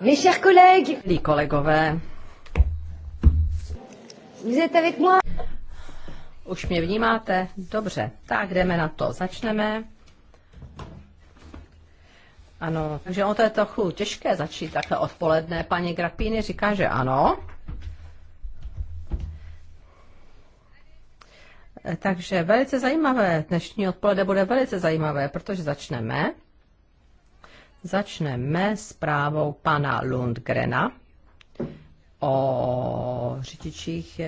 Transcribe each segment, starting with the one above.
Mes chers collègues. les kolegové. Vous êtes avec moi? Už mě vnímáte? Dobře, tak jdeme na to. Začneme. Ano, takže ono to je trochu těžké začít takhle odpoledne. Paní Grapíny říká, že ano. Takže velice zajímavé, dnešní odpoledne bude velice zajímavé, protože začneme Začneme s zprávou pana Lundgrena o řidičích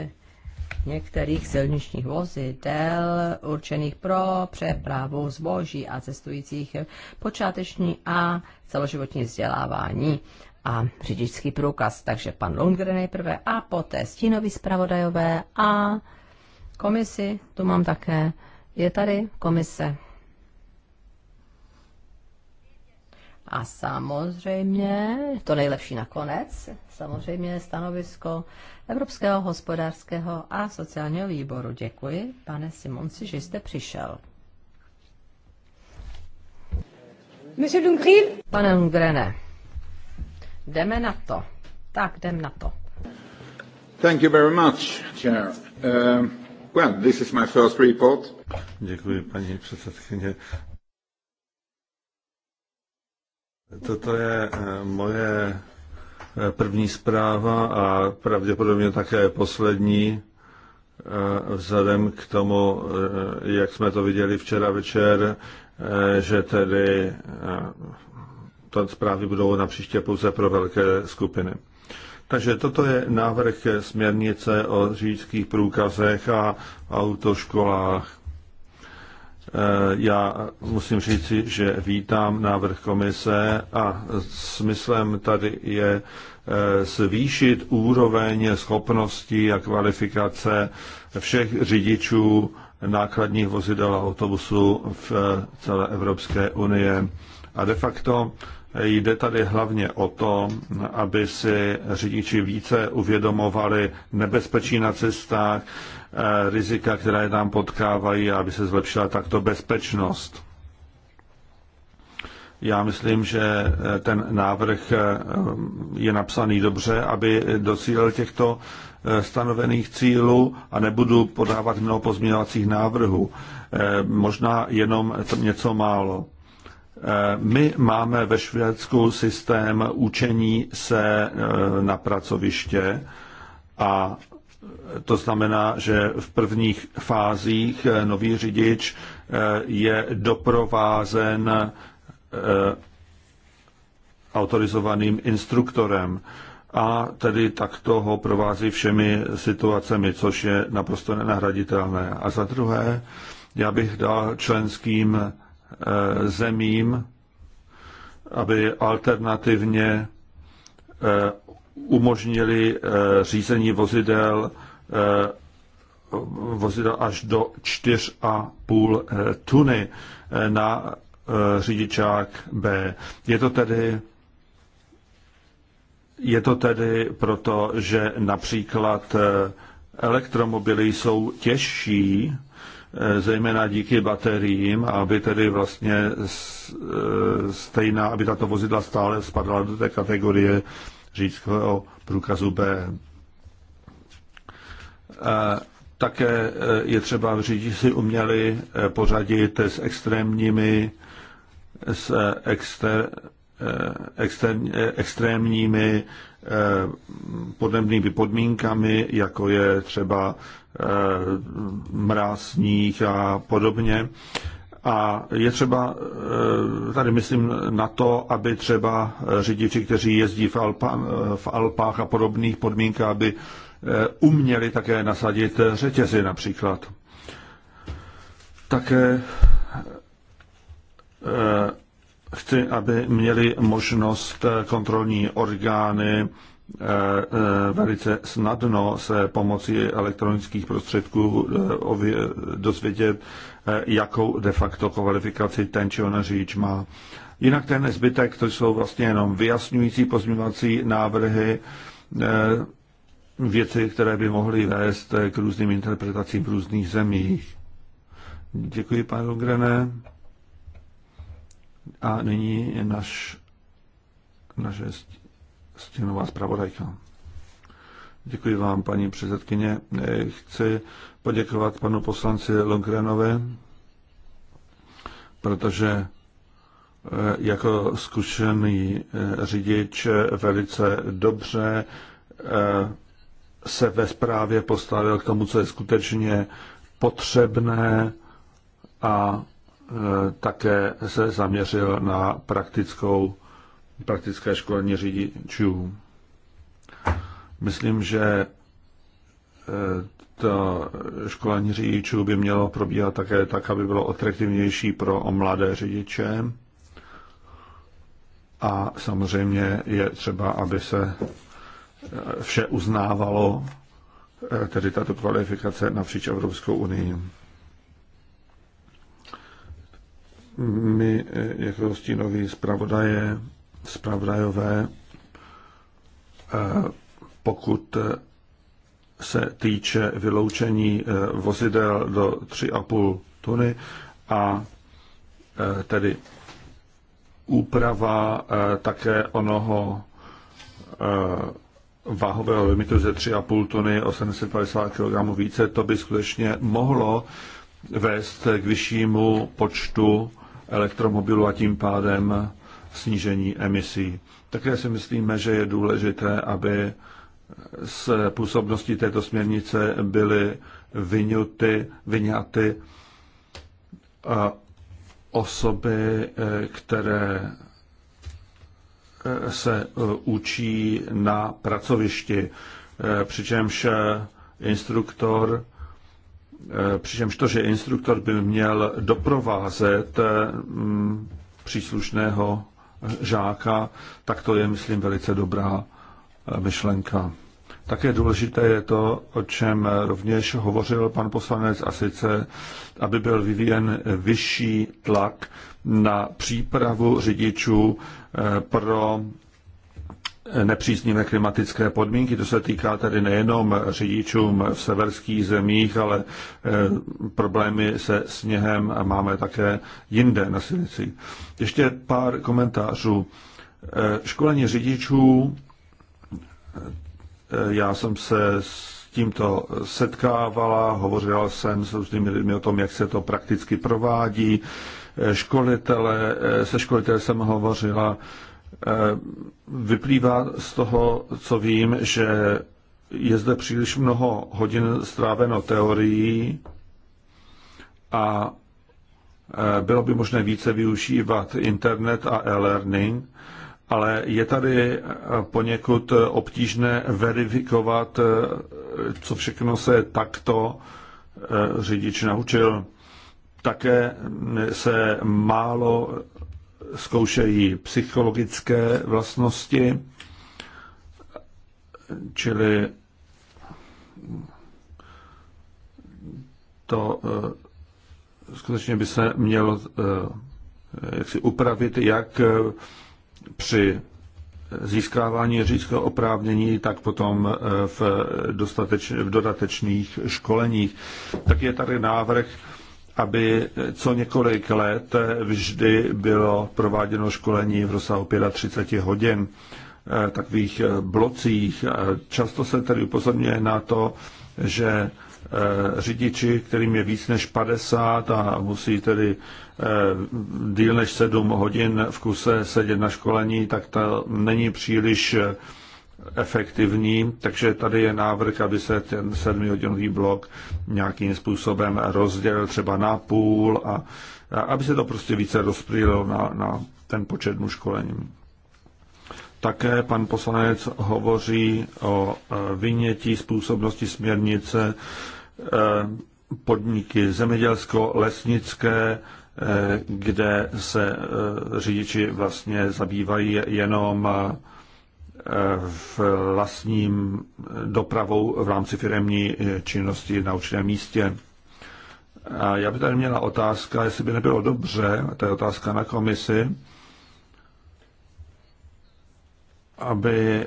některých silničních vozidel určených pro přepravu zboží a cestujících počáteční a celoživotní vzdělávání a řidičský průkaz. Takže pan Lundgren nejprve a poté stínový zpravodajové a komisi, tu mám také, je tady komise, A samozřejmě, to nejlepší nakonec, samozřejmě stanovisko Evropského hospodářského a sociálního výboru. Děkuji, pane Simonci, že jste přišel. Monsieur Pane Ungrene, jdeme na to. Tak, jdem na to. Thank you very much, Chair. Uh, well, this is my first report. Děkuji, paní předsedkyně. Toto je eh, moje eh, první zpráva a pravděpodobně také poslední, eh, vzhledem k tomu, jak jsme to viděli včera večer, že tedy to zprávy budou na příště pouze pro velké skupiny. Takže toto je návrh směrnice o řidičských průkazech a autoškolách. Eh, já musím říci, že vítám návrh komise a smyslem tady je eh, zvýšit úroveň schopností a kvalifikace všech řidičů nákladních vozidel a autobusů v eh, celé Evropské unie. A de facto jde tady hlavně o to, aby si řidiči více uvědomovali nebezpečí na cestách, Eh, rizika, která je tam potkávají, aby se zlepšila takto bezpečnost. Já myslím, že eh, ten návrh eh, je napsaný dobře, aby docílil těchto stanovených cílů a nebudu podávat mnoho pozměňovacích návrhů. Možná jenom něco málo. My máme ve Švédsku systém učení se na pracoviště a to znamená, že v prvních fázích eh, nový řidič eh, je doprovázen eh, autorizovaným instruktorem a tedy takto ho provází všemi situacemi, což je naprosto nenahraditelné. A za druhé, já bych dal členským zemím, aby alternativně umožnili řízení vozidel Eh, vozidel až do 4,5 eh, tuny eh, na řidičák B. Je to tedy je to tedy proto, že například elektromobily jsou těžší, zejména díky bateriím, aby tedy vlastně stejná, aby tato vozidla stále spadala do té kategorie řidičského průkazu B. Také e, je třeba v si uměli e, pořadit s extrémními, s exter, e, exter, extrémními podnebnými podmínkami, jako je třeba mráz, sníh a podobně. A je třeba, tady myslím na to, aby třeba řidiči, kteří jezdí v, Alpa, v Alpách a podobných podmínkách, aby Eh, uměli také nasadit řetězy například. Také eh, chci, aby měli možnost eh, kontrolní orgány velice snadno se pomocí elektronických prostředků dozvědět, jakou de facto kvalifikaci ten či ona řidič má. Jinak ten zbytek, to jsou vlastně jenom vyjasňující pozměňovací návrhy, věci, které by mohly vést k různým interpretacím v různých zemích. Děkuji, pane Longrené. A nyní je naš, naše stěnová zpravodajka. Děkuji vám, paní předsedkyně. Chci poděkovat panu poslanci Longrenovi, protože eh, jako zkušený eh, řidič eh, velice dobře se ve zprávě postavil k tomu, co je skutečně potřebné a e, také se zaměřil na praktickou, praktické školení řidičů. Myslím, že e, to školení řidičů by mělo probíhat také tak, aby bylo atraktivnější pro mladé řidiče. A samozřejmě je třeba, aby se vše uznávalo, eh, tedy tato kvalifikace napříč Evropskou unii. My eh, jako stínoví zpravodaje, zpravodajové, eh, pokud se týče vyloučení vozidel do 3,5 tuny a tedy úprava také onoho váhového limitu ze 3,5 tuny 850 kg více, to by skutečně mohlo vést k vyššímu počtu elektromobilů a tím pádem snížení emisí. Také si myslíme, že je důležité, aby z působnosti této směrnice byly vyňuty, vyňaty eh, osoby, eh, které se e, učí na pracovišti, e, přičemž instruktor e, přičemž to, že instruktor by měl doprovázet příslušného žáka, tak to je, myslím, velice dobrá myšlenka. Také důležité je to, o čem rovněž hovořil pan poslanec, a sice, aby byl vyvíjen vyšší tlak na přípravu řidičů eh, pro nepříznivé klimatické podmínky. To se týká tedy nejenom řidičům v severských zemích, ale eh, problémy se sněhem máme také jinde na silnici. Ještě pár komentářů. Eh, školení řidičů Eh, já jsem se s tímto setkávala, hovořila jsem s různými lidmi o tom, jak se to prakticky provádí. Eh, školitele, eh, se školiteli jsem hovořila. Vyplývá z toho, co vím, že je zde příliš mnoho hodin stráveno teorií a bylo by možné více využívat internet a e-learning, ale je tady eh, poněkud eh, obtížné verifikovat, eh, co všechno se takto řidič naučil. Také se málo zkoušejí psychologické vlastnosti, čili to skutečně by se mělo jaksi upravit, jak při získávání řidičského oprávnění, tak potom e, v, dostateč, v dodatečných školeních. Tak je tady návrh, aby co několik let vždy bylo prováděno školení v rozsahu 35 hodin e, takových e, blocích. Často se tedy upozorňuje na to, že Eh, řidiči, kterým je víc než 50 a musí tedy eh, díl než 7 hodin v kuse sedět na školení, tak to není příliš eh, efektivní, takže tady je návrh, aby se ten sedmihodinový blok nějakým způsobem rozdělil třeba na půl a, a aby se to prostě více rozprýlilo na, na ten počet dnů školení. Také pan poslanec hovoří o e, vynětí způsobnosti směrnice e, podniky zemědělsko-lesnické, e, kde se řidiči vlastně zabývají jenom vlastním dopravou v rámci firemní činnosti na určitém místě. A já bych tady měla otázka, jestli by nebylo dobře, to je otázka na komisi, aby eh,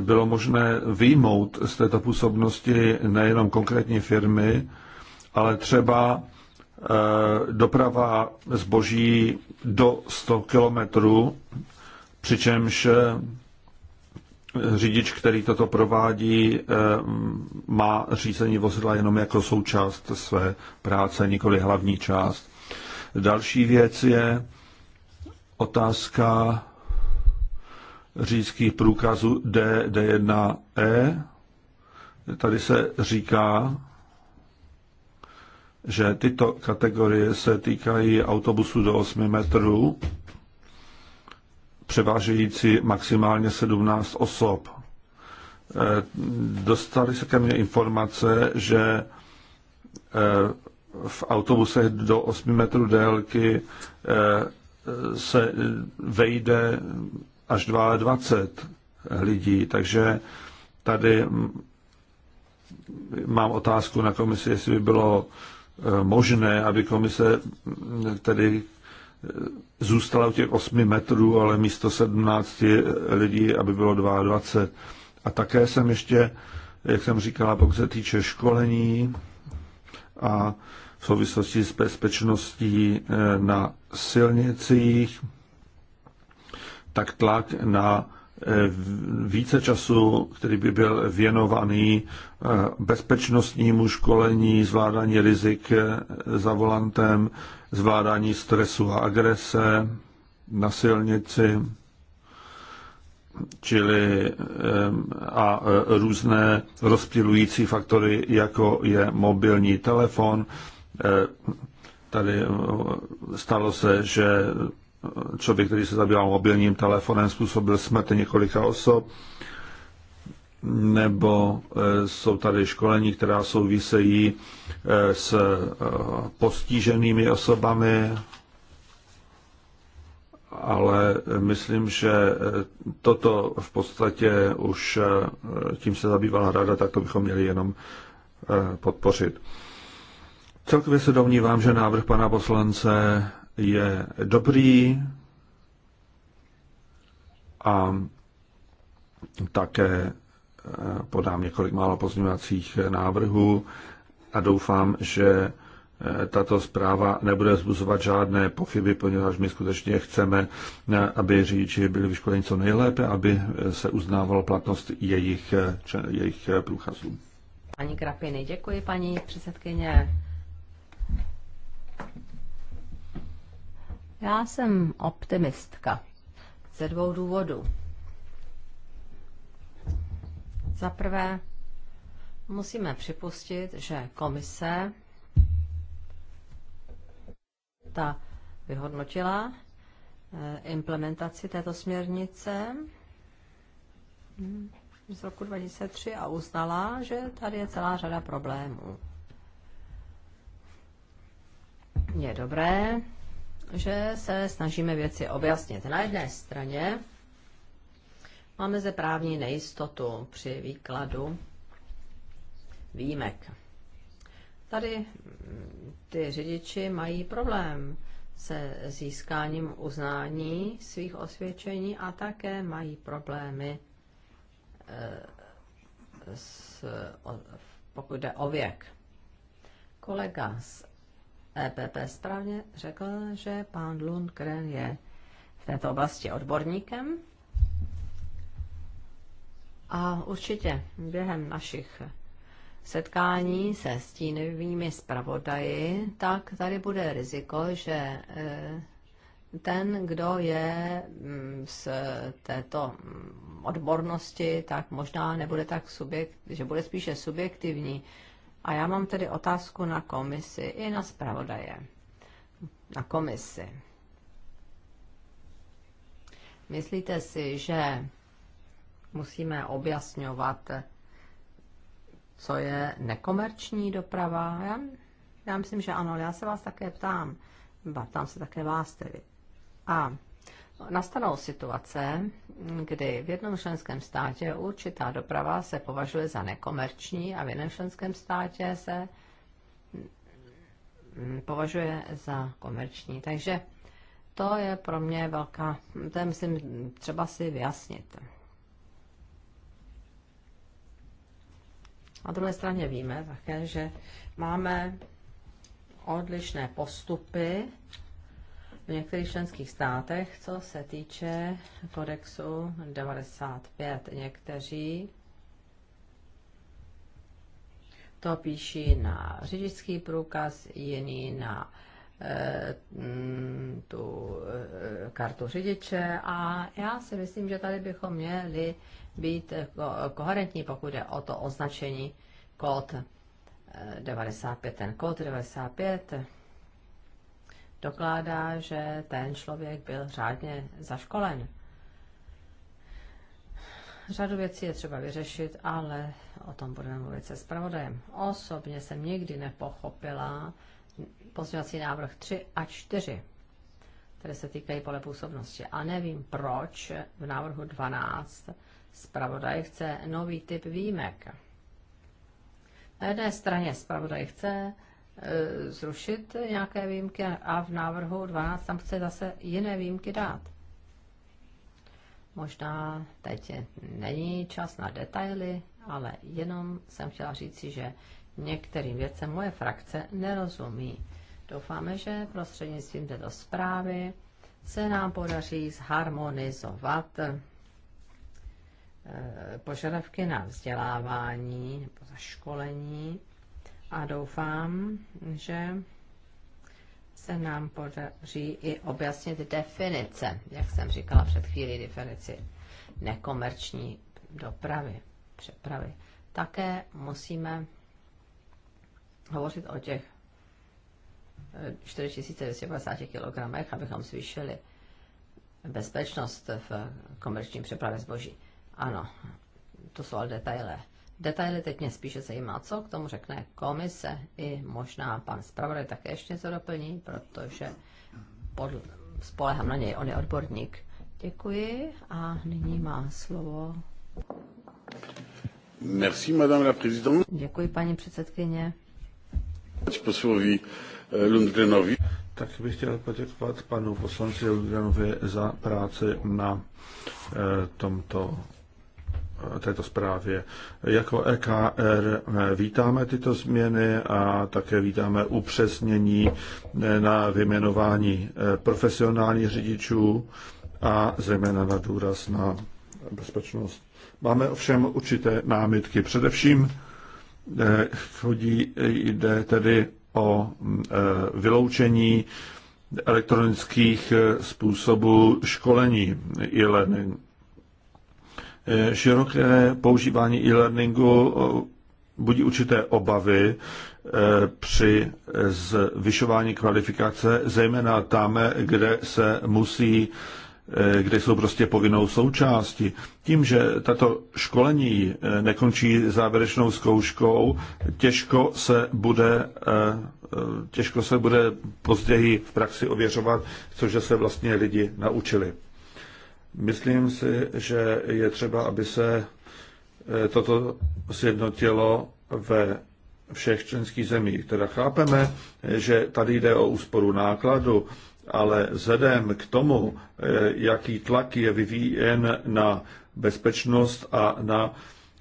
bylo možné výjmout z této působnosti nejenom konkrétní firmy, ale třeba eh, doprava zboží do 100 kilometrů, přičemž eh, řidič, který toto provádí, má řízení vozidla jenom jako součást své práce, nikoli hlavní část. Další věc je otázka řídských průkazů D, D1E. Tady se říká, že tyto kategorie se týkají autobusů do 8 metrů, převážející maximálně 17 osob. E, dostali se ke mně informace, že e, v autobusech do 8 metrů délky e, se eh, vejde až 22 lidí, takže tady mm, mám otázku na komisi, jestli by bylo eh, možné, aby komise mm, tedy eh, zůstala u těch 8 metrů, ale místo 17 lidí, aby bylo 22. A také jsem ještě, jak jsem říkala, pokud se týče školení a v souvislosti s bezpečností eh, na silnicích, tak tlak na eh, více času, který by byl věnovaný eh, bezpečnostnímu školení, zvládání rizik za volantem, zvládání stresu a agrese na silnici, čili a různé rozptilující faktory, jako je mobilní telefon, Eh, tady eh, stalo se, že člověk, který se zabýval mobilním telefonem, způsobil smrt několika osob, nebo eh, jsou tady školení, která souvisejí s postiženými osobami, ale myslím, že toto v podstatě už tím se zabývala rada, tak to bychom měli jenom podpořit. Celkově se domnívám, že návrh pana poslance je dobrý a také eh, podám několik málo pozměňovacích návrhů a doufám, že eh, tato zpráva nebude zbuzovat žádné pochyby, poněvadž my skutečně chceme, eh, aby řidiči byli vyškoleni co nejlépe, aby se uznávala platnost jejich, jejich průchazů. Paní Krapiny, děkuji paní předsedkyně. Já jsem optimistka ze dvou důvodů. Za prvé, musíme připustit, že komise ta vyhodnotila eh, implementaci této směrnice hm, z roku 2003 a uznala, že tady je celá řada problémů. Je dobré, že se snažíme věci objasnit. Na jedné straně máme zde právní nejistotu při výkladu výjimek. Tady mm, ty řidiči mají problém se získáním uznání svých osvědčení a také mají problémy eh, s, pokud jde o věk. Kolega z EPP správně řekl, že pán Lundgren je v této oblasti odborníkem. A určitě během našich setkání se stínovými zpravodaji, tak tady bude riziko, že e, ten, kdo je mm, z této odbornosti, tak možná nebude tak subjekt, že bude spíše subjektivní a já mám tedy otázku na komisi i na zpravodaje. Na komisi. Myslíte si, že musíme objasňovat, co je nekomerční doprava? Já, já myslím, že ano, já se vás také ptám. Ptám se také vás tedy. A nastanou situace, kdy v jednom členském státě určitá doprava se považuje za nekomerční a v jiném členském státě se považuje za komerční. Takže to je pro mě velká, to je, myslím, třeba si vyjasnit. Na druhé straně víme také, že máme odlišné postupy v některých členských státech, co se týče kodexu 95. Někteří to píší na řidičský průkaz, jiný na eh, mm, tu eh, kartu řidiče a já si myslím, že tady bychom měli být koherentní, pokud je o to označení kód 95, eh, ten kód 95 dokládá, že ten člověk byl řádně zaškolen. Řadu věcí je třeba vyřešit, ale o tom budeme mluvit se zpravodajem. Osobně jsem nikdy nepochopila pozměňovací návrh 3 a 4, které se týkají pole působnosti. A nevím, proč v návrhu 12 zpravodaj chce nový typ výjimek. Na jedné straně zpravodaj chce, Eh, zrušit nějaké výjimky a v návrhu 12 tam chce zase jiné výjimky dát. Možná teď není čas na detaily, ale jenom jsem chtěla říci, že některým věcem moje frakce nerozumí. Doufáme, že prostřednictvím této zprávy se nám podaří zharmonizovat eh, požadavky na vzdělávání nebo zaškolení a doufám, že se nám podaří i objasnit definice, jak jsem říkala před chvílí, definici nekomerční dopravy, přepravy. Také musíme hovořit o těch 4250 eh, kg, abychom zvýšili bezpečnost v komerčním přepravě zboží. Ano, to jsou ale detaily. Detaily teď mě spíše zajímá, co k tomu řekne komise i možná pan zpravodaj také ještě něco doplní, protože podle, spolehám na něj, on je odborník. Děkuji a nyní má slovo. Merci, madame la présidente. Děkuji, paní předsedkyně. Posloví euh, Lundgrenovi. Tak bych chtěl poděkovat panu poslanci Lundgrenovi za práci na eh, tomto této zprávě. Jako EKR eh, vítáme tyto změny a také vítáme upřesnění eh, na vyjmenování eh, profesionálních řidičů a zejména na důraz na bezpečnost. Máme ovšem určité námitky. Především chodí, jde tedy o vyloučení elektronických způsobů školení e-learning široké používání e-learningu budí určité obavy e, při zvyšování kvalifikace, zejména tam, kde se musí e, kde jsou prostě povinnou součástí. Tím, že tato školení e, nekončí závěrečnou zkouškou, těžko se bude, těžko se bude později v praxi ověřovat, cože se vlastně lidi naučili. Myslím si, že je třeba, aby se eh, toto sjednotilo ve všech členských zemích. Teda chápeme, eh, že tady jde o úsporu nákladu, ale vzhledem k tomu, eh, jaký tlak je vyvíjen na bezpečnost a na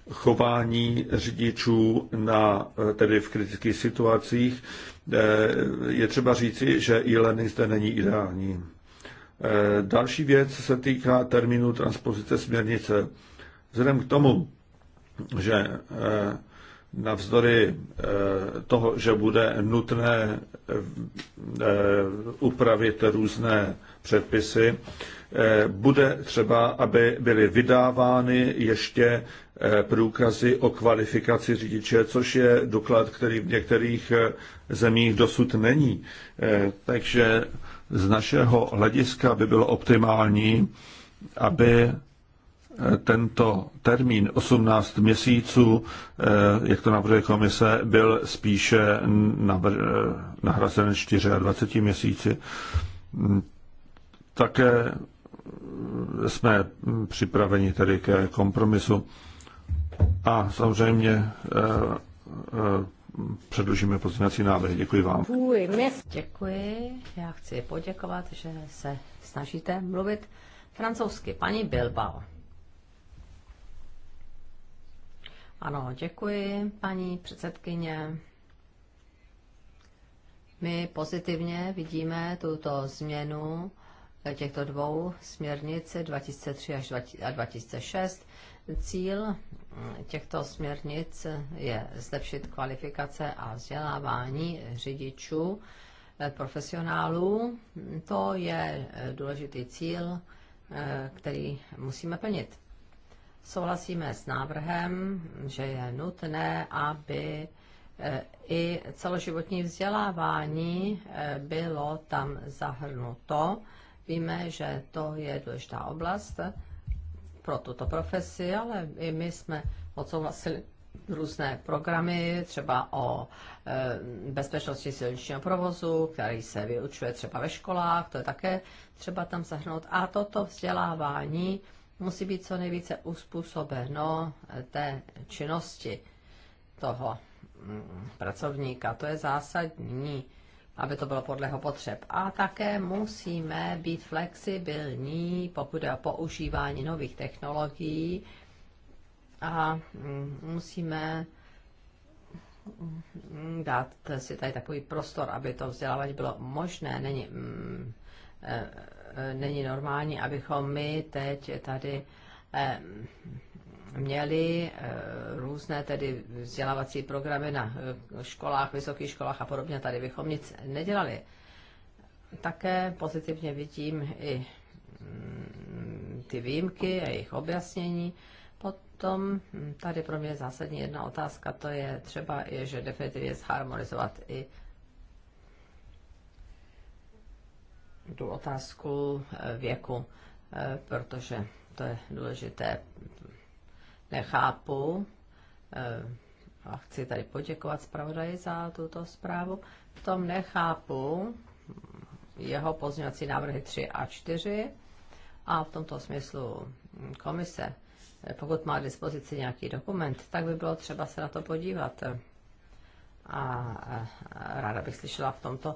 chování řidičů na, tedy v kritických situacích, je třeba říci, že i learning zde není ideální. Eh, další věc se týká termínu transpozice směrnice. Vzhledem k tomu, že eh, navzdory eh, toho, že bude nutné upravit různé předpisy, bude třeba, aby byly vydávány ještě průkazy o kvalifikaci řidiče, což je doklad, který v některých zemích dosud není. Takže z našeho hlediska by bylo optimální, aby eh, tento termín 18 měsíců, eh, jak to navrhuje komise, byl spíše eh, nahrazen 24 měsíci. Mm, také jsme připraveni tedy ke kompromisu. A samozřejmě předložíme pozměňovací návrhy. Děkuji vám. Děkuji. Já chci poděkovat, že se snažíte mluvit francouzsky. Paní Bilbao. Ano, děkuji, paní předsedkyně. My pozitivně vidíme tuto změnu těchto dvou směrnic 2003 až 2006 Cíl těchto směrnic je zlepšit kvalifikace a vzdělávání řidičů, eh, profesionálů. To je eh, důležitý cíl, eh, který musíme plnit. Souhlasíme s návrhem, že je nutné, aby i celoživotní vzdělávání bylo tam zahrnuto. Víme, že to je důležitá oblast pro tuto profesi, ale i my jsme odsouhlasili různé programy, třeba o e, bezpečnosti silničního provozu, který se vyučuje třeba ve školách, to je také třeba tam zahrnout. A toto vzdělávání musí být co nejvíce uspůsobeno e, té činnosti toho mm, pracovníka. To je zásadní aby to bylo podle jeho potřeb. A také musíme být flexibilní, pokud je o používání nových technologií a mm, musíme mm, dát si tady takový prostor, aby to vzdělávání bylo možné. Není, mm, e, e, není normální, abychom my teď tady e, měli eh, různé tedy vzdělávací programy na eh, školách, vysokých školách a podobně. Tady bychom nic nedělali. Také pozitivně vidím i mm, ty výjimky a jejich objasnění. Potom mm, tady pro mě je zásadní jedna otázka, to je třeba, je, že definitivně zharmonizovat i tu otázku eh, věku, protože to je důležité nechápu eh, a chci tady poděkovat zpravodaji za tuto zprávu, v tom nechápu jeho pozměňovací návrhy 3 a 4 a v tomto smyslu komise, eh, pokud má k dispozici nějaký dokument, tak by bylo třeba se na to podívat. Eh, a ráda bych slyšela v tomto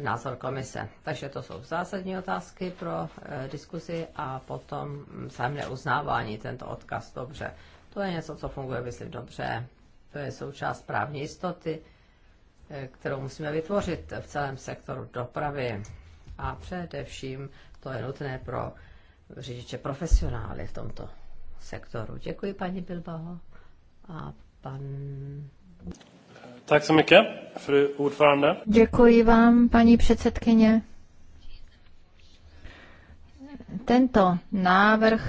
názor komise. Takže to jsou zásadní otázky pro e, eh, diskuzi a potom samé uznávání, tento odkaz dobře. To je něco, co funguje, myslím, dobře. To je součást právní jistoty, e, kterou musíme vytvořit v celém sektoru dopravy. A především to je nutné pro řidiče profesionály v tomto sektoru. Děkuji, paní Bilbao. A pan... Tak så mycket, fru ordförande. Děkuji vám, paní předsedkyně. Tento návrh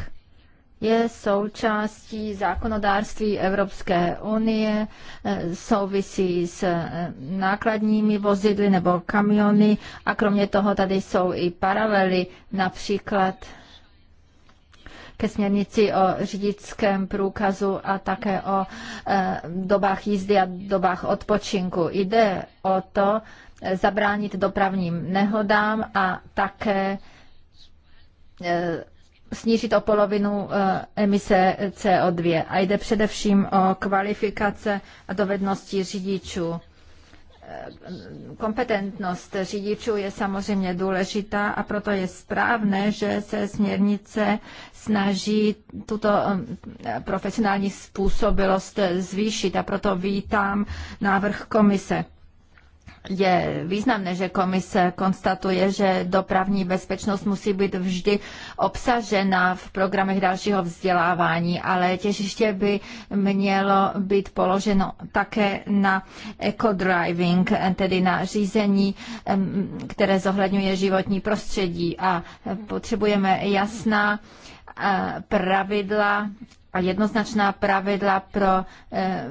je součástí zákonodárství Evropské unie, e, souvisí s e, nákladními vozidly nebo kamiony a kromě toho tady jsou i paralely, například ke směrnici o řidičském průkazu a také o eh, dobách jízdy a dobách odpočinku. Jde o to eh, zabránit dopravním nehodám a také eh, snížit o polovinu emise CO2. A jde především o kvalifikace a dovednosti řidičů kompetentnost řidičů je samozřejmě důležitá a proto je správné, že se směrnice snaží tuto um, profesionální způsobilost zvýšit a proto vítám návrh komise je významné, že komise konstatuje, že dopravní bezpečnost musí být vždy obsažena v programech dalšího vzdělávání, ale těžiště by mělo být položeno také na eco-driving, tedy na řízení, které zohledňuje životní prostředí a potřebujeme jasná pravidla a jednoznačná pravidla pro eh,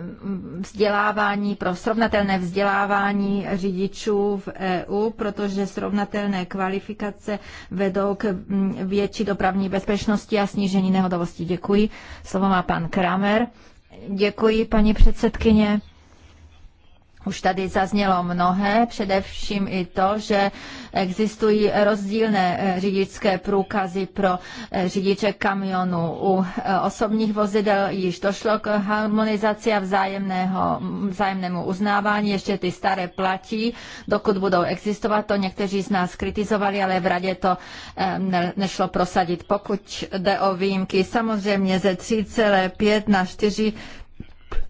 vzdělávání, pro srovnatelné vzdělávání řidičů v EU, protože srovnatelné kvalifikace vedou k mm, větší dopravní bezpečnosti a snížení nehodovosti. Děkuji. Slovo má pan Kramer. Děkuji, paní předsedkyně. Už tady zaznělo mnohé, především i to, že existují rozdílné eh, řidičské průkazy pro eh, řidiče kamionů. U eh, osobních vozidel již došlo k harmonizaci a vzájemného, vzájemnému uznávání. Ještě ty staré platí, dokud budou existovat. To někteří z nás kritizovali, ale v radě to nešlo prosadit. Pokud jde o výjimky, samozřejmě ze 3,5 na 4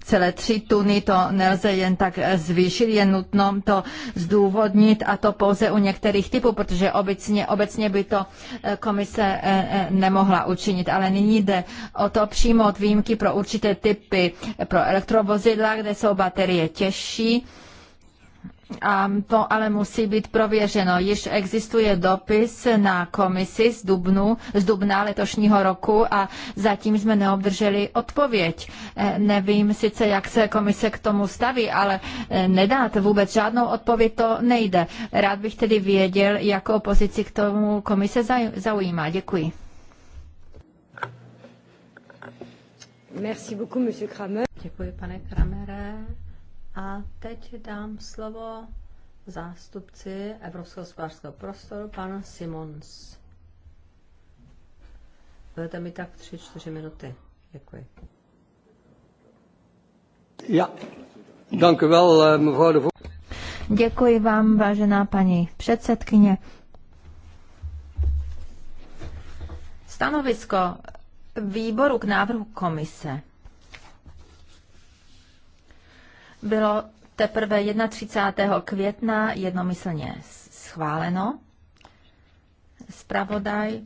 celé tři tuny to nelze jen tak zvýšit, je nutno to zdůvodnit a to pouze u některých typů, protože obecně, obecně by to eh, komise eh, eh, nemohla učinit. Ale nyní jde o to přijmout výjimky pro určité typy, pro elektrovozidla, kde jsou baterie těžší, a to ale musí být prověřeno. Již existuje dopis na komisi z, Dubnu, z Dubna letošního roku a zatím jsme neobdrželi odpověď. E, nevím sice, jak se komise k tomu staví, ale e, nedát vůbec žádnou odpověď to nejde. Rád bych tedy věděl, jakou pozici k tomu komise zaujímá. Děkuji. Merci beaucoup, monsieur Kramer. Děkuji, pane Kramere. A teď dám slovo zástupci Evropského hospodářského prostoru, pan Simons. Budete mi tak 3-4 minuty. Děkuji. Ja, eh, Děkuji vám, vážená paní předsedkyně. Stanovisko výboru k návrhu komise bylo teprve 31. května jednomyslně schváleno. Spravodaj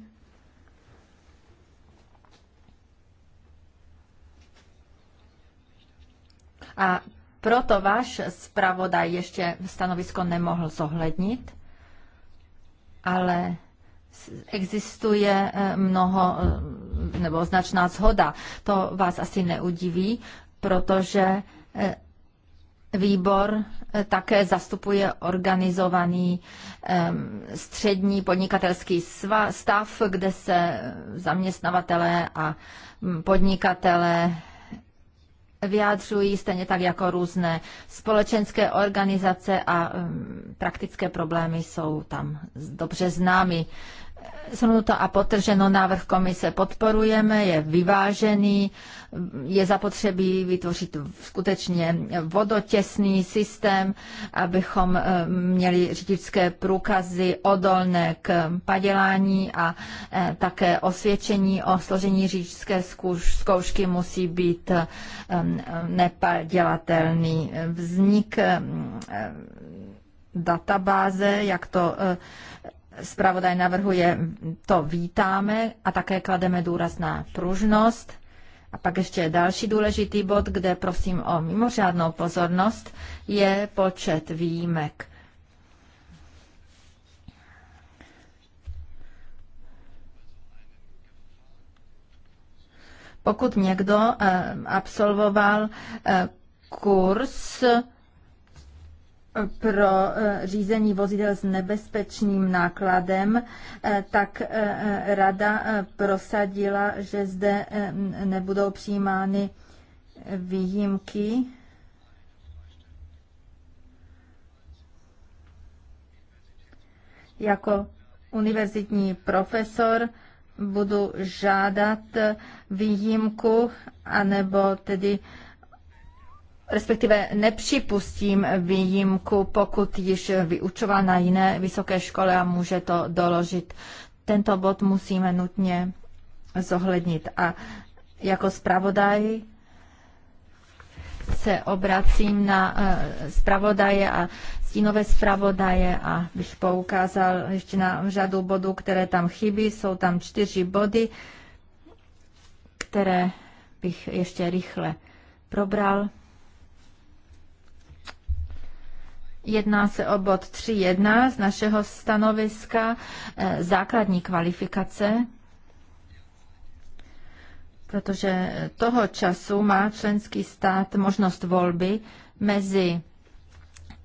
a proto váš zpravodaj ještě stanovisko nemohl zohlednit, ale existuje eh, mnoho eh, nebo značná shoda. To vás asi neudiví, protože eh, Výbor eh, také zastupuje organizovaný střední podnikatelský stav, kde se zaměstnavatelé a mm, podnikatelé vyjádřují, stejně tak jako různé společenské organizace a praktické problémy jsou tam dobře známy zhrnuto a potrženo návrh komise podporujeme, je vyvážený, je zapotřebí vytvořit skutečně vodotěsný systém, abychom eh, měli řidičské průkazy odolné k padělání a eh, také osvědčení o složení řidičské zkoušky musí být eh, nepadělatelný. Vznik databáze, jak to zpravodaj navrhuje, to vítáme a také klademe důraz na pružnost. A pak ještě další důležitý bod, kde prosím o mimořádnou pozornost, je počet výjimek. Pokud někdo eh, absolvoval eh, kurz pro eh, řízení vozidel s nebezpečným nákladem, eh, tak eh, rada prosadila, že zde nebudou přijímány výjimky. Jako univerzitní profesor budu žádat výjimku, anebo tedy eh, respektive nepřipustím výjimku, pokud již vyučoval na jiné vysoké škole a může to doložit. Tento bod musíme nutně zohlednit. A jako zpravodaj se obracím na eh, zpravodaje a stínové zpravodaje a bych poukázal ještě na řadu bodů, které tam chybí. Jsou tam čtyři body, které bych ještě rychle probral. Jedná se o bod 3.1 z našeho stanoviska eh, základní kvalifikace, protože toho času má členský stát možnost volby mezi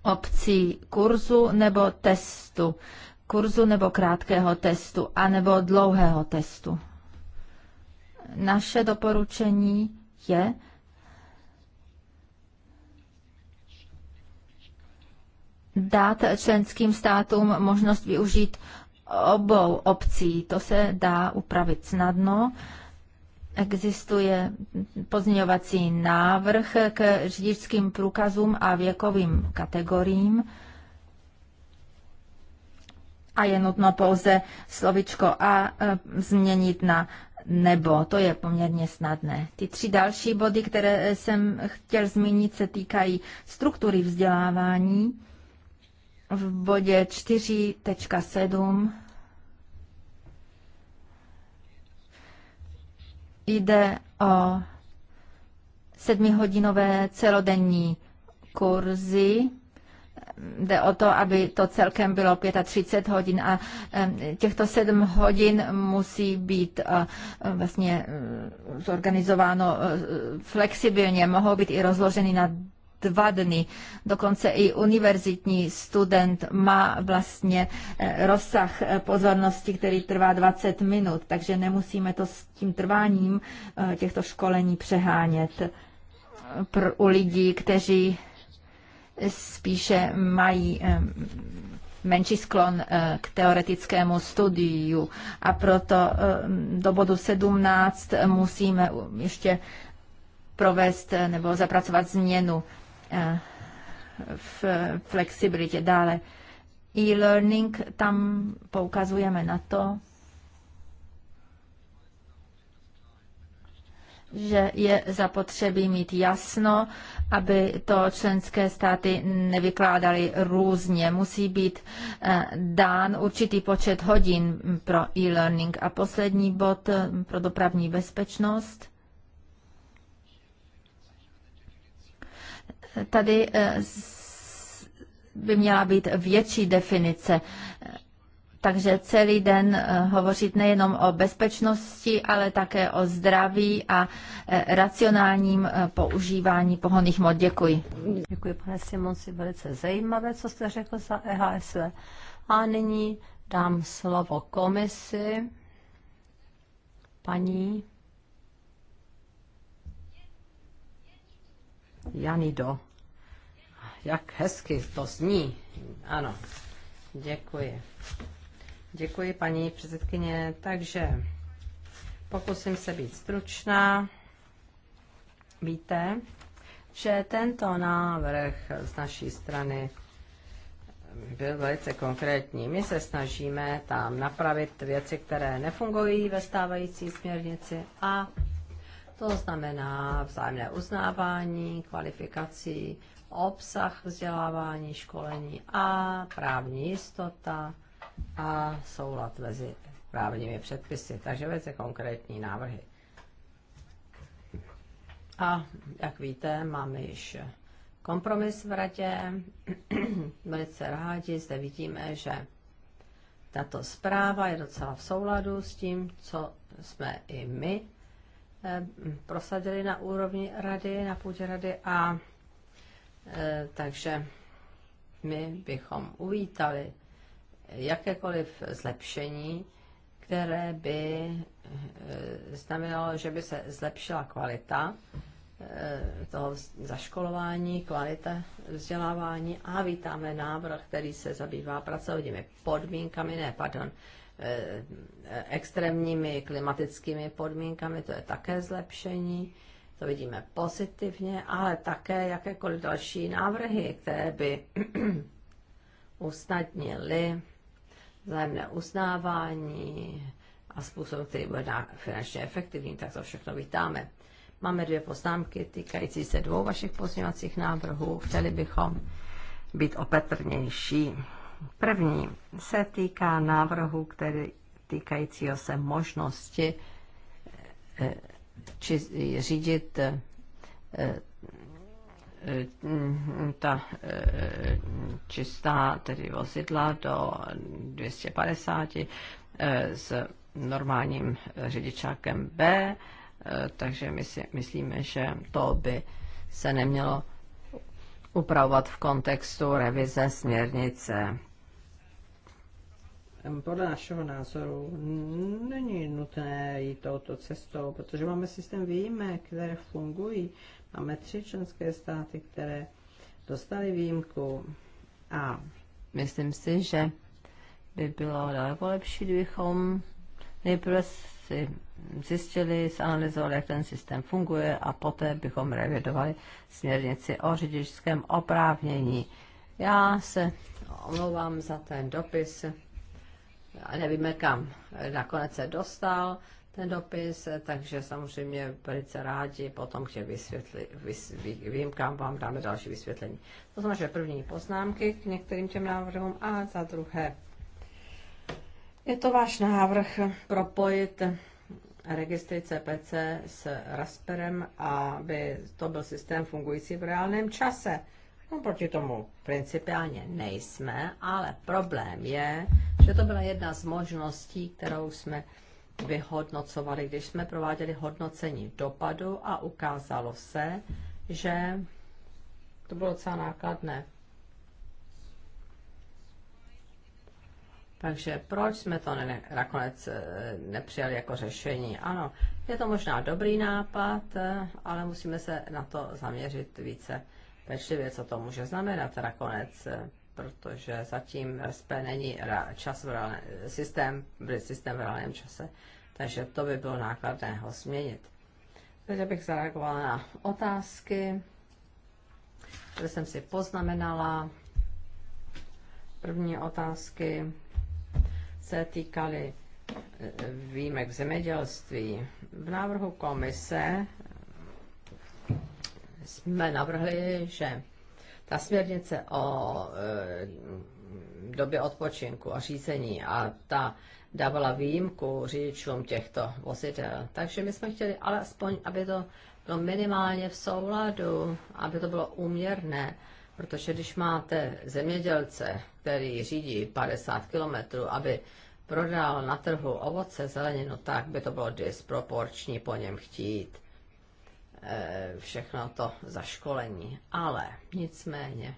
opcí kurzu nebo testu, kurzu nebo krátkého testu, anebo dlouhého testu. Naše doporučení je, dát členským státům možnost využít obou obcí. To se dá upravit snadno. Existuje pozměňovací návrh k řidičským průkazům a věkovým kategoriím. A je nutno pouze slovičko a e, změnit na nebo. To je poměrně snadné. Ty tři další body, které jsem chtěl zmínit, se týkají struktury vzdělávání v bodě 4.7 jde o sedmihodinové celodenní kurzy. Jde o to, aby to celkem bylo 35 hodin a těchto 7 hodin musí být e, vlastně e, zorganizováno e, flexibilně. Mohou být i rozloženy na dva dny. Dokonce i univerzitní student má vlastně eh, rozsah eh, pozornosti, který trvá 20 minut, takže nemusíme to s tím trváním eh, těchto školení přehánět pro, u lidí, kteří spíše mají menší sklon k teoretickému studiu a proto do bodu 17 musíme ještě provést nebo zapracovat změnu Eh, v flexibilitě. Dále e-learning, tam poukazujeme na to, že je zapotřebí mít jasno, aby to členské státy nevykládaly různě. Musí být eh, dán určitý počet hodin pro e-learning. A poslední bod eh, pro dopravní bezpečnost. Tady eh, by měla být větší definice. Takže celý den eh, hovořit nejenom o bezpečnosti, ale také o zdraví a eh, racionálním používání pohoných mod. Děkuji. Děkuji, pane Simonsi, velice zajímavé, co jste řekl za EHSV. A nyní dám slovo komisi. Paní Janido. Jak hezky to zní. Ano, děkuji. Děkuji, paní předsedkyně. Takže pokusím se být stručná. Víte, že tento návrh z naší strany byl velice konkrétní. My se snažíme tam napravit věci, které nefungují ve stávající směrnici a to znamená vzájemné uznávání, kvalifikací, obsah vzdělávání, školení a právní jistota a soulad mezi právními předpisy. Takže velice konkrétní návrhy. A jak víte, máme již kompromis v radě. velice rádi zde vidíme, že tato zpráva je docela v souladu s tím, co jsme i my Eh, prosadili na úrovni rady, na půdě rady a eh, takže my bychom uvítali jakékoliv zlepšení, které by eh, znamenalo, že by se zlepšila kvalita Eh, toho zaškolování, kvalita vzdělávání a vítáme návrh, který se zabývá pracovními podmínkami, ne, pardon, eh, extrémními klimatickými podmínkami, to je také zlepšení, to vidíme pozitivně, ale také jakékoliv další návrhy, které by usnadnily vzájemné uznávání a způsob, který bude finančně efektivní, tak to všechno vítáme. Máme dvě poznámky týkající se dvou vašich pozměňovacích návrhů. Chtěli bychom být opatrnější. První se týká návrhu, který týkajícího se možnosti eh, či řídit eh, eh, ta čistá tedy vozidla do 250 s normálním řidičákem B Eh, takže my si myslíme, že to by se nemělo upravovat v kontextu revize směrnice. Podle našeho názoru není nutné jít touto cestou, protože máme systém výjimek, které fungují. Máme tři členské státy, které dostali výjimku a myslím si, že by bylo daleko lepší, kdybychom nejprve si zjistili, zanalizovali, jak ten systém funguje a poté bychom revidovali směrnici o řidičském oprávnění. Já se omlouvám za ten dopis, a nevíme kam nakonec se dostal ten dopis, takže samozřejmě velice rádi potom chtěl vysvětlit, vím kam, vám dáme další vysvětlení. To znamená, že první poznámky k některým těm návrhům a za druhé je to váš návrh propojit registry CPC s Rasperem, aby to byl systém fungující v reálném čase. No, proti tomu principiálně nejsme, ale problém je, že to byla jedna z možností, kterou jsme vyhodnocovali, když jsme prováděli hodnocení dopadu a ukázalo se, že to bylo docela nákladné Takže proč jsme to ne, nakonec eh, nepřijali jako řešení? Ano, je to možná dobrý nápad, eh, ale musíme se na to zaměřit více pečlivě, co to může znamenat nakonec, eh, protože zatím SP není čas v reálném, systém, systém v reálném čase, takže to by bylo nákladné ho změnit. Teď bych zareagovala na otázky, které jsem si poznamenala. První otázky se týkaly eh, výjimek v zemědělství. V návrhu komise jsme navrhli, že ta směrnice o eh, době odpočinku a řízení a ta dávala výjimku řidičům těchto vozidel. Takže my jsme chtěli alespoň, aby to bylo minimálně v souladu, aby to bylo úměrné Protože když máte zemědělce, který řídí 50 kilometrů, aby prodal na trhu ovoce, zeleninu, tak by to bylo disproporční po něm chtít e, všechno to zaškolení. Ale nicméně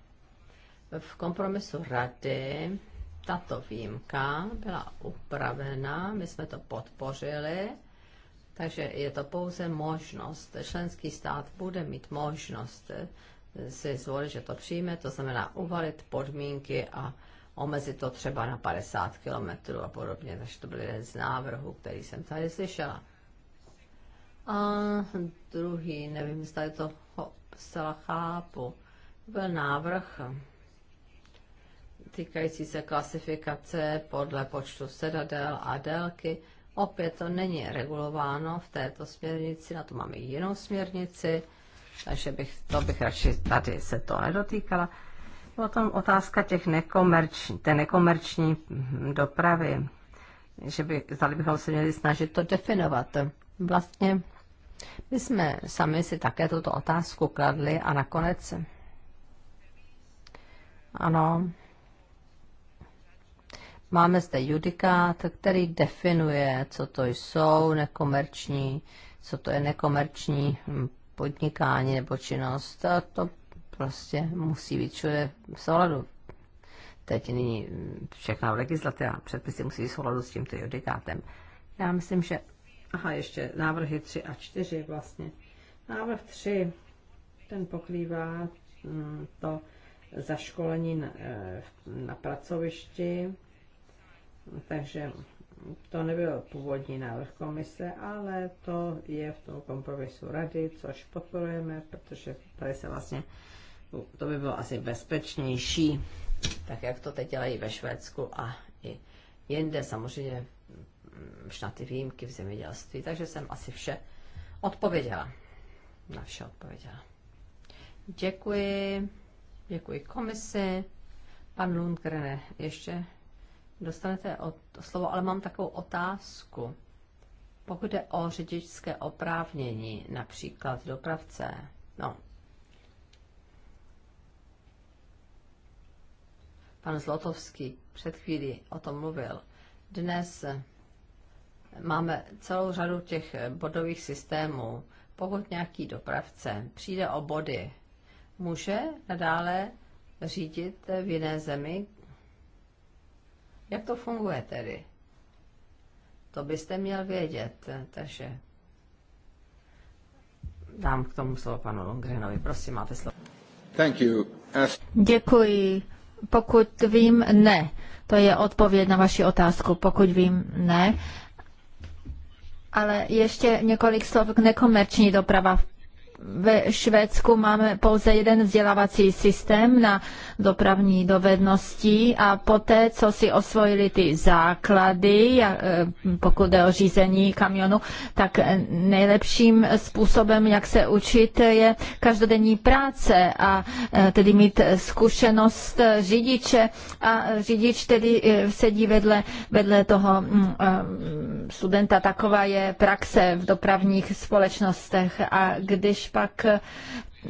v kompromisu rady tato výjimka byla upravena, my jsme to podpořili, takže je to pouze možnost. Členský stát bude mít možnost si zvolit, že to přijme, to znamená uvalit podmínky a omezit to třeba na 50 km a podobně. Takže to byl jeden z návrhů, který jsem tady slyšela. A druhý, nevím, zda to zcela chápu, byl návrh týkající se klasifikace podle počtu sedadel a délky. Opět to není regulováno v této směrnici, na to máme jinou směrnici takže bych, to bych radši tady se to nedotýkala. Potom otázka těch nekomerční, té nekomerční dopravy, že by, tady bychom se měli snažit to definovat. Vlastně my jsme sami si také tuto otázku kladli a nakonec ano, máme zde judikát, který definuje, co to jsou nekomerční, co to je nekomerční podnikání nebo činnost, to, to prostě musí být všude v souladu. Teď nyní všechna legislativa, předpisy musí být v souladu s tímto judikátem. Já myslím, že... Aha, ještě návrhy 3 a 4 vlastně. Návrh 3, ten pokrývá mm, to zaškolení na, eh, na pracovišti, takže to nebyl původní návrh komise, ale to je v tom kompromisu rady, což podporujeme, protože tady se vlastně, to by bylo asi bezpečnější, tak jak to teď dělají ve Švédsku a i jinde, samozřejmě mm, už na ty výjimky v zemědělství, takže jsem asi vše odpověděla. Na vše odpověděla. Děkuji, děkuji komisi. Pan Lundgren ještě dostanete od slovo, ale mám takovou otázku. Pokud jde o řidičské oprávnění, například dopravce, no, pan Zlotovský před chvíli o tom mluvil. Dnes eh, máme celou řadu těch eh, bodových systémů. Pokud nějaký dopravce přijde o body, může nadále řídit eh, v jiné zemi, jak to funguje tedy? To byste měl vědět, takže dám k tomu slovo panu Longrenovi. Prosím, máte slovo. Thank you. As... Děkuji. Pokud vím, ne. To je odpověď na vaši otázku. Pokud vím, ne. Ale ještě několik slov k nekomerční doprava v ve Švédsku máme pouze jeden vzdělávací systém na dopravní dovednosti a poté, co si osvojili ty základy, e, pokud jde o řízení kamionu, tak nejlepším způsobem, jak se učit, je každodenní práce a e, tedy mít zkušenost řidiče a řidič tedy e, sedí vedle, vedle toho mm, studenta. Taková je praxe v dopravních společnostech a když pak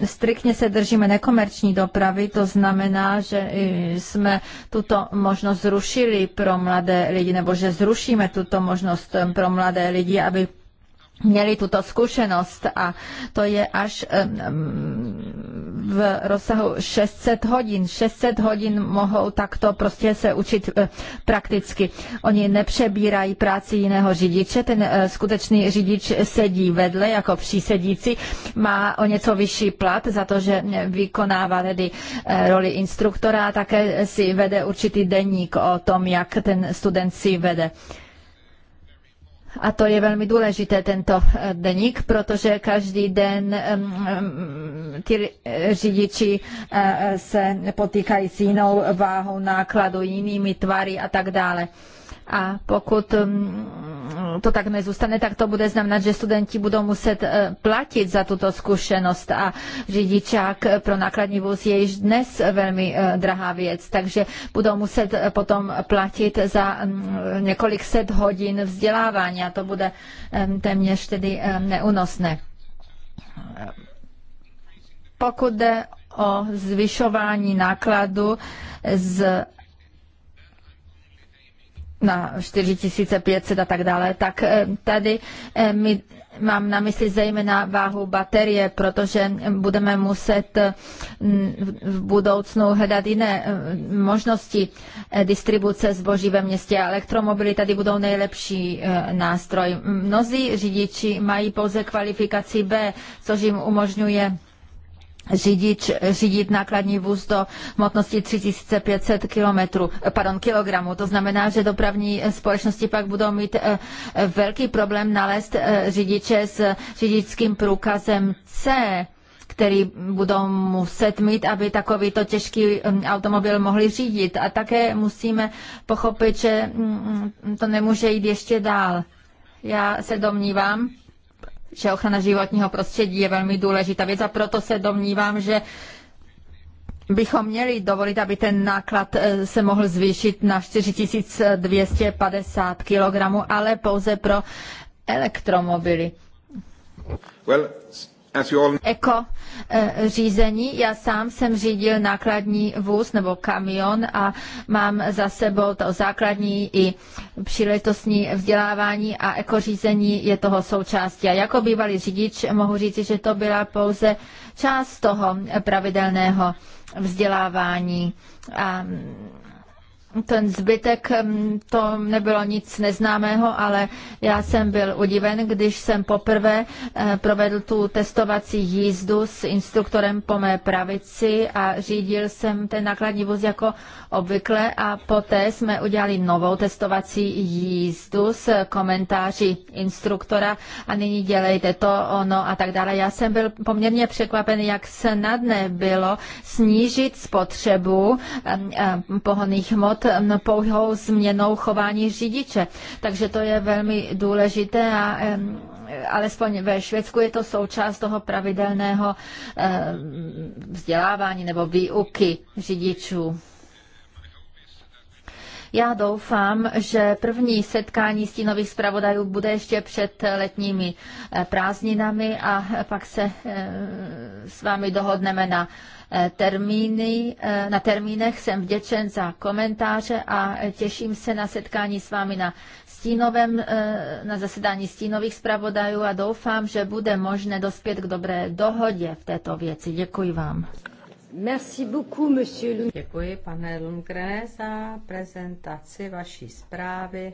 striktně se držíme nekomerční dopravy, to znamená, že jsme tuto možnost zrušili pro mladé lidi, nebo že zrušíme tuto možnost pro mladé lidi, aby měli tuto zkušenost a to je až v rozsahu 600 hodin. 600 hodin mohou takto prostě se učit eh, prakticky. Oni nepřebírají práci jiného řidiče, ten eh, skutečný řidič sedí vedle jako přísedící, má o něco vyšší plat za to, že vykonává tedy eh, roli instruktora a také si vede určitý deník o tom, jak ten student si vede. A to je velmi důležité, tento eh, deník, protože každý den ty řidiči eh, se potýkají s jinou váhou nákladu, jinými tvary a tak dále. A pokud mm, to tak nezůstane, tak to bude znamenat, že studenti budou muset eh, platit za tuto zkušenost a řidičák pro nákladní vůz je již dnes velmi eh, drahá věc, takže budou muset eh, potom platit za mm, několik set hodin vzdělávání a to bude téměř tedy neunosné. Pokud jde o zvyšování nákladu z na 4500 a tak dále, tak eh, tady eh, my mám na mysli zejména váhu baterie, protože budeme muset eh, v budoucnu hledat jiné možnosti distribuce zboží ve městě. Elektromobily tady budou nejlepší nástroj. Mnozí řidiči mají pouze kvalifikaci B, což jim umožňuje řidič řídit nákladní vůz do hmotnosti 3500 kilometrů pardon, kilogramů. To znamená, že dopravní společnosti pak budou mít eh, velký problém nalézt eh, řidiče s řidičským průkazem C který budou muset mít, aby takovýto těžký hm, automobil mohli řídit. A také musíme pochopit, že hm, hm, to nemůže jít ještě dál. Já se domnívám, že ochrana životního prostředí je velmi důležitá věc a proto se domnívám, že bychom měli dovolit, aby ten náklad eh, se mohl zvýšit na 4250 kg, ale pouze pro elektromobily. Well, eko eh, řízení. Já sám jsem řídil nákladní vůz nebo kamion a mám za sebou to základní i příležitostní vzdělávání a řízení je toho součástí. A jako bývalý řidič mohu říci, že to byla pouze část toho pravidelného vzdělávání. A ten zbytek mm, to nebylo nic neznámého, ale já jsem byl udiven, když jsem poprvé eh, provedl tu testovací jízdu s instruktorem po mé pravici a řídil jsem ten nákladní vůz jako obvykle a poté jsme udělali novou testovací jízdu s komentáři instruktora a nyní dělejte to, ono a tak dále. Já jsem byl poměrně překvapen, jak snadné bylo snížit spotřebu eh, eh, pohonných hmot pouhou změnou chování řidiče. Takže to je velmi důležité a alespoň ve Švédsku je to součást toho pravidelného vzdělávání nebo výuky řidičů. Já doufám, že první setkání stínových zpravodajů bude ještě před letními eh, prázdninami a pak se eh, s vámi dohodneme na eh, termíny, na termínech. Jsem vděčen za komentáře a těším se na setkání s vámi na stínovém, na zasedání stínových zpravodajů a doufám, že bude možné dospět k dobré dohodě v této věci. Děkuji vám. Merci beaucoup, monsieur Lund. Děkuji, pane Lundgren, za prezentaci vaší zprávy.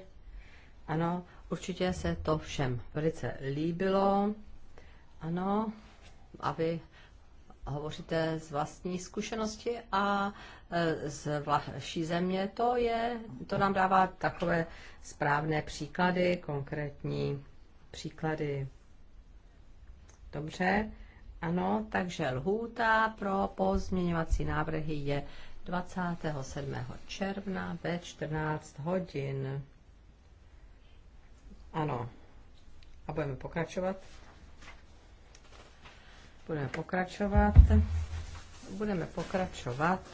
Ano, určitě se to všem velice líbilo. Ano, a vy hovoříte z vlastní zkušenosti a e, z vaší země, to, je, to nám dává takové správné příklady, konkrétní příklady. Dobře, ano, takže lhůta pro pozměňovací návrhy je 27. června ve 14 hodin. Ano. A budeme pokračovat. Budeme pokračovat. Budeme pokračovat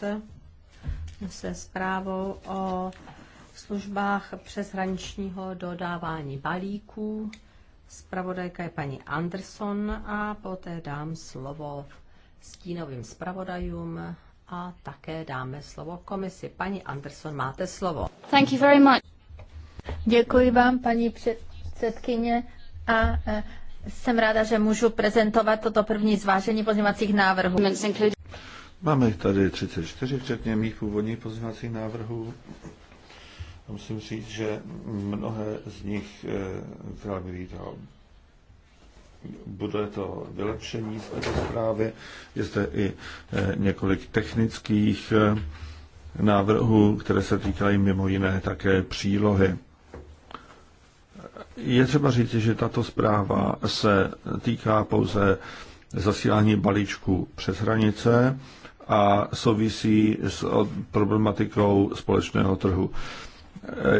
se zprávou o službách přeshraničního dodávání balíků. Spravodajka je paní Anderson a poté dám slovo stínovým spravodajům a také dáme slovo komisi. Paní Anderson, máte slovo. Thank you very much. Děkuji vám, paní předsedkyně. A e, jsem ráda, že můžu prezentovat toto první zvážení pozměňovacích návrhů. Máme tady 34, včetně mých původních pozměňovacích návrhů. Musím říct, že mnohé z nich eh, velmi vítal. Bude to vylepšení z této zprávy. Je zde i eh, několik technických eh, návrhů, které se týkají mimo jiné také přílohy. Je třeba říct, že tato zpráva se týká pouze zasílání balíčků přes hranice a souvisí s problematikou společného trhu.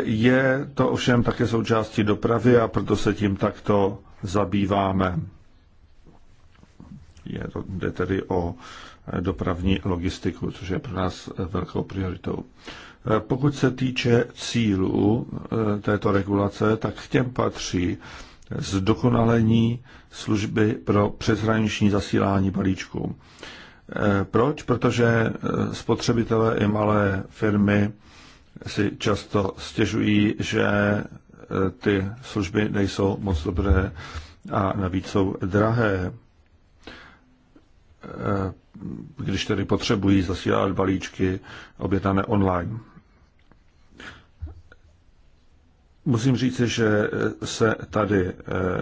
Je to ovšem také součástí dopravy a proto se tím takto zabýváme. Je to, jde tedy o dopravní logistiku, což je pro nás velkou prioritou. Pokud se týče cílů eh, této regulace, tak k těm patří zdokonalení služby pro přeshraniční zasílání balíčků. Eh, proč? Protože eh, spotřebitelé i malé firmy si často stěžují, že e, ty služby nejsou moc dobré a navíc jsou drahé. E, když tedy potřebují zasílat balíčky objednané online. Musím říct, že e, se tady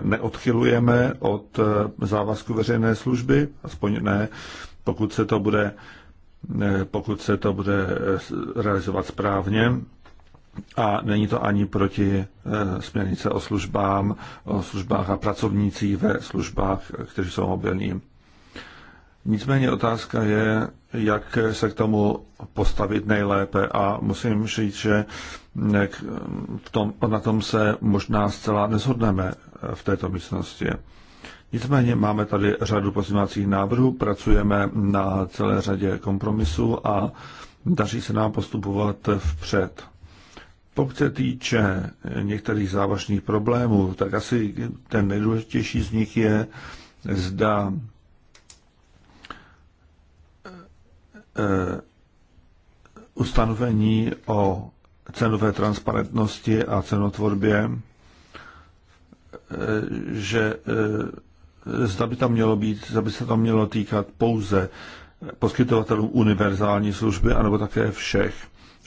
neodchylujeme od závazku veřejné služby, aspoň ne, pokud se to bude Eh, pokud se to bude eh, realizovat správně. A není to ani proti eh, směrnice o službám, o službách a pracovnících ve službách, kteří jsou mobilní. Nicméně otázka je, jak se k tomu postavit nejlépe a musím říct, že v tom, na tom se možná zcela neshodneme v této místnosti. Nicméně máme tady řadu pozměňovacích návrhů, pracujeme na celé řadě kompromisů a daří se nám postupovat vpřed. Pokud se týče některých závažných problémů, tak asi ten nejdůležitější z nich je, zda eh, ustanovení o cenové transparentnosti a cenotvorbě, eh, že eh, zda by tam mělo být, zda by se tam mělo týkat pouze poskytovatelů univerzální služby, anebo také všech.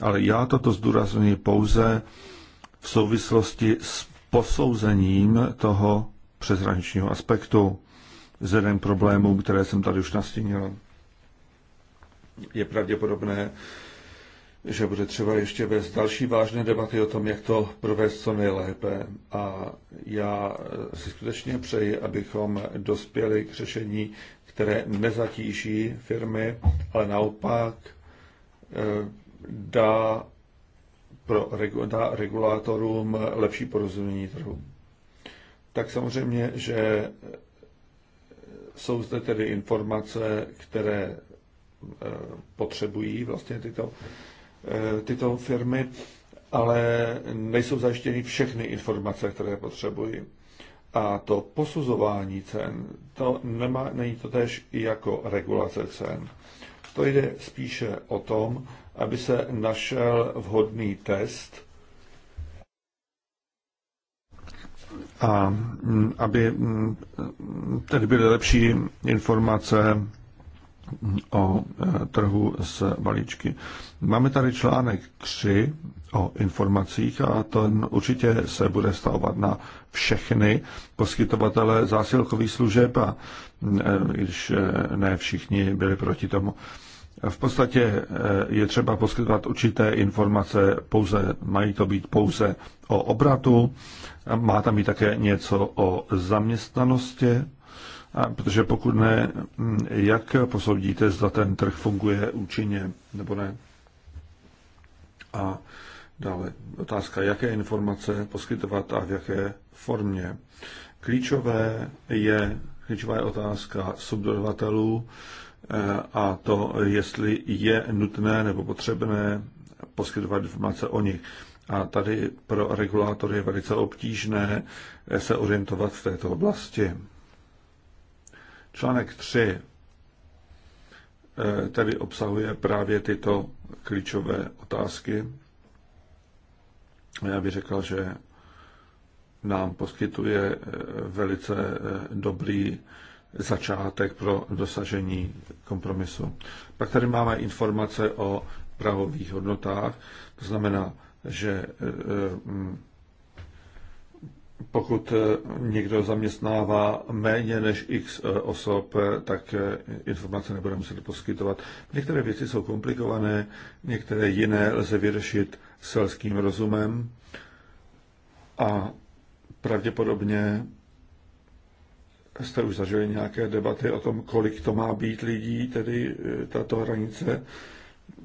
Ale já toto zdůraznuju pouze v souvislosti s posouzením toho přeshraničního aspektu vzhledem k problémům, které jsem tady už nastínil. Je pravděpodobné, že bude třeba ještě bez další vážné debaty o tom, jak to provést co nejlépe. A já si skutečně přeji, abychom dospěli k řešení, které nezatíží firmy, ale naopak eh, dá, pro, dá regulátorům lepší porozumění trhu. Tak samozřejmě, že jsou zde tedy informace, které eh, potřebují vlastně tyto Eh, tyto firmy, ale nejsou zajištěny všechny informace, které potřebují. A to posuzování cen, to nemá, není to tež i jako regulace cen. To jde spíše o tom, aby se našel vhodný test a mm, aby mm, tedy byly lepší informace o e, trhu s balíčky. Máme tady článek 3 o informacích a to určitě se bude stavovat na všechny poskytovatele zásilkových služeb a e, když e, ne všichni byli proti tomu. V podstatě je třeba poskytovat určité informace, pouze, mají to být pouze o obratu, má tam být také něco o zaměstnanosti, protože pokud ne, hm, jak posoudíte, zda ten trh funguje účinně nebo ne? A dále otázka, jaké informace poskytovat a v jaké formě. Klíčové je, klíčová je otázka subdodavatelů eh, a to, jestli je nutné nebo potřebné poskytovat informace o nich. A tady pro regulátory je velice obtížné se orientovat v této oblasti. Článek 3 eh, tedy obsahuje právě tyto klíčové otázky. Já bych řekl, že nám poskytuje eh, velice eh, dobrý začátek pro dosažení kompromisu. Pak tady máme informace o pravových hodnotách, to znamená, že pokud eh, někdo zaměstnává méně než x eh, osob, eh, tak informace nebude muset poskytovat. Některé věci jsou komplikované, některé jiné lze vyřešit selským rozumem a pravděpodobně jste už zažili nějaké debaty o tom, kolik to má být lidí, tedy tato hranice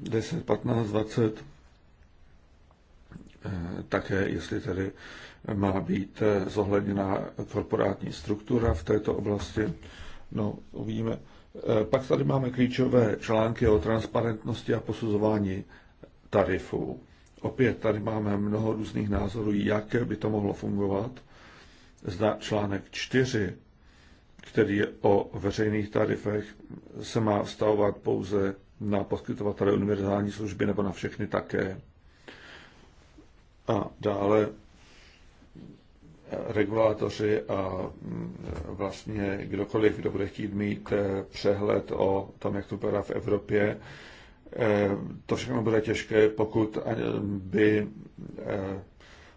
10, 15, 20, také jestli tedy má být eh, zohledněna korporátní struktura v této oblasti. No, uvidíme. Eh, pak tady máme klíčové články o transparentnosti a posuzování tarifů. Opět tady máme mnoho různých názorů, jak by to mohlo fungovat. Zda článek 4, který je o veřejných tarifech, se má vztahovat pouze na poskytovatele univerzální služby nebo na všechny také. A dále regulátoři a mm, vlastně kdokoliv, kdo bude chtít mít eh, přehled o tom, jak to vypadá v Evropě, eh, to všechno bude těžké, pokud eh, by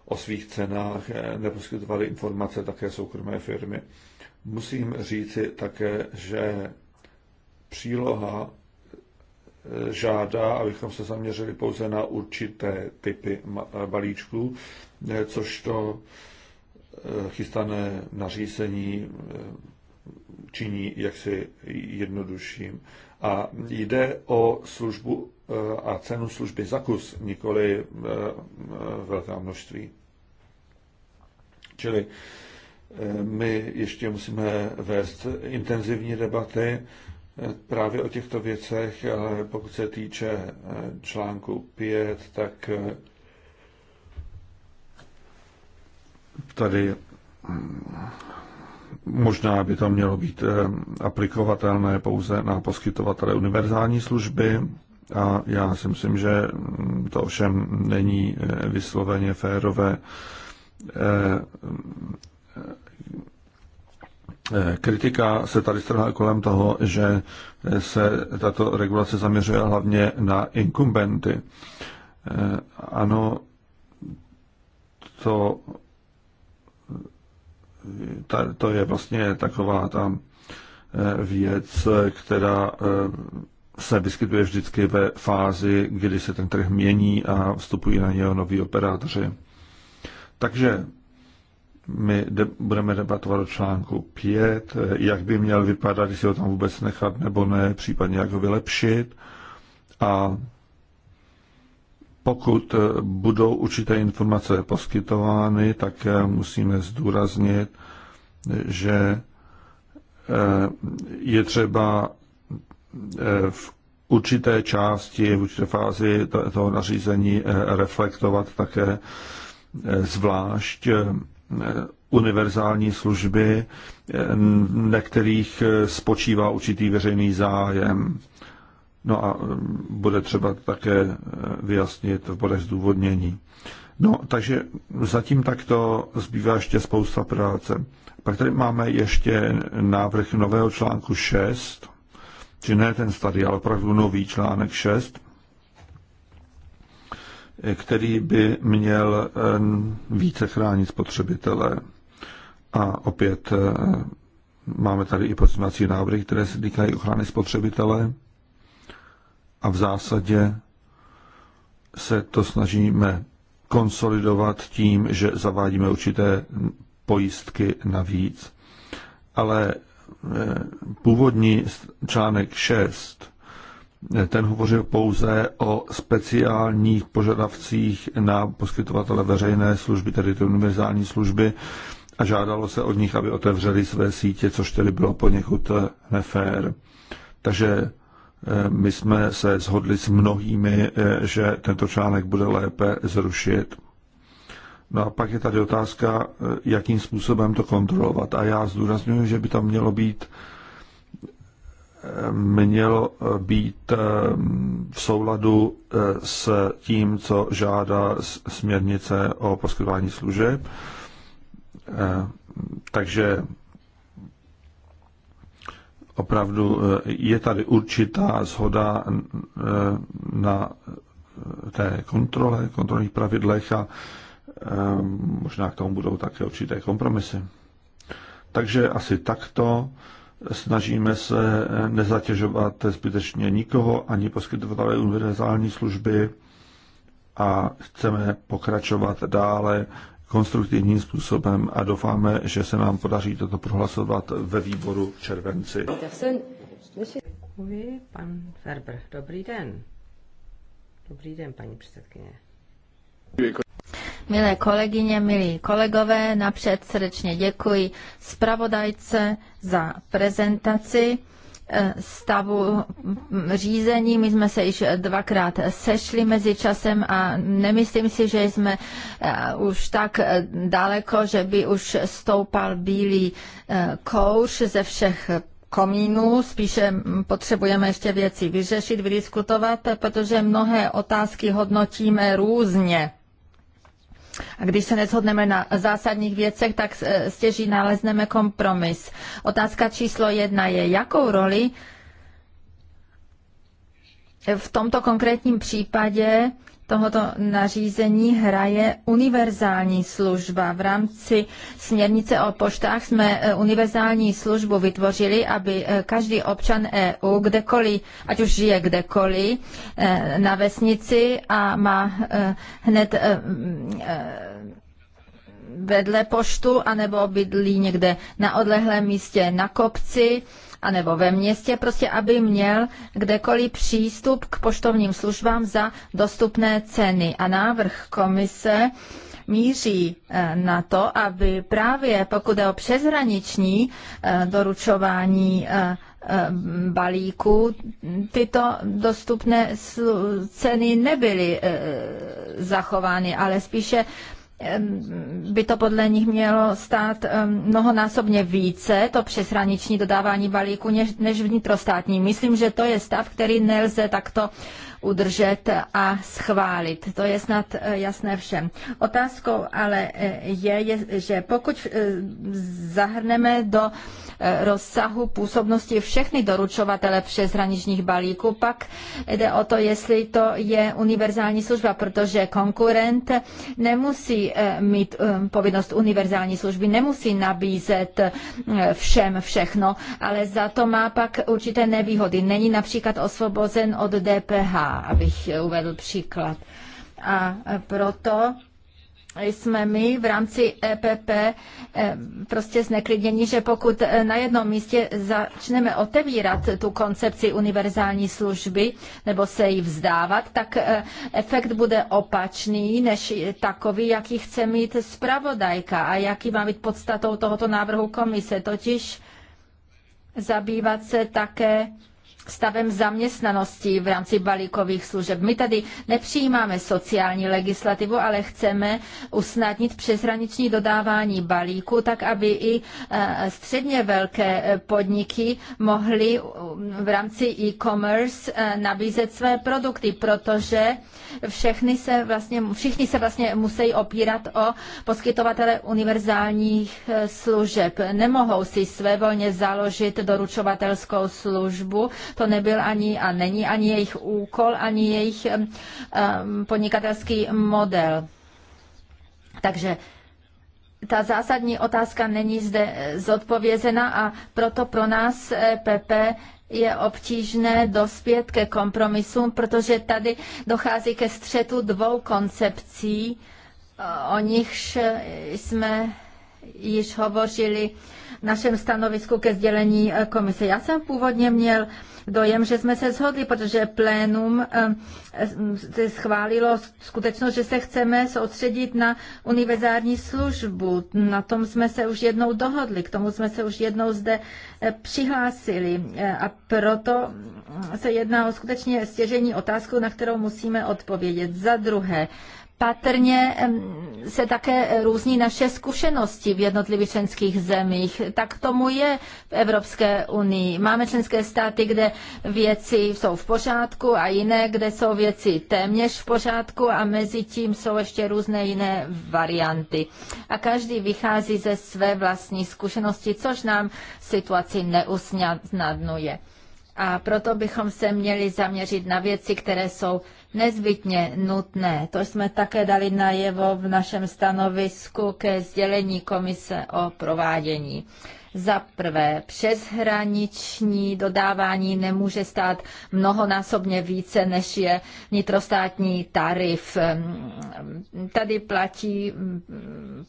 o svých cenách neposkytovaly informace také soukromé firmy. Musím říci také, že příloha žádá, abychom se zaměřili pouze na určité typy balíčků, což to Eh, chystané nařízení eh, činí jaksi jednodušším. A jde o službu eh, a cenu služby za kus, nikoli velká množství. Čili my ještě musíme vést intenzivní debaty právě o těchto věcech, ale pokud se týče článku 5, tak tady mm, možná by to mělo být eh, aplikovatelné pouze na poskytovatele univerzální služby a já si myslím, že mm, to ovšem není eh, vysloveně férové eh, Kritika se tady strhá kolem toho, že se tato regulace zaměřuje hlavně na inkumbenty. Ano, to ta, to je vlastně taková ta eh, věc, která eh, se vyskytuje vždycky ve fázi, kdy se ten trh mění a vstupují na něho noví operátoři. Takže my de- budeme debatovat o článku 5, jak by měl vypadat, jestli ho tam vůbec nechat nebo ne, případně jak ho vylepšit. A pokud eh, budou určité informace poskytovány, tak eh, musíme zdůraznit, že eh, je třeba v určité části, v určité fázi toho nařízení reflektovat také zvlášť univerzální služby, na kterých spočívá určitý veřejný zájem. No a eh, bude třeba také eh, vyjasnit v bodech zdůvodnění. No, takže zatím takto zbývá ještě spousta práce. Pak tady máme ještě návrh nového článku 6, či ne ten starý, ale opravdu nový článek 6, který by měl eh, více chránit spotřebitele. A opět máme tady i pozměňovací návrhy, které se týkají ochrany spotřebitele a v zásadě se to snažíme konsolidovat tím, že zavádíme určité pojistky navíc. Ale e, původní článek 6, e, ten hovořil pouze o speciálních požadavcích na poskytovatele veřejné služby, tedy ty univerzální služby, a žádalo se od nich, aby otevřeli své sítě, což tedy bylo poněkud e, nefér. Takže Eh, my jsme se shodli s mnohými, eh, že tento článek bude lépe zrušit. No a pak je tady otázka, eh, jakým způsobem to kontrolovat. A já zdůraznuju, že by to mělo být mělo být v souladu s tím, co žádá směrnice o poskytování služeb. Takže opravdu eh, je tady určitá shoda eh, na eh, té kontrole, kontrolních pravidlech a možná k tomu budou také určité kompromisy. Takže asi takto snažíme se nezatěžovat zbytečně nikoho, ani poskytovatele univerzální služby a chceme pokračovat dále konstruktivním způsobem a doufáme, že se nám podaří toto prohlasovat ve výboru v červenci. Děkuji, pan Ferber. Dobrý den. Dobrý den, paní předsedkyně. Milé kolegyně, milí kolegové, napřed srdečně děkuji zpravodajce za prezentaci Eh, stavu řízení. My jsme se již dvakrát sešli mezi časem a nemyslím si, že jsme eh, už tak daleko, že by už stoupal bílý eh, kouř ze všech komínů. spíše potřebujeme ještě věci vyřešit, vydiskutovat, protože mnohé otázky hodnotíme různě. A když se neshodneme na zásadních věcech, tak eh, stěží nalezneme kompromis. Otázka číslo jedna je, jakou roli v tomto konkrétním případě tohoto nařízení hraje univerzální služba. V rámci směrnice o poštách jsme e, univerzální službu vytvořili, aby e, každý občan EU, kdekoliv, ať už žije kdekoliv, e, na vesnici a má hned vedle poštu, anebo bydlí někde na odlehlém místě na kopci, anebo ve městě, prostě aby měl kdekoliv přístup k poštovním službám za dostupné ceny. A návrh komise míří e, na to, aby právě pokud je o přeshraniční e, doručování e, balíků tyto dostupné ceny nebyly zachovány, ale spíše by to podle nich mělo stát mnohonásobně více, to přeshraniční dodávání balíku, než, než vnitrostátní. Myslím, že to je stav, který nelze takto udržet a schválit. To je snad eh, jasné všem. Otázkou ale eh, je, je že pokud eh, zahrneme do rozsahu působnosti všechny doručovatele přeshraničních balíků, pak jde o to, jestli to je univerzální služba, protože konkurent nemusí mít povinnost univerzální služby, nemusí nabízet všem všechno, ale za to má pak určité nevýhody. Není například osvobozen od DPH abych uvedl příklad. A proto jsme my v rámci EPP eh, prostě zneklidněni, že pokud eh, na jednom místě začneme otevírat tu koncepci univerzální služby nebo se jí vzdávat, tak eh, efekt bude opačný než takový, jaký chce mít zpravodajka a jaký má být podstatou tohoto návrhu komise, totiž zabývat se také stavem zaměstnanosti v rámci balíkových služeb. My tady nepřijímáme sociální legislativu, ale chceme usnadnit přeshraniční dodávání balíku, tak aby i e, středně velké e, podniky mohly v rámci e-commerce e, nabízet své produkty, protože všechny se vlastně, všichni se vlastně musí opírat o poskytovatele univerzálních služeb. Nemohou si svévolně založit doručovatelskou službu, to nebyl ani a není ani jejich úkol, ani jejich podnikatelský model. Takže ta zásadní otázka není zde e, zodpovězena a proto pro nás PP e, je obtížné dospět ke kompromisům, protože tady dochází ke střetu dvou koncepcí, o nichž e, jsme již hovořili našem stanovisku ke sdělení eh, komise. Já jsem původně měl dojem, že jsme se shodli, protože plénum eh, schválilo skutečnost, že se chceme soustředit na univerzální službu. Na tom jsme se už jednou dohodli, k tomu jsme se už jednou zde eh, přihlásili a proto mm, se jedná o skutečně stěžení otázku, na kterou musíme odpovědět. Za druhé, patrně se také různí naše zkušenosti v jednotlivých členských zemích. Tak tomu je v Evropské unii. Máme členské státy, kde věci jsou v pořádku a jiné, kde jsou věci téměř v pořádku a mezi tím jsou ještě různé jiné varianty. A každý vychází ze své vlastní zkušenosti, což nám situaci neusnadnuje. A proto bychom se měli zaměřit na věci, které jsou nezbytně nutné. To jsme také dali najevo v našem stanovisku ke sdělení komise o provádění. Za prvé, přeshraniční dodávání nemůže stát mnohonásobně více, než je vnitrostátní tarif. Tady platí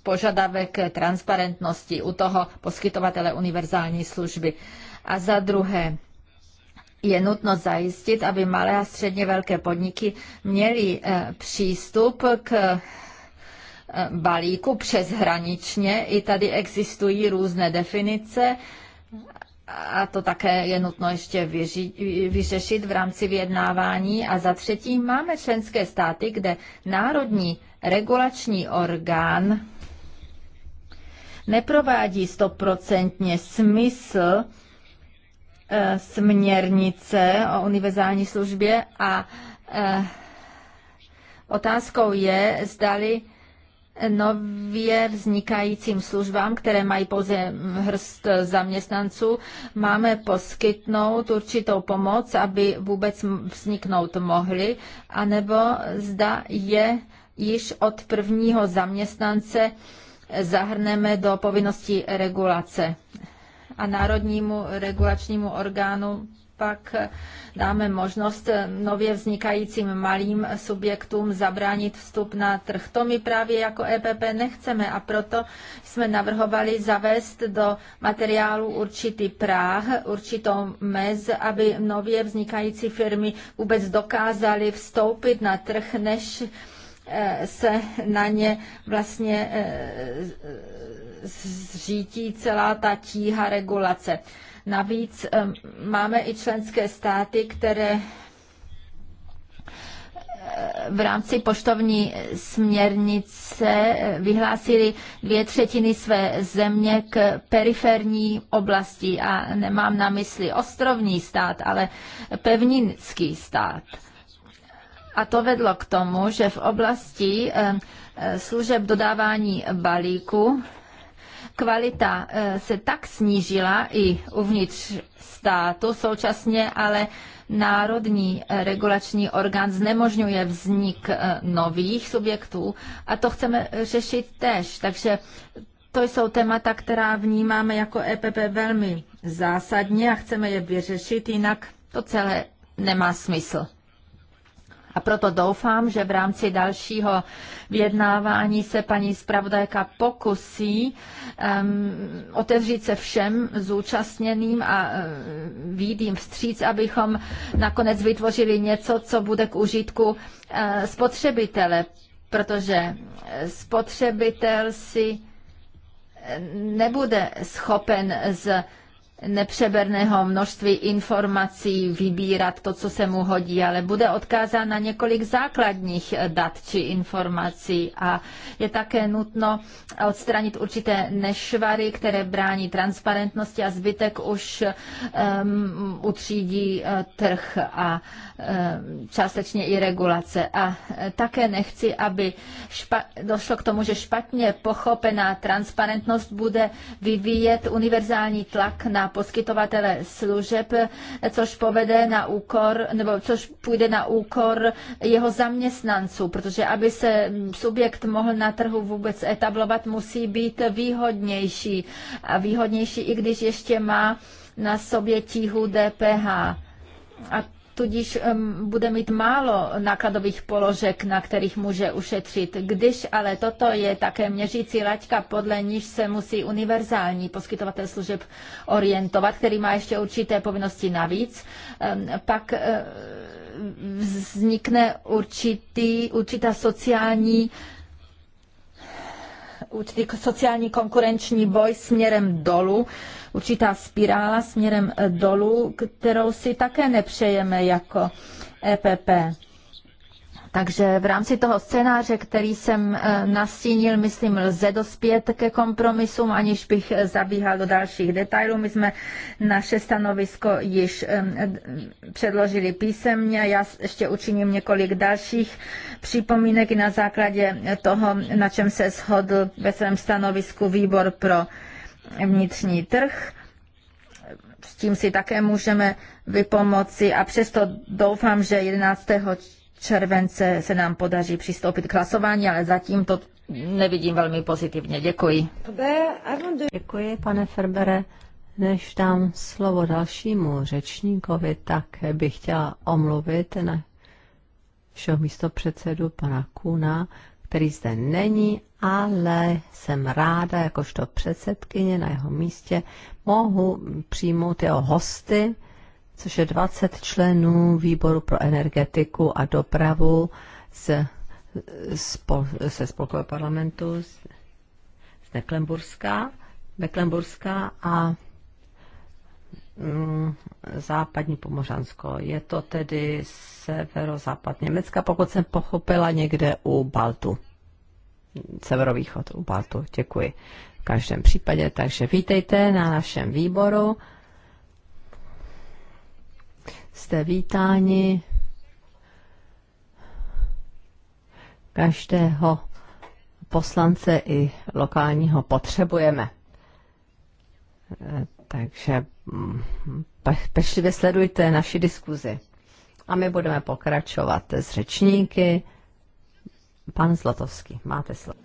požadavek transparentnosti u toho poskytovatele univerzální služby. A za druhé, je nutno zajistit, aby malé a středně velké podniky měly eh, přístup k eh, balíku přeshraničně. I tady existují různé definice a to také je nutno ještě vyři, vyřešit v rámci vyjednávání. A za třetí máme členské státy, kde národní regulační orgán neprovádí stoprocentně smysl Eh, směrnice o univerzální službě a eh, otázkou je, zdali nově vznikajícím službám, které mají pouze hrst zaměstnanců, máme poskytnout určitou pomoc, aby vůbec vzniknout mohly, anebo zda je již od prvního zaměstnance zahrneme do povinnosti regulace a národnímu regulačnímu orgánu pak dáme možnost nově vznikajícím malým subjektům zabránit vstup na trh. To my právě jako EPP nechceme a proto jsme navrhovali zavést do materiálu určitý práh, určitou mez, aby nově vznikající firmy vůbec dokázaly vstoupit na trh, než Eh, se na ně vlastně eh, zřítí celá ta tíha regulace. Navíc eh, máme i členské státy, které v rámci poštovní směrnice vyhlásili dvě třetiny své země k periferní oblasti a nemám na mysli ostrovní stát, ale pevninský stát. A to vedlo k tomu, že v oblasti eh, eh, služeb dodávání balíku kvalita eh, se tak snížila i uvnitř státu, současně ale národní regulační orgán znemožňuje vznik nových subjektů a to chceme řešit tež. Takže to jsou témata, která vnímáme jako EPP velmi zásadně a chceme je vyřešit, jinak to celé nemá smysl. A proto doufám, že v rámci dalšího vyjednávání se paní zpravodajka pokusí um, otevřít se všem zúčastněným a um, jim vstříc, abychom nakonec vytvořili něco, co bude k užitku uh, spotřebitele, protože eh, spotřebitel si nebude schopen z nepřeberného množství informací vybírat to, co se mu hodí, ale bude odkázán na několik základních dat či informací a je také nutno odstranit určité nešvary, které brání transparentnosti a zbytek už um, utřídí eh, trh a Eh, částečně i regulace. A eh, také nechci, aby došlo k tomu, že špatně pochopená transparentnost bude vyvíjet univerzální tlak na poskytovatele služeb, eh, což povede na úkor, nebo což půjde na úkor jeho zaměstnanců, protože aby se mm, subjekt mohl na trhu vůbec etablovat, musí být výhodnější a výhodnější, i když ještě má na sobě tíhu DPH. A tudíž bude mít málo nákladových položek, na kterých může ušetřit. Když ale toto je také měřící laťka, podle níž se musí univerzální poskytovatel služeb orientovat, který má ještě určité povinnosti navíc, pak eh, vznikne určitý, určitá sociální určitý sociální konkurenční boj směrem dolů, určitá spirála směrem eh, dolů, kterou si také nepřejeme jako EPP. Takže v rámci toho scénáře, který jsem eh, nastínil, myslím, lze dospět ke kompromisům, aniž bych eh, zabíhal do dalších detailů. My jsme naše stanovisko již předložili písemně. Já ještě učiním několik dalších připomínek na základě toho, na čem se shodl ve svém stanovisku výbor pro vnitřní trh. S tím si také můžeme vypomoci a přesto doufám, že 11. července se nám podaří přistoupit k hlasování, ale zatím to nevidím velmi pozitivně. Děkuji. Děkuji, pane Ferbere. Než dám slovo dalšímu řečníkovi, tak bych chtěla omluvit na všeho místo předsedu pana Kuna, který zde není ale jsem ráda, jakožto předsedkyně na jeho místě, mohu přijmout jeho hosty, což je 20 členů výboru pro energetiku a dopravu z, spol, se spolkového parlamentu z, z Neklemburska, Neklemburska a mm, západní Pomořansko. Je to tedy severozápad Německa, pokud jsem pochopila někde u Baltu severovýchod Baltu. Děkuji. V každém případě, takže vítejte na našem výboru. Jste vítáni každého poslance i lokálního potřebujeme. Takže mm, pešlivě sledujte naši diskuzi. A my budeme pokračovat s řečníky. Pan Zlatovský, máte slovo.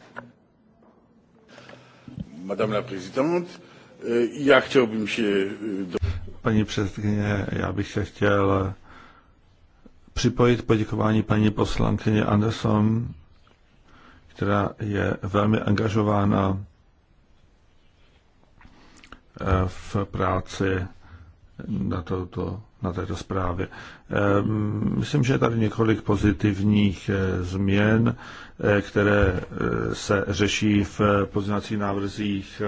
Madame la présidente, eh, já chtěl bych si... Eh, paní předsedkyně, já bych se chtěl eh, připojit poděkování paní poslankyně Anderson, která je velmi angažována v práci na, toto, na této zprávě. Ehm, myslím, že je tady několik pozitivních eh, změn, eh, které eh, se řeší v poznacích návrzích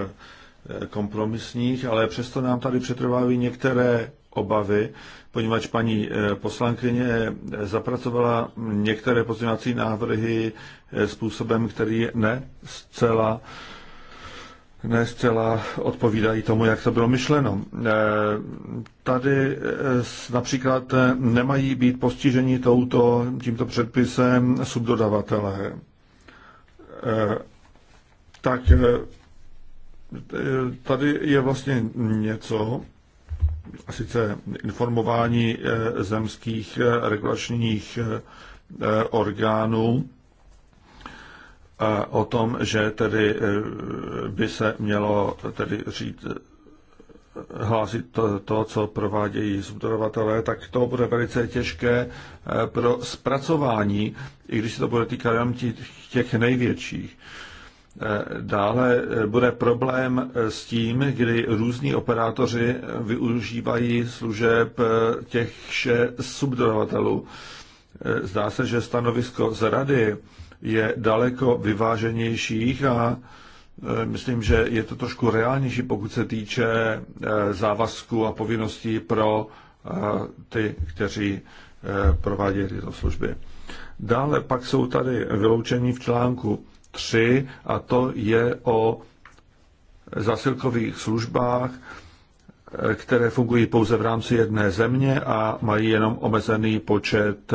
kompromisních, ale přesto nám tady přetrvávají některé obavy, poněvadž paní poslankyně zapracovala některé pozměňovací návrhy způsobem, který je ne zcela ne zcela odpovídají tomu, jak to bylo myšleno. Eh, tady eh, například eh, nemají být postiženi touto, tímto předpisem subdodavatelé. Tak tady je vlastně něco, a sice informování zemských regulačních orgánů a o tom, že tedy eh, by se mělo tedy říct, eh, hlásit to, to co provádějí subdodavatelé, tak to bude velice těžké eh, pro zpracování, i když se to bude týkat jenom těch největších. Dále bude problém s tím, kdy různí operátoři využívají služeb těch subdodavatelů. Zdá se, že stanovisko z rady je daleko vyváženějších a e, myslím, že je to trošku reálnější, pokud se týče e, závazků a povinností pro e, ty, kteří provádějí tyto služby. Dále pak jsou tady vyloučení v článku 3 a to je o zasilkových službách, které fungují pouze v rámci jedné země a mají jenom omezený počet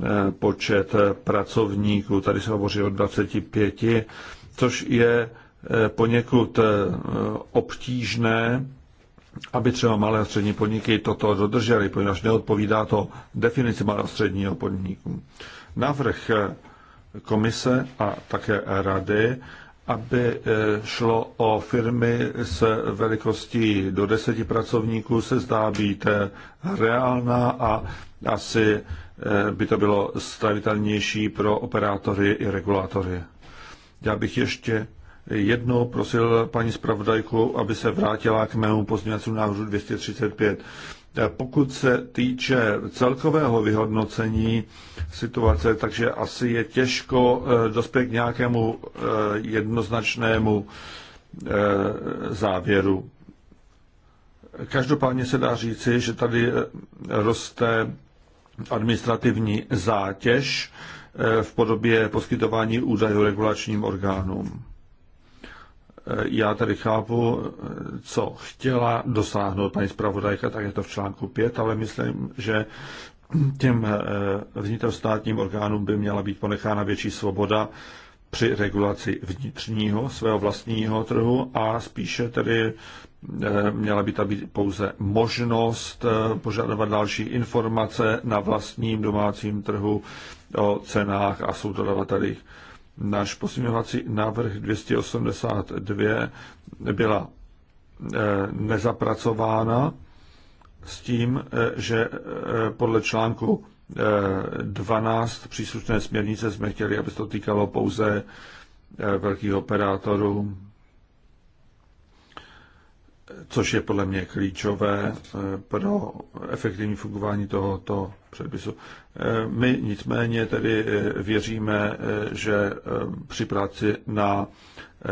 Eh, počet pracovníků. Tady se hovoří o 25, což je eh, poněkud eh, obtížné, aby třeba malé a střední podniky toto dodržely, poněvadž neodpovídá to definici malého středního podniku. Návrh komise a také rady, aby šlo o firmy s velikostí do deseti pracovníků, se zdá být reálná a asi Eh, by to bylo stravitelnější pro operátory i regulátory. Já bych ještě jednou prosil paní zpravodajku, aby se vrátila k mému pozměňovacímu návrhu 235. Eh, pokud se týče celkového vyhodnocení situace, takže asi je těžko eh, dospět k nějakému jednoznačnému závěru. Každopádně se dá říci, že tady roste administrativní zátěž eh, v podobě poskytování údajů regulačním orgánům. Eh, já tady chápu, eh, co chtěla dosáhnout paní zpravodajka, tak je to v článku 5, ale myslím, že těm vnitrostátním orgánům by měla být ponechána větší svoboda při regulaci vnitřního, svého vlastního trhu a spíše tedy měla by to být pouze možnost eh, požadovat další informace na vlastním domácím trhu o cenách a subdodavatelích. Náš posilňovací návrh 282 byla eh, nezapracována s tím, eh, že podle článku 12 příslušné směrnice jsme chtěli, aby se to týkalo pouze velkých operátorů což je podle mě klíčové eh, pro efektivní fungování tohoto předpisu. Eh, my nicméně tedy eh, věříme, že při práci na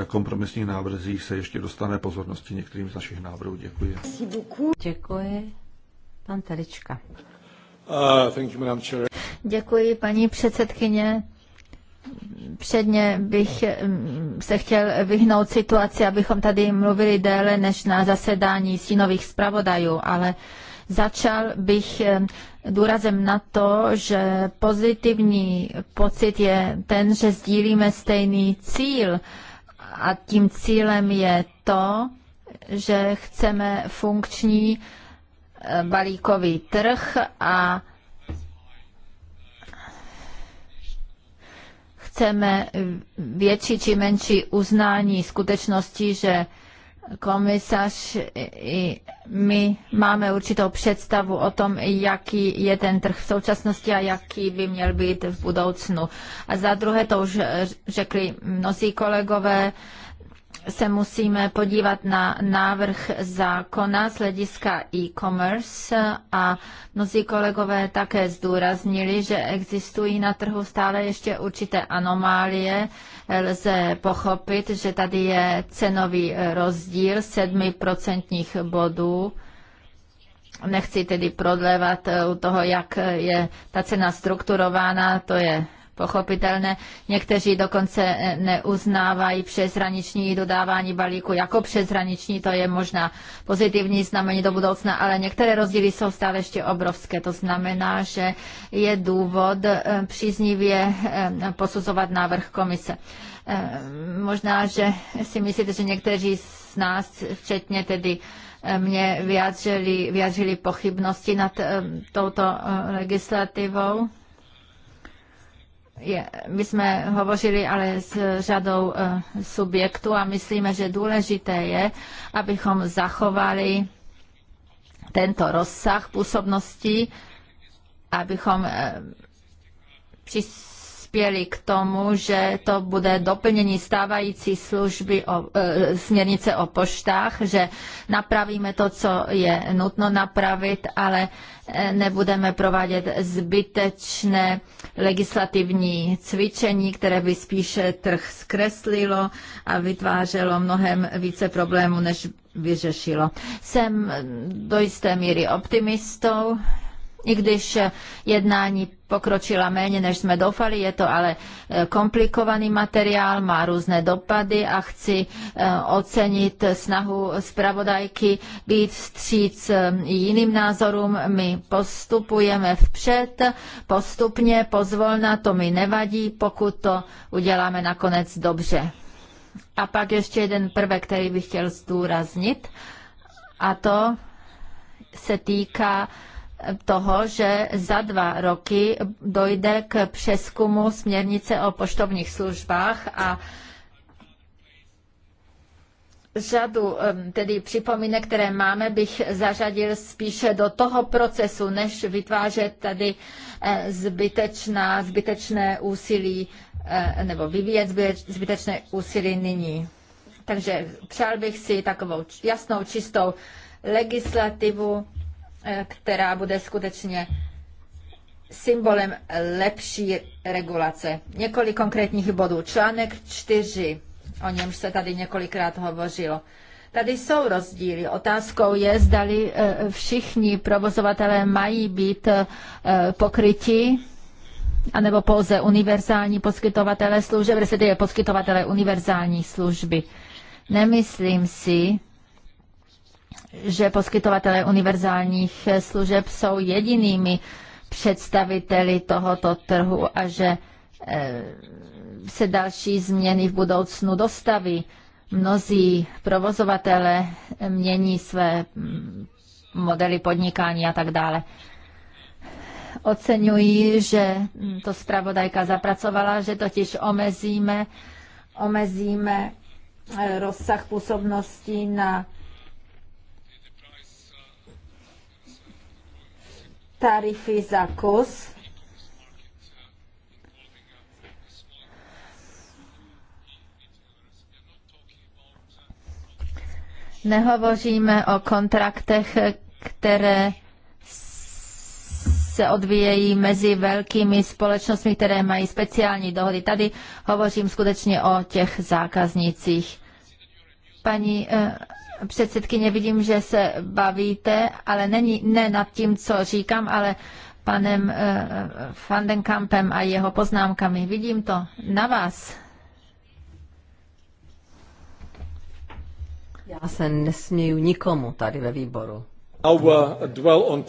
kompromisních návrzích se ještě dostane pozornosti některým z našich návrhů. Děkuji. Děkuji. Pan Telička. Uh, you, Děkuji, paní předsedkyně. Předně bych mm, se chtěl vyhnout situaci, abychom tady mluvili déle než na zasedání sínových zpravodajů, ale začal bych mm, důrazem na to, že pozitivní pocit je ten, že sdílíme stejný cíl a tím cílem je to, že chceme funkční e, balíkový trh a chceme větší či menší uznání skutečnosti, že komisař i my máme určitou představu o tom, jaký je ten trh v současnosti a jaký by měl být v budoucnu. A za druhé, to už řekli mnozí kolegové, se musíme podívat na návrh zákona z hlediska e-commerce a mnozí kolegové také zdůraznili, že existují na trhu stále ještě určité anomálie. Lze pochopit, že tady je cenový rozdíl 7% bodů. Nechci tedy prodlévat u toho, jak je ta cena strukturována, to je pochopitelné. Někteří dokonce eh, neuznávají přeshraniční dodávání balíku jako přeshraniční, to je možná pozitivní znamení do budoucna, ale některé rozdíly jsou stále ještě obrovské. To znamená, že je důvod eh, příznivě eh, posuzovat návrh komise. Možná, že si myslíte, že někteří z nás, včetně tedy mě vyjádřili, vyjádřili pochybnosti nad touto legislativou je, my jsme hovořili ale s řadou eh, subjektů a myslíme, že důležité je, abychom zachovali tento rozsah působnosti, abychom eh, přis dospěli k tomu, že to bude doplnění stávající služby o, e, směrnice o poštách, že napravíme to, co je nutno napravit, ale e, nebudeme provádět zbytečné legislativní cvičení, které by spíše trh zkreslilo a vytvářelo mnohem více problémů, než vyřešilo. Jsem do jisté míry optimistou i když jednání pokročila méně, než jsme doufali, je to ale eh, komplikovaný materiál, má různé dopady a chci eh, ocenit snahu zpravodajky být vstříc eh, jiným názorům. My postupujeme vpřed, postupně, pozvolna, to mi nevadí, pokud to uděláme nakonec dobře. A pak ještě jeden prvek, který bych chtěl zdůraznit, a to se týká toho, že za dva roky dojde k přeskumu směrnice o poštovních službách a řadu tedy připomínek, které máme, bych zařadil spíše do toho procesu, než vytvářet tady eh, zbytečná, zbytečné úsilí eh, nebo vyvíjet zbytečné úsilí nyní. Takže přál bych si takovou jasnou, čistou legislativu, Eh, která bude skutečně symbolem lepší regulace. Několik konkrétních bodů. Článek 4, o němž se tady několikrát hovořilo. Tady jsou rozdíly. Otázkou je, zdali eh, všichni provozovatelé mají být eh, pokryti anebo pouze univerzální poskytovatele služeb, respektive poskytovatele univerzální služby. Nemyslím si, že poskytovatelé univerzálních služeb jsou jedinými představiteli tohoto trhu a že eh, se další změny v budoucnu dostaví. Mnozí provozovatele mění své mm, modely podnikání a tak dále. Oceňuji, že to zpravodajka zapracovala, že totiž omezíme, omezíme eh, rozsah působnosti na tarify za kus. Nehovoříme o kontraktech, které se odvíjejí mezi velkými společnostmi, které mají speciální dohody. Tady hovořím skutečně o těch zákaznicích. Paní eh, předsedkyně, vidím, že se bavíte, ale není, ne nad tím, co říkám, ale panem uh, eh, Vandenkampem a jeho poznámkami. Vidím to na vás. Já se nesměju nikomu tady ve výboru. Uh, uh,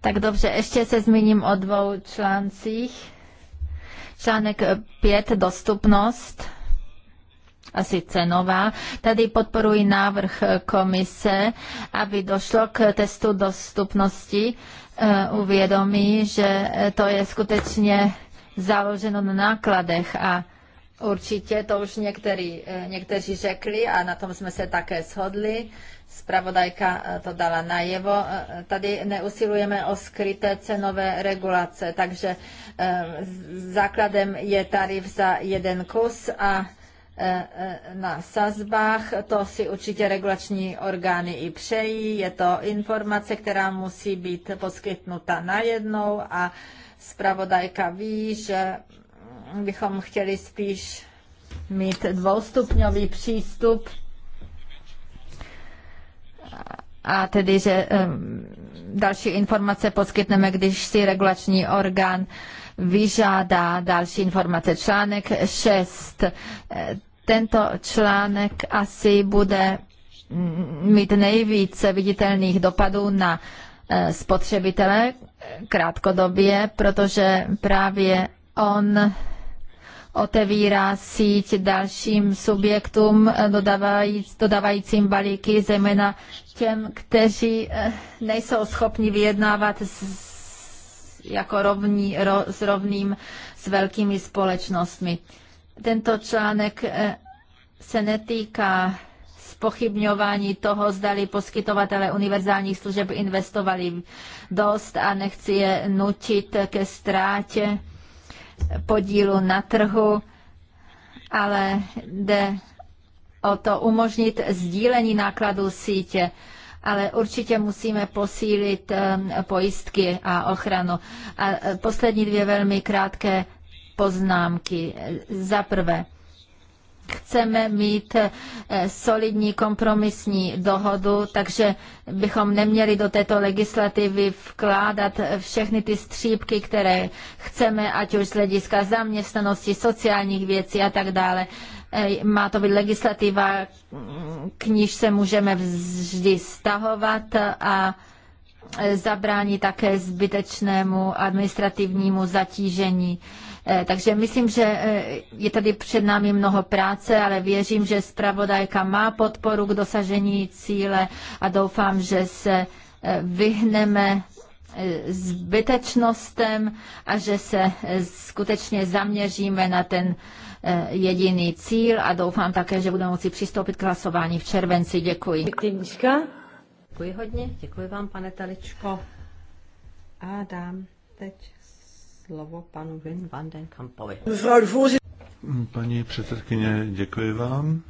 tak dobře, ještě se zmíním o dvou článcích. Článek 5, dostupnost asi cenová. Tady podporuji návrh komise, aby došlo k testu dostupnosti. Eh, uvědomí, že to je skutečně založeno na nákladech a Určitě, to už některý, eh, někteří řekli a na tom jsme se také shodli. Spravodajka eh, to dala najevo. Tady neusilujeme o skryté cenové regulace, takže základem je tarif za jeden kus a Eh, eh, na sazbách. To si určitě regulační orgány i přejí. Je to informace, která musí být poskytnuta najednou a zpravodajka ví, že bychom chtěli spíš mít dvoustupňový přístup a tedy, že další informace poskytneme, když si regulační orgán vyžádá další informace. Článek 6 tento článek asi bude mít nejvíce viditelných dopadů na eh, spotřebitele krátkodobě, protože právě on otevírá síť dalším subjektům eh, dodávajícím balíky, zejména těm, kteří eh, nejsou schopni vyjednávat s, jako rovní, ro, s rovným s velkými společnostmi. Tento článek eh, se netýká spochybňování toho, zdali poskytovatele univerzálních služeb investovali dost a nechci je nutit ke ztrátě podílu na trhu, ale jde o to umožnit sdílení nákladů sítě ale určitě musíme posílit eh, pojistky a ochranu. A eh, poslední dvě velmi krátké poznámky. Za prvé, chceme mít eh, solidní kompromisní dohodu, takže bychom neměli do této legislativy vkládat všechny ty střípky, které chceme, ať už z hlediska zaměstnanosti, sociálních věcí a tak dále. Eh, má to být legislativa, k níž se můžeme vždy stahovat a eh, zabrání také zbytečnému administrativnímu zatížení Eh, takže myslím, že eh, je tady před námi mnoho práce, ale věřím, že zpravodajka má podporu k dosažení cíle a doufám, že se eh, vyhneme zbytečnostem a že se skutečně zaměříme na ten jediný cíl a doufám také, že budeme moci přistoupit k hlasování v červenci. Děkuji. Telička. Děkuji hodně, děkuji vám, pane Taličko. A dám teď slovo panu Wim van den Kampovi. Paní předsedkyně, děkuji vám.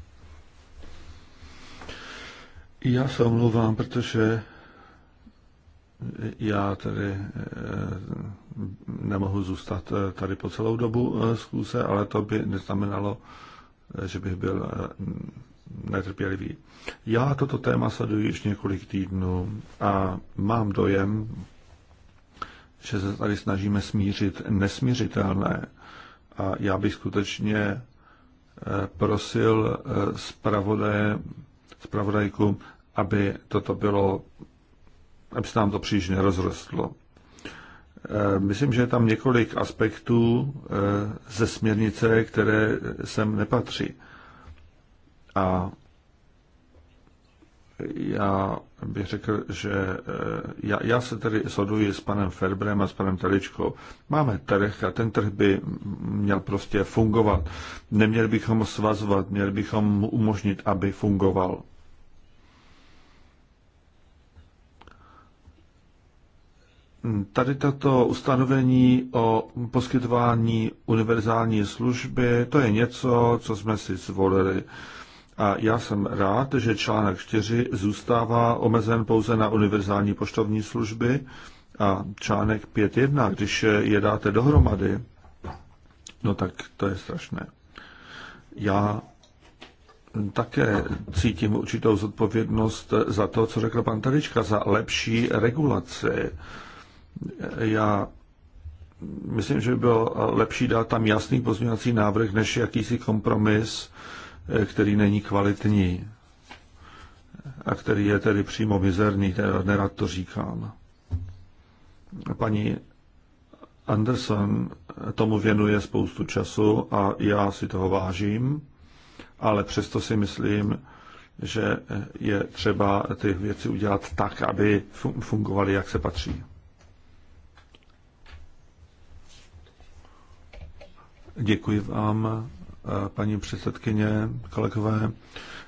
Já se omlouvám, protože já tady eh, nemohu zůstat eh, tady po celou dobu eh, zkuse, ale to by neznamenalo, že bych byl netrpělivý. Já toto téma sleduji již několik týdnů a mám dojem, že se tady snažíme smířit nesmířitelné. A já bych skutečně eh, prosil eh, zpravodaje, zpravodajku, aby toto bylo, aby se nám to příliš nerozrostlo. Eh, myslím, že je tam několik aspektů ze směrnice, které sem nepatří. A já bych řekl, že eh, já, já se tady shoduji s panem Ferbrem a s panem Taličkou. Máme trh a ten trh by měl prostě fungovat. Neměli bychom svazovat, měli bychom mu umožnit, aby fungoval. Tady tato ustanovení o poskytování univerzální služby, to je něco, co jsme si zvolili. A já jsem rád, že článek 4 zůstává omezen pouze na univerzální poštovní služby a článek 5.1, když je dáte dohromady, no tak to je strašné. Já také cítím určitou zodpovědnost za to, co řekl pan Tadečka, za lepší regulaci. Já myslím, že by bylo lepší dát tam jasný pozměňovací návrh, než jakýsi kompromis, který není kvalitní a který je tedy přímo mizerný, nerad to říkám. Paní Anderson tomu věnuje spoustu času a já si toho vážím, ale přesto si myslím, že je třeba ty věci udělat tak, aby fungovaly, jak se patří. Děkuji vám paní předsedkyně, kolegové.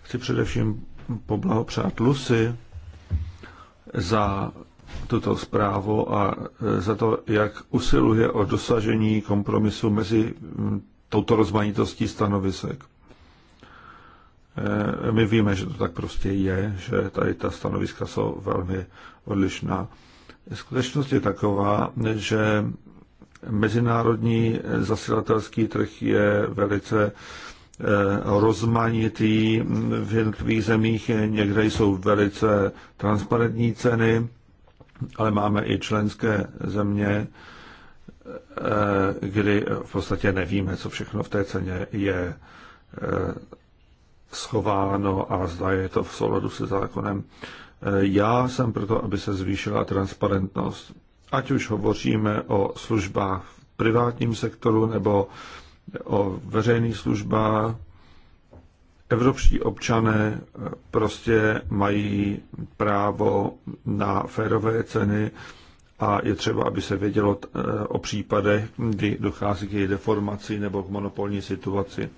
Chci především poblahopřát Lucy za tuto zprávu a za to, jak usiluje o dosažení kompromisu mezi mm, touto rozmanitostí stanovisek. E, my víme, že to tak prostě je, že tady ta stanoviska jsou velmi odlišná. Skutečnost je taková, že Mezinárodní zasilatelský trh je velice eh, rozmanitý v jednotlivých zemích. Někde jsou velice transparentní ceny, ale máme i členské země, eh, kdy v podstatě nevíme, co všechno v té ceně je eh, schováno a zda je to v souladu se zákonem. Já jsem proto, aby se zvýšila transparentnost ať už hovoříme o službách v privátním sektoru nebo o veřejných službách, evropští občané eh, prostě mají právo na férové ceny a je třeba, aby se vědělo eh, o případech, kdy dochází k její deformaci nebo k monopolní situaci.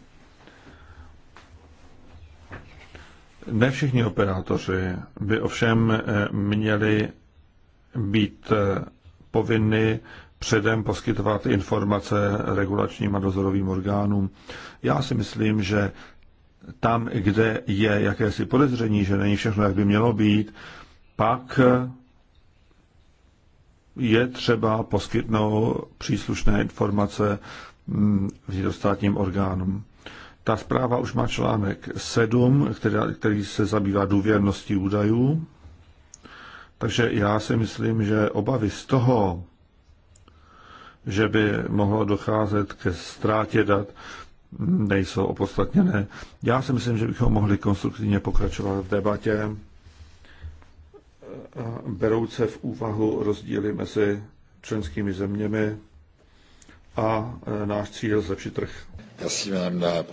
Ne všichni operátoři by ovšem eh, měli být povinny předem poskytovat informace regulačním a dozorovým orgánům. Já si myslím, že tam, kde je jakési podezření, že není všechno, jak by mělo být, pak je třeba poskytnout příslušné informace mm, vnitrostátním orgánům. Ta zpráva už má článek 7, který, se zabývá důvěrností údajů. Takže já si myslím, že obavy z toho, že by mohlo docházet ke ztrátě dat, nejsou opodstatněné. Já si myslím, že bychom mohli konstruktivně pokračovat v debatě, beroucí v úvahu rozdíly mezi členskými zeměmi a náš cíl zlepšit trh.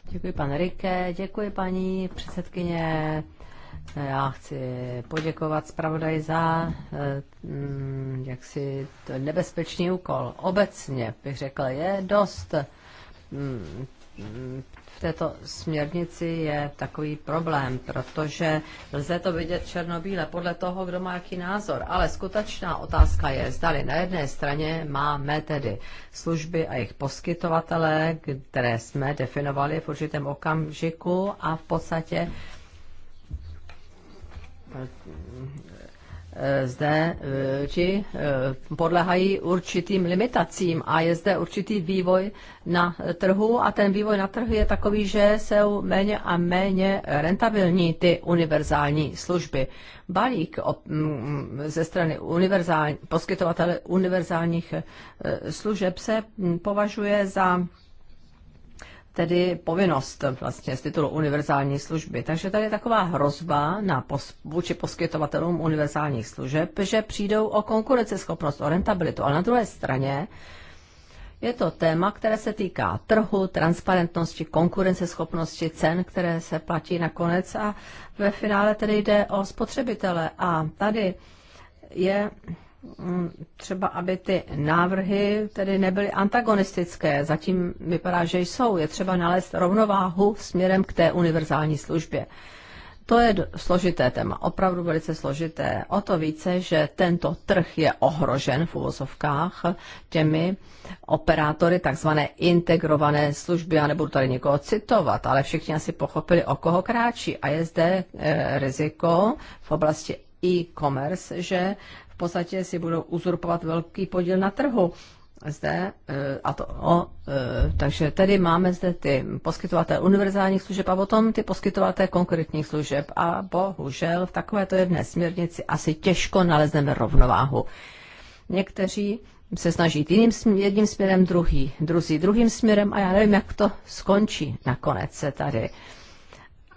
Děkuji pan Rike, děkuji paní předsedkyně já chci poděkovat zpravodaj za eh, mm, jaksi to nebezpečný úkol. Obecně bych řekl, je dost mm, v této směrnici je takový problém, protože lze to vidět černobíle podle toho, kdo má jaký názor. Ale skutečná otázka je, zdali na jedné straně máme tedy služby a jejich poskytovatele, které jsme definovali v určitém okamžiku a v podstatě zde eh, či eh, podlehají určitým limitacím a je zde určitý vývoj na trhu a ten vývoj na trhu je takový, že jsou méně a méně rentabilní ty univerzální služby. Balík ze strany univerzální, poskytovatele univerzálních eh, služeb se považuje za tedy povinnost vlastně z titulu univerzální služby. Takže tady je taková hrozba na pos, vůči poskytovatelům univerzálních služeb, že přijdou o konkurenceschopnost, o rentabilitu. Ale na druhé straně je to téma, které se týká trhu, transparentnosti, konkurenceschopnosti, cen, které se platí nakonec a ve finále tedy jde o spotřebitele. A tady je Mm, třeba, aby ty návrhy tedy nebyly antagonistické. Zatím vypadá, že jsou. Je třeba nalézt rovnováhu směrem k té univerzální službě. To je složité téma, opravdu velice složité. O to více, že tento trh je ohrožen v uvozovkách těmi operátory takzvané integrované služby. Já nebudu tady někoho citovat, ale všichni asi pochopili, o koho kráčí. A je zde eh, riziko v oblasti e-commerce, že podstatě si budou uzurpovat velký podíl na trhu zde, eh, a to, o, eh, takže tedy máme zde ty poskytovaté univerzálních služeb a potom ty poskytovaté konkrétních služeb a bohužel v takovéto jedné směrnici asi těžko nalezneme rovnováhu. Někteří se snaží jiným směrem, jedním směrem, druhý, druzí druhým směrem a já nevím, jak to skončí nakonec se tady.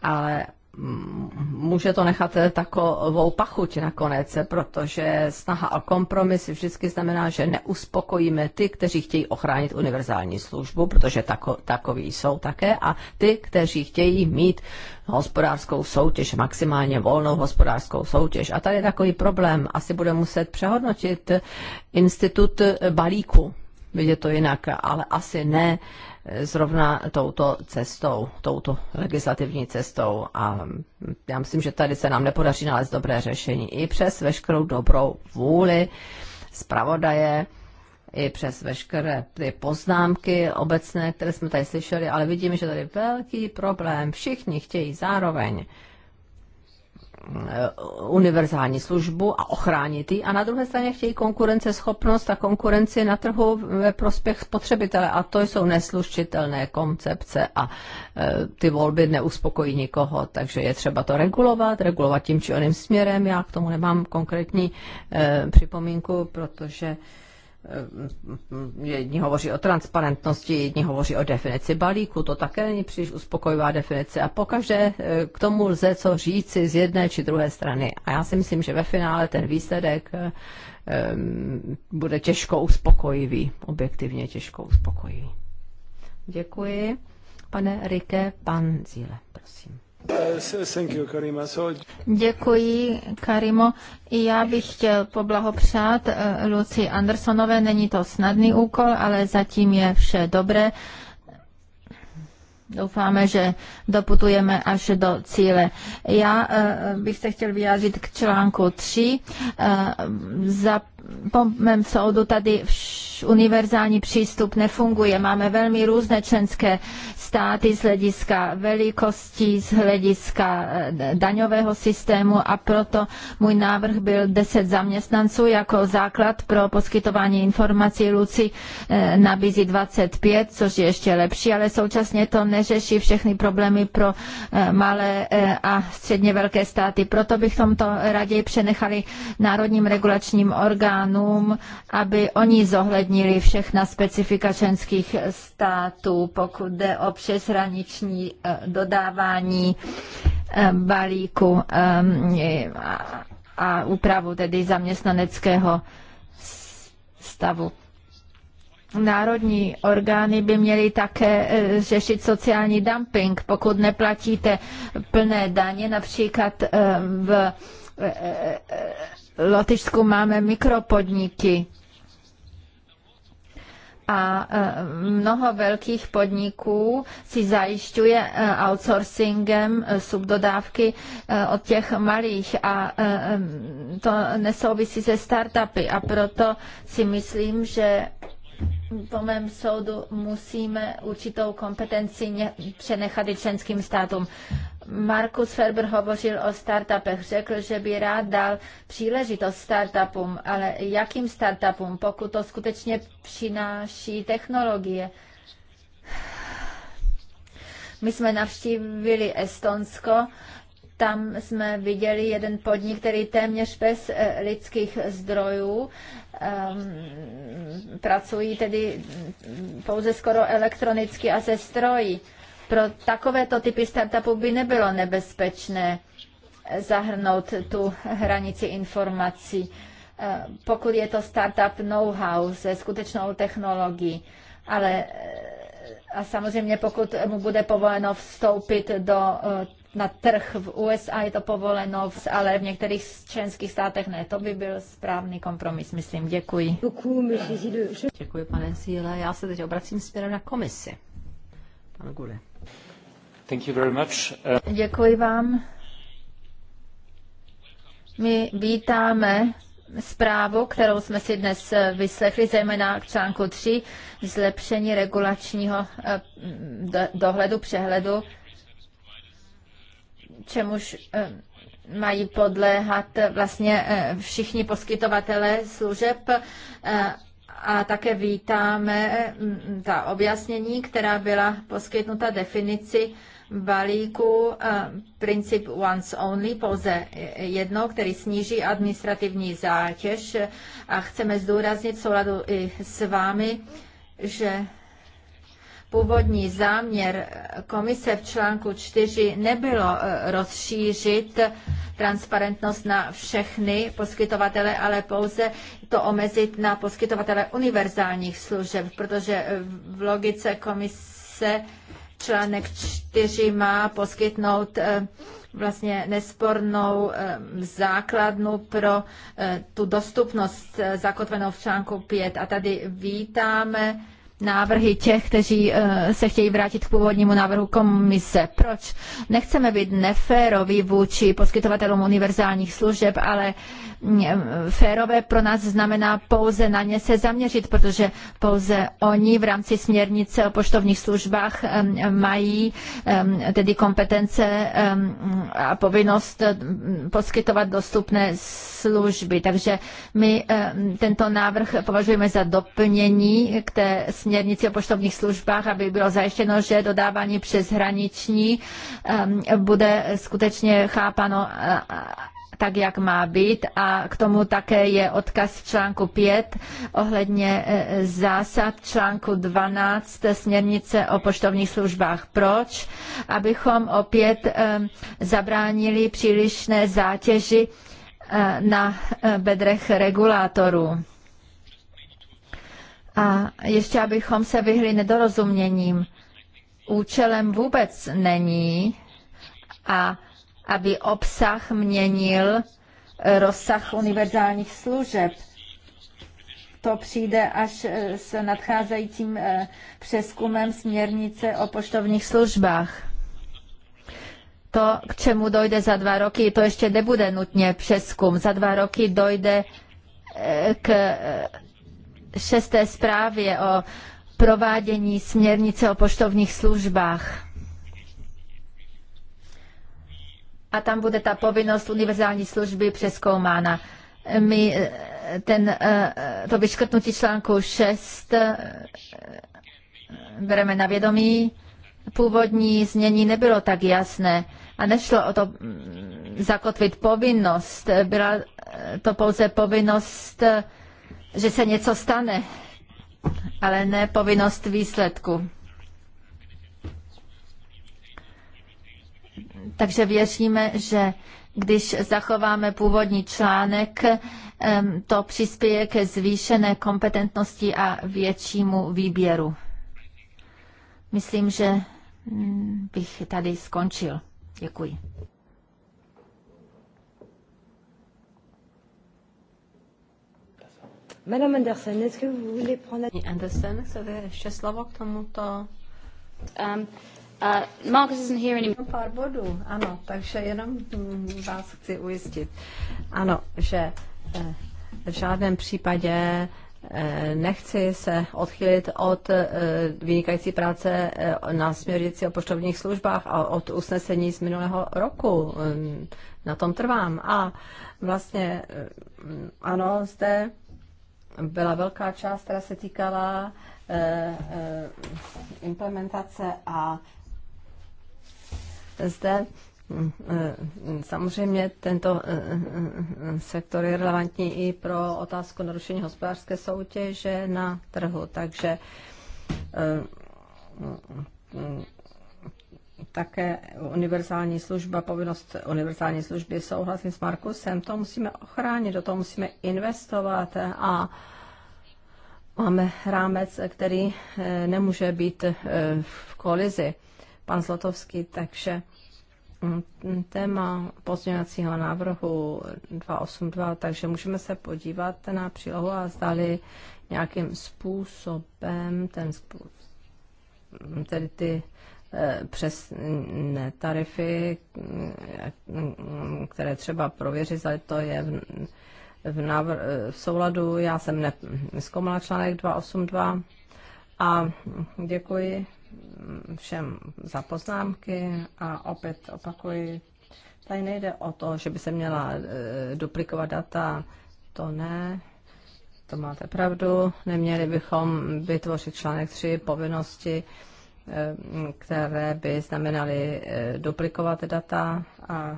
Ale může to nechat takovou pachuť nakonec, protože snaha o kompromis vždycky znamená, že neuspokojíme ty, kteří chtějí ochránit univerzální službu, protože tako, takoví jsou také, a ty, kteří chtějí mít hospodářskou soutěž, maximálně volnou hospodářskou soutěž. A tady je takový problém. Asi bude muset přehodnotit institut balíku vidět to jinak, ale asi ne zrovna touto cestou, touto legislativní cestou. A já myslím, že tady se nám nepodaří nalézt dobré řešení. I přes veškerou dobrou vůli zpravodaje, i přes veškeré ty poznámky obecné, které jsme tady slyšeli, ale vidíme, že tady je velký problém. Všichni chtějí zároveň Eh, univerzální službu a ochránit ji. A na druhé straně chtějí konkurenceschopnost a konkurenci na trhu ve prospěch spotřebitele. A to jsou neslušitelné koncepce a eh, ty volby neuspokojí nikoho. Takže je třeba to regulovat, regulovat tím či oným směrem. Já k tomu nemám konkrétní eh, připomínku, protože Ehm, jedni hovoří o transparentnosti, jedni hovoří o definici balíku, to také není příliš uspokojivá definice a pokaždé eh, k tomu lze co říci z jedné či druhé strany. A já si myslím, že ve finále ten výsledek ehm, bude těžko uspokojivý, objektivně těžko uspokojivý. Děkuji. Pane Rike, pan Zíle, prosím. Děkuji, Karimo. I já bych chtěl poblahopřát eh, Luci Andersonové. Není to snadný úkol, ale zatím je vše dobré. Doufáme, že doputujeme až do cíle. Já eh, bych se chtěl vyjádřit k článku 3. Eh, za po mém soudu tady univerzální přístup nefunguje. Máme velmi různé členské státy z hlediska velikosti, z hlediska eh, daňového systému a proto můj návrh byl 10 zaměstnanců jako základ pro poskytování informací. Luci eh, nabízí 25, což je ještě lepší, ale současně to neřeší všechny problémy pro eh, malé a středně velké státy. Proto bychom to raději přenechali národním regulačním orgánům orgánům, aby oni zohlednili všechna specifika členských států, pokud jde o přeshraniční eh, dodávání eh, balíku eh, a úpravu tedy zaměstnaneckého stavu. Národní orgány by měly také řešit sociální dumping. Pokud neplatíte plné daně, například v Lotyšsku máme mikropodniky a e, mnoho velkých podniků si zajišťuje e, outsourcingem e, subdodávky od těch malých a to nesouvisí se startupy a proto si myslím, že po mém soudu musíme určitou kompetenci přenechat i členským státům. Markus Ferber hovořil o startupech, řekl, že by rád dal příležitost startupům, ale jakým startupům, pokud to skutečně přináší technologie? My jsme navštívili Estonsko, tam jsme viděli jeden podnik, který téměř bez eh, lidských zdrojů um, pracují tedy pouze skoro elektronicky a ze strojí pro takovéto typy startupů by nebylo nebezpečné zahrnout tu hranici informací, eh, pokud je to startup know-how se skutečnou technologií. Ale eh, a samozřejmě pokud mu bude povoleno vstoupit do, eh, na trh v USA, je to povoleno, ale v některých členských státech ne. To by byl správný kompromis, myslím. Děkuji. Děkuji, pane Síle. Já se teď obracím směrem na komisi. Pan Gule. Thank you very much. Děkuji vám. My vítáme zprávu, kterou jsme si dnes vyslechli, zejména k článku 3, zlepšení regulačního eh, dohledu, přehledu, čemuž eh, mají podléhat vlastně eh, všichni poskytovatelé služeb a také vítáme mm, ta objasnění, která byla poskytnuta definici balíku eh, princip once only, pouze jedno, který sníží administrativní zátěž a chceme zdůraznit v souladu i s vámi, že původní záměr komise v článku 4 nebylo eh, rozšířit transparentnost na všechny poskytovatele, ale pouze to omezit na poskytovatele univerzálních služeb, protože v logice komise Článek 4 má poskytnout eh, vlastně nespornou eh, základnu pro eh, tu dostupnost zakotvenou v článku 5. A tady vítáme návrhy těch, kteří se chtějí vrátit k původnímu návrhu komise. Proč? Nechceme být neféroví vůči poskytovatelům univerzálních služeb, ale férové pro nás znamená pouze na ně se zaměřit, protože pouze oni v rámci směrnice o poštovních službách mají tedy kompetence a povinnost poskytovat dostupné služby. Takže my tento návrh považujeme za doplnění k té směrnici o poštovních službách, aby bylo zajištěno, že dodávání přeshraniční bude skutečně chápáno tak, jak má být a k tomu také je odkaz v článku 5 ohledně e, zásad článku 12 směrnice o poštovních službách. Proč? Abychom opět e, zabránili přílišné zátěži e, na bedrech regulátorů. A ještě abychom se vyhli nedorozuměním, účelem vůbec není, a aby obsah měnil eh, rozsah univerzálních služeb. To přijde až eh, s nadcházejícím eh, přeskumem směrnice o poštovních službách. To, k čemu dojde za dva roky, to ještě nebude nutně přeskum. Za dva roky dojde k šesté zprávě o provádění směrnice o poštovních službách. a tam bude ta povinnost univerzální služby přeskoumána. My eh, ten, eh, to vyškrtnutí článku 6 eh, bereme na vědomí. Původní znění nebylo tak jasné a nešlo o to mm, zakotvit povinnost. Byla to pouze povinnost, že se něco stane, ale ne povinnost výsledku. Takže věříme, že když zachováme původní článek, to přispěje ke zvýšené kompetentnosti a většímu výběru. Myslím, že mm, bych tady skončil. Děkuji. Madame Anderson, est-ce que vous voulez prendre... Anderson, ještě slovo k tomuto? Um, Uh, Marcus isn't here anymore. Pár bodů, ano, takže jenom mm, vás chci ujistit. Ano, že eh, v žádném případě eh, nechci se odchylit od eh, vynikající práce na směrnici o poštovních službách a od usnesení z minulého roku. Mm, na tom trvám. A vlastně ano, zde byla velká část, která se týkala implementace a zde mm, mm, Samozřejmě tento mm, sektor je relevantní i pro otázku narušení hospodářské soutěže na trhu, takže také univerzální služba, povinnost univerzální služby, souhlasím s Markusem, to musíme ochránit, do toho musíme investovat a máme rámec, který eh, nemůže být eh, v kolizi pan Zlotovský, takže mm, mm, téma pozměňovacího návrhu 282, takže můžeme se podívat na přílohu a zdali nějakým způsobem ten způsob, mm, tedy ty ne, tarify, které třeba prověřit, zda to je v, v, návr, v souladu. Já jsem ne, zkoumala článek 282 a děkuji všem za poznámky a opět opakuji, tady nejde o to, že by se měla e, duplikovat data, to ne, to máte pravdu, neměli bychom vytvořit článek 3 povinnosti, e, které by znamenaly e, duplikovat data a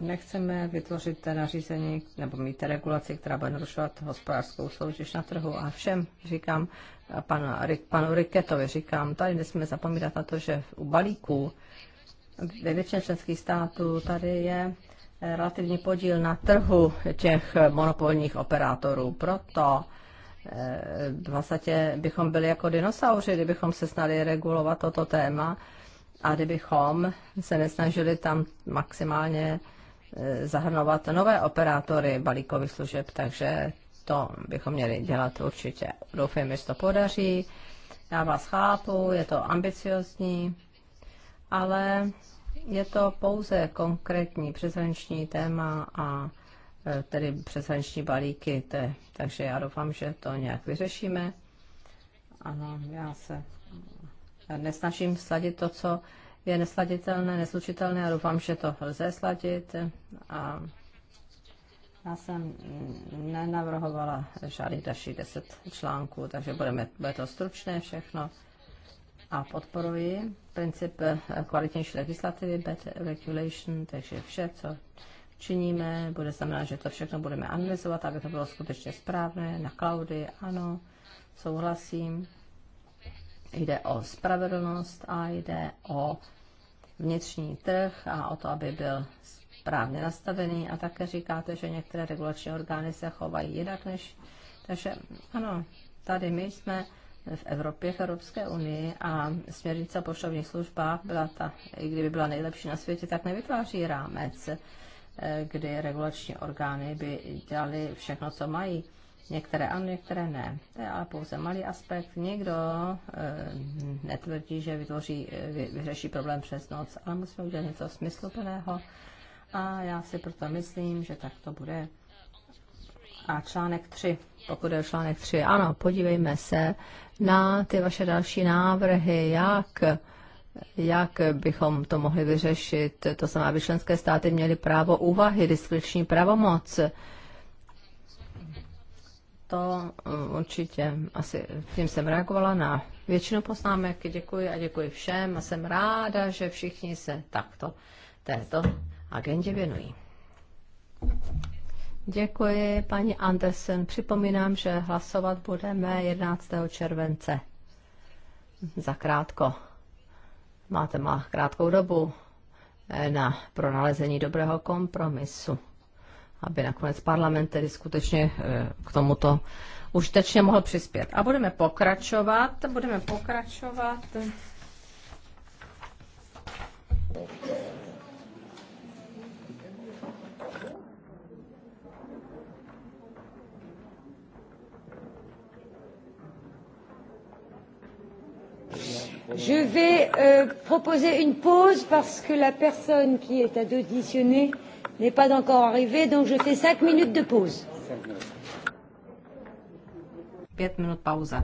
Nechceme vytvořit té nařízení nebo mít regulaci, která bude narušovat hospodářskou soutěž na trhu a všem říkám, panu, panu Riketovi říkám, tady nesmíme zapomínat na to, že u balíků ve většině členských států tady je eh, relativní podíl na trhu těch monopolních operátorů. Proto vlastně bychom byli jako dinosauři, kdybychom se snali regulovat toto téma a kdybychom se nesnažili tam maximálně Eh, zahrnovat nové operátory balíkových služeb, takže to bychom měli dělat určitě. Doufejme, že to podaří. Já vás chápu, je to ambiciozní, ale je to pouze konkrétní přeshraniční téma a eh, tedy přeshraniční balíky. Te, takže já doufám, že to nějak vyřešíme. Ano, já se nesnažím sladit to, co je nesladitelné, neslučitelné a doufám, že to lze sladit. A já jsem nenavrhovala žádných dalších deset článků, takže budeme, bude to stručné všechno. A podporuji princip kvalitnější legislativy, better regulation, takže vše, co činíme, bude znamenat, že to všechno budeme analyzovat, aby to bylo skutečně správné, na cloudy, ano, souhlasím. Jde o spravedlnost a jde o vnitřní trh a o to, aby byl správně nastavený. A také říkáte, že některé regulační orgány se chovají jinak než. Takže ano, tady my jsme v Evropě, v Evropské unii a směrnice o poštovních službách byla ta, i kdyby byla nejlepší na světě, tak nevytváří rámec, eh, kdy regulační orgány by dělali všechno, co mají. Některé ano, některé ne. To je ale pouze malý aspekt. Někdo e, netvrdí, že vytvoří, eh, vy, vyřeší problém přes noc, ale musíme udělat něco smysluplného. A já si proto myslím, že tak to bude. A článek 3, pokud je článek 3, ano, podívejme se na ty vaše další návrhy, jak jak bychom to mohli vyřešit. To znamená, aby členské státy měly právo úvahy, diskriční pravomoc to eh, určitě asi tím jsem reagovala na většinu poznámek. Děkuji a děkuji všem a jsem ráda, že všichni se takto této agendě věnují. Děkuji, paní Andersen. Připomínám, že hlasovat budeme 11. července. Za krátko. Máte má krátkou dobu eh, na pronalezení dobrého kompromisu aby nakonec parlament tedy skutečně eh, k tomuto užitečně mohl přispět. A budeme pokračovat, budeme pokračovat. Je vais euh, proposer une pause parce que la personne qui est additionnée n'est pas encore arrivé, donc je fais 5 minutes de pause. 5 minutes pauza.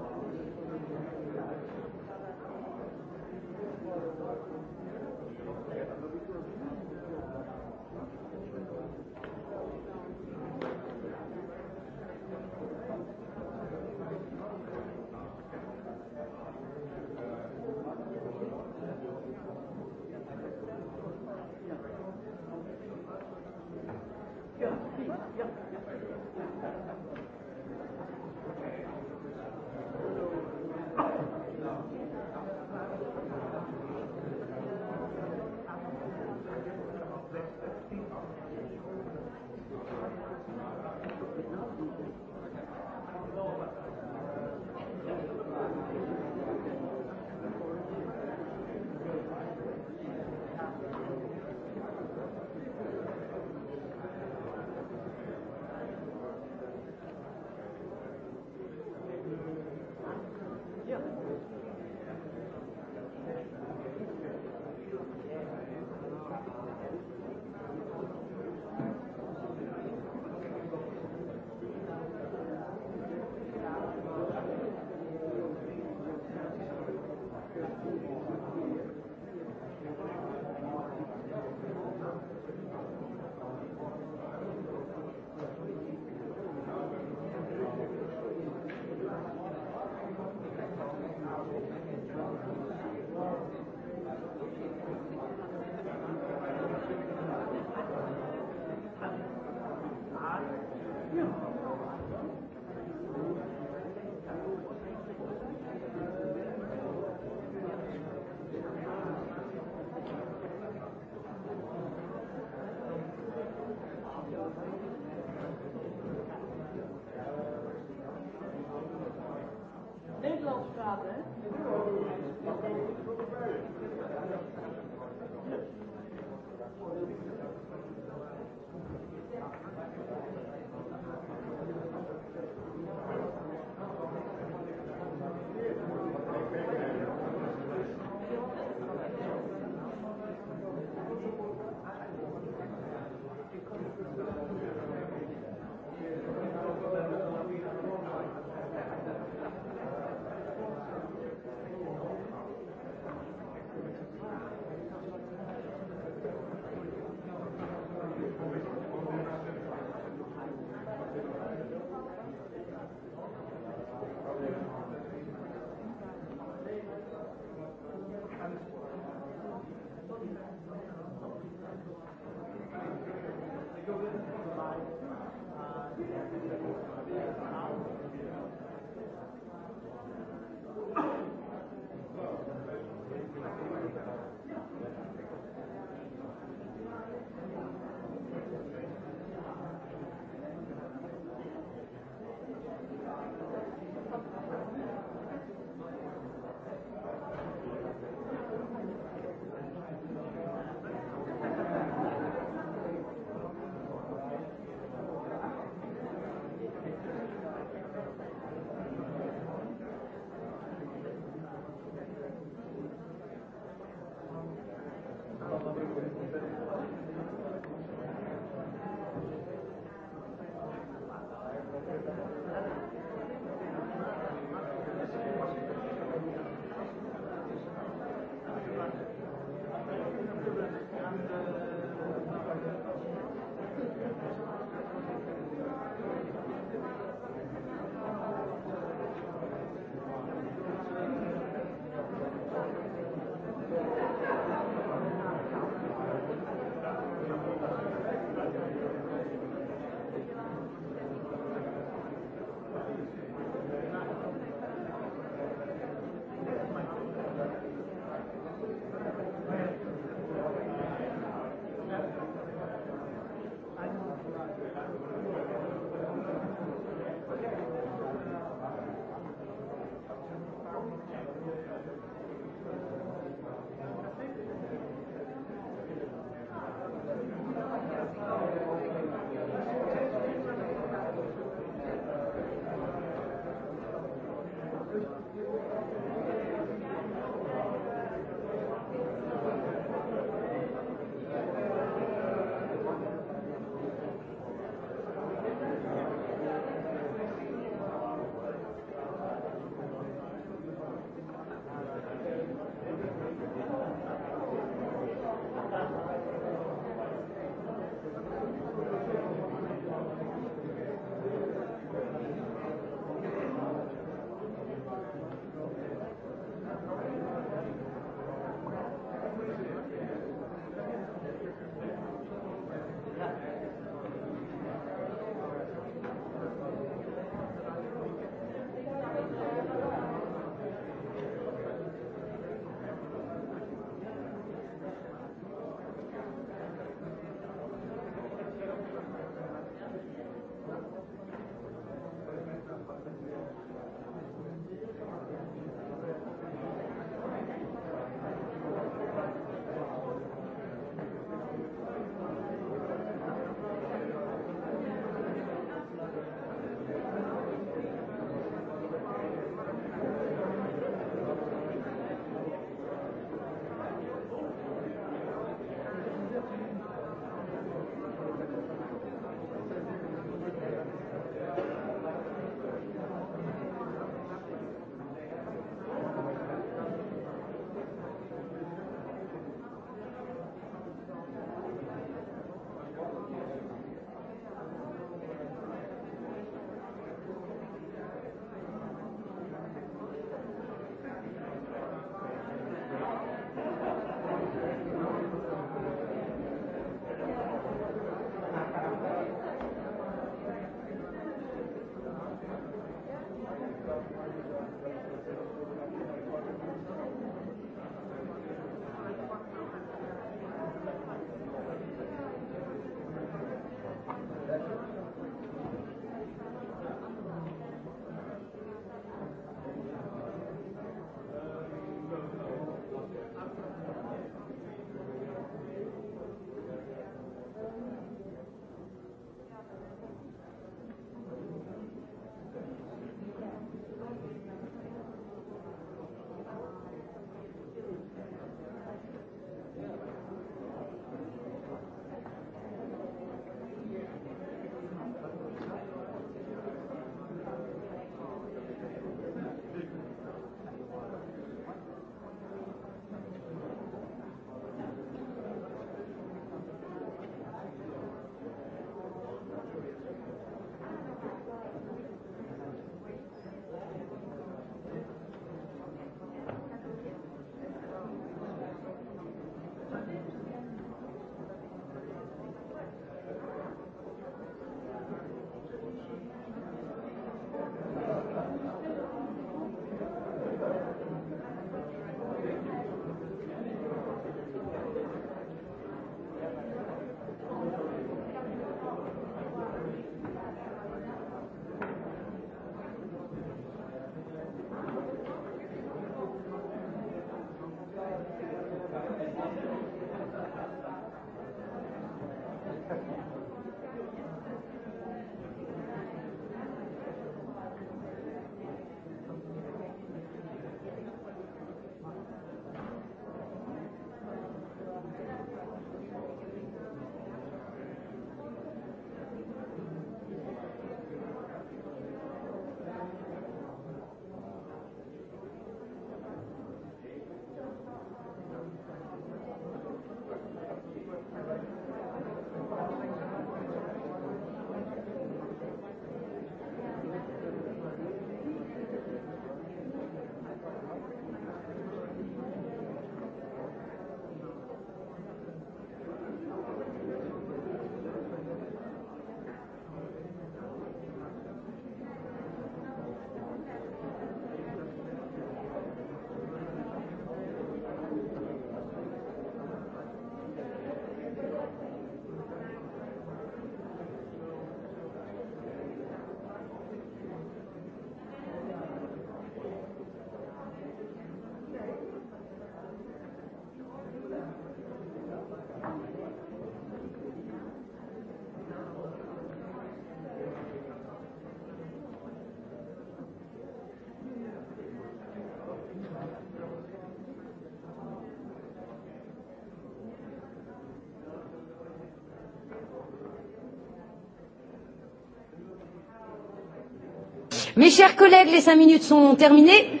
Mes chers collègues, les cinq minutes sont terminées.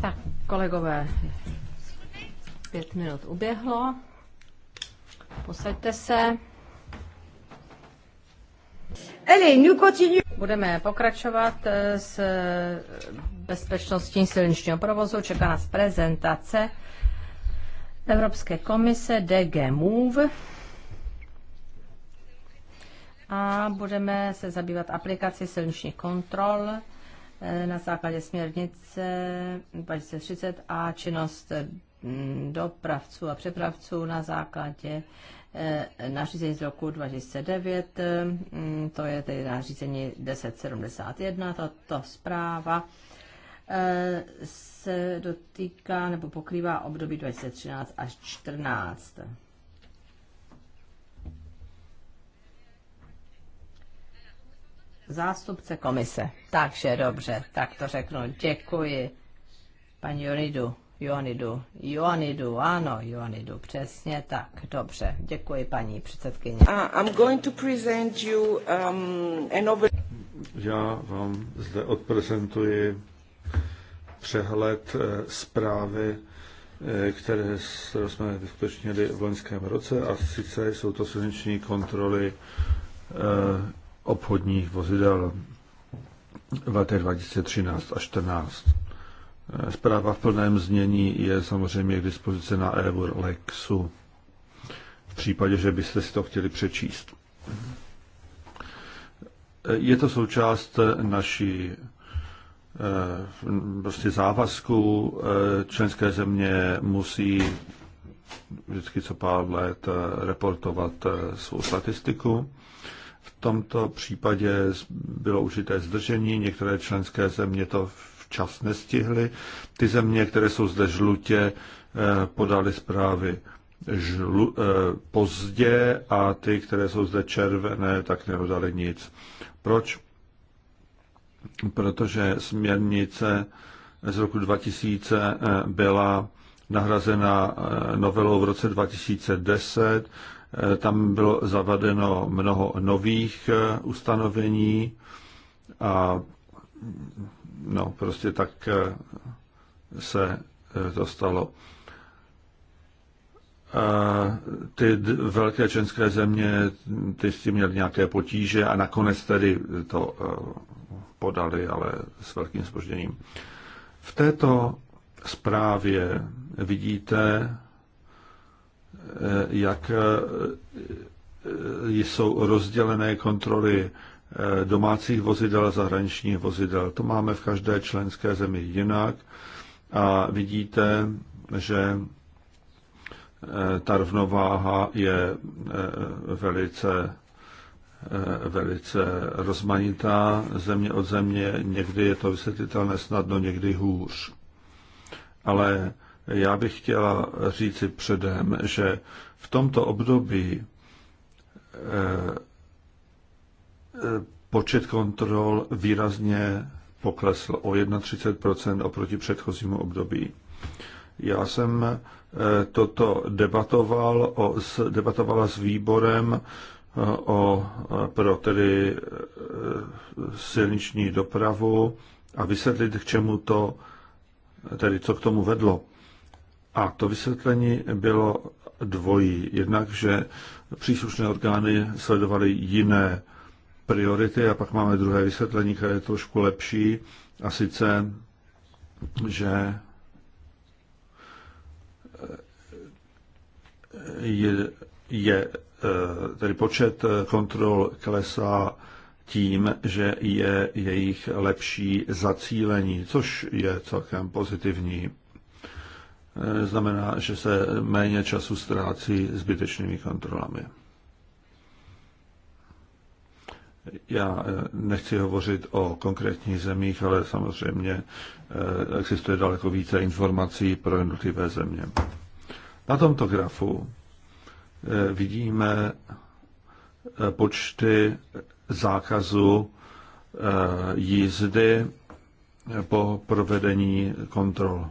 Tak, kolegové, pět minut uběhlo. Posaďte se. Allez, nous continuons. Budeme pokračovat eh, s eh, bezpečností silničního provozu. Čeká nás prezentace Evropské komise DG Move a budeme se zabývat aplikací silničních kontrol na základě směrnice 2030 a činnost mm, dopravců a přepravců na základě eh, nařízení z roku 2009, mm, to je tedy nařízení 1071, tato zpráva eh, se dotýká nebo pokrývá období 2013 až 2014. zástupce komise. Takže dobře, tak to řeknu. Děkuji, paní Jonidu. Jonidu, Jonidu, ano, Jonidu, přesně tak, dobře, děkuji paní předsedkyně. Uh, I'm going to present you um, an over... Já vám zde odprezentuji přehled eh, zprávy, eh, které jsme vyskutečnili v loňském roce a sice jsou to silniční kontroly eh, obchodních vozidel v letech 2013 a 2014. Zpráva v plném znění je samozřejmě k dispozici na Eurolexu v případě, že byste si to chtěli přečíst. Je to součást naší eh, prostě závazku. Eh, členské země musí vždycky co pár let eh, reportovat svou statistiku tomto případě bylo užité zdržení, některé členské země to včas nestihly. Ty země, které jsou zde žlutě, eh, podaly zprávy žlu, eh, pozdě a ty, které jsou zde červené, tak neodali nic. Proč? Protože směrnice z roku 2000 eh, byla nahrazena novelou v roce 2010 Eh, tam bylo zavadeno mnoho nových eh, ustanovení a no, prostě tak eh, se to stalo. Ty velké členské země, ty s tím měly nějaké potíže a nakonec tedy to podali, ale s velkým spožděním. V této zprávě vidíte Eh, jak eh, jsou rozdělené kontroly eh, domácích vozidel a zahraničních vozidel. To máme v každé členské zemi jinak a vidíte, že ta rovnováha je velice, velice rozmanitá země od země. Někdy je to vysvětlitelné snadno, někdy hůř. Ale já bych chtěla říci předem, že v tomto období eh, eh, počet kontrol výrazně poklesl o 31% oproti předchozímu období. Já jsem eh, toto debatoval, o, debatovala s výborem o, pro tedy silniční dopravu a vysvětlit, k čemu to, tedy co k tomu vedlo. A to vysvětlení bylo dvojí. Jednak, že příslušné orgány sledovaly jiné priority a pak máme druhé vysvětlení, které je trošku lepší a sice, že eh, je, je eh, tedy počet eh, kontrol klesá tím, že je jejich lepší zacílení, což je celkem pozitivní. Eh, znamená, že se méně času ztrácí zbytečnými kontrolami. Já eh, nechci hovořit o konkrétních zemích, ale samozřejmě eh, existuje daleko více informací pro jednotlivé země. Na tomto grafu vidíme počty zákazu jízdy po provedení kontrol.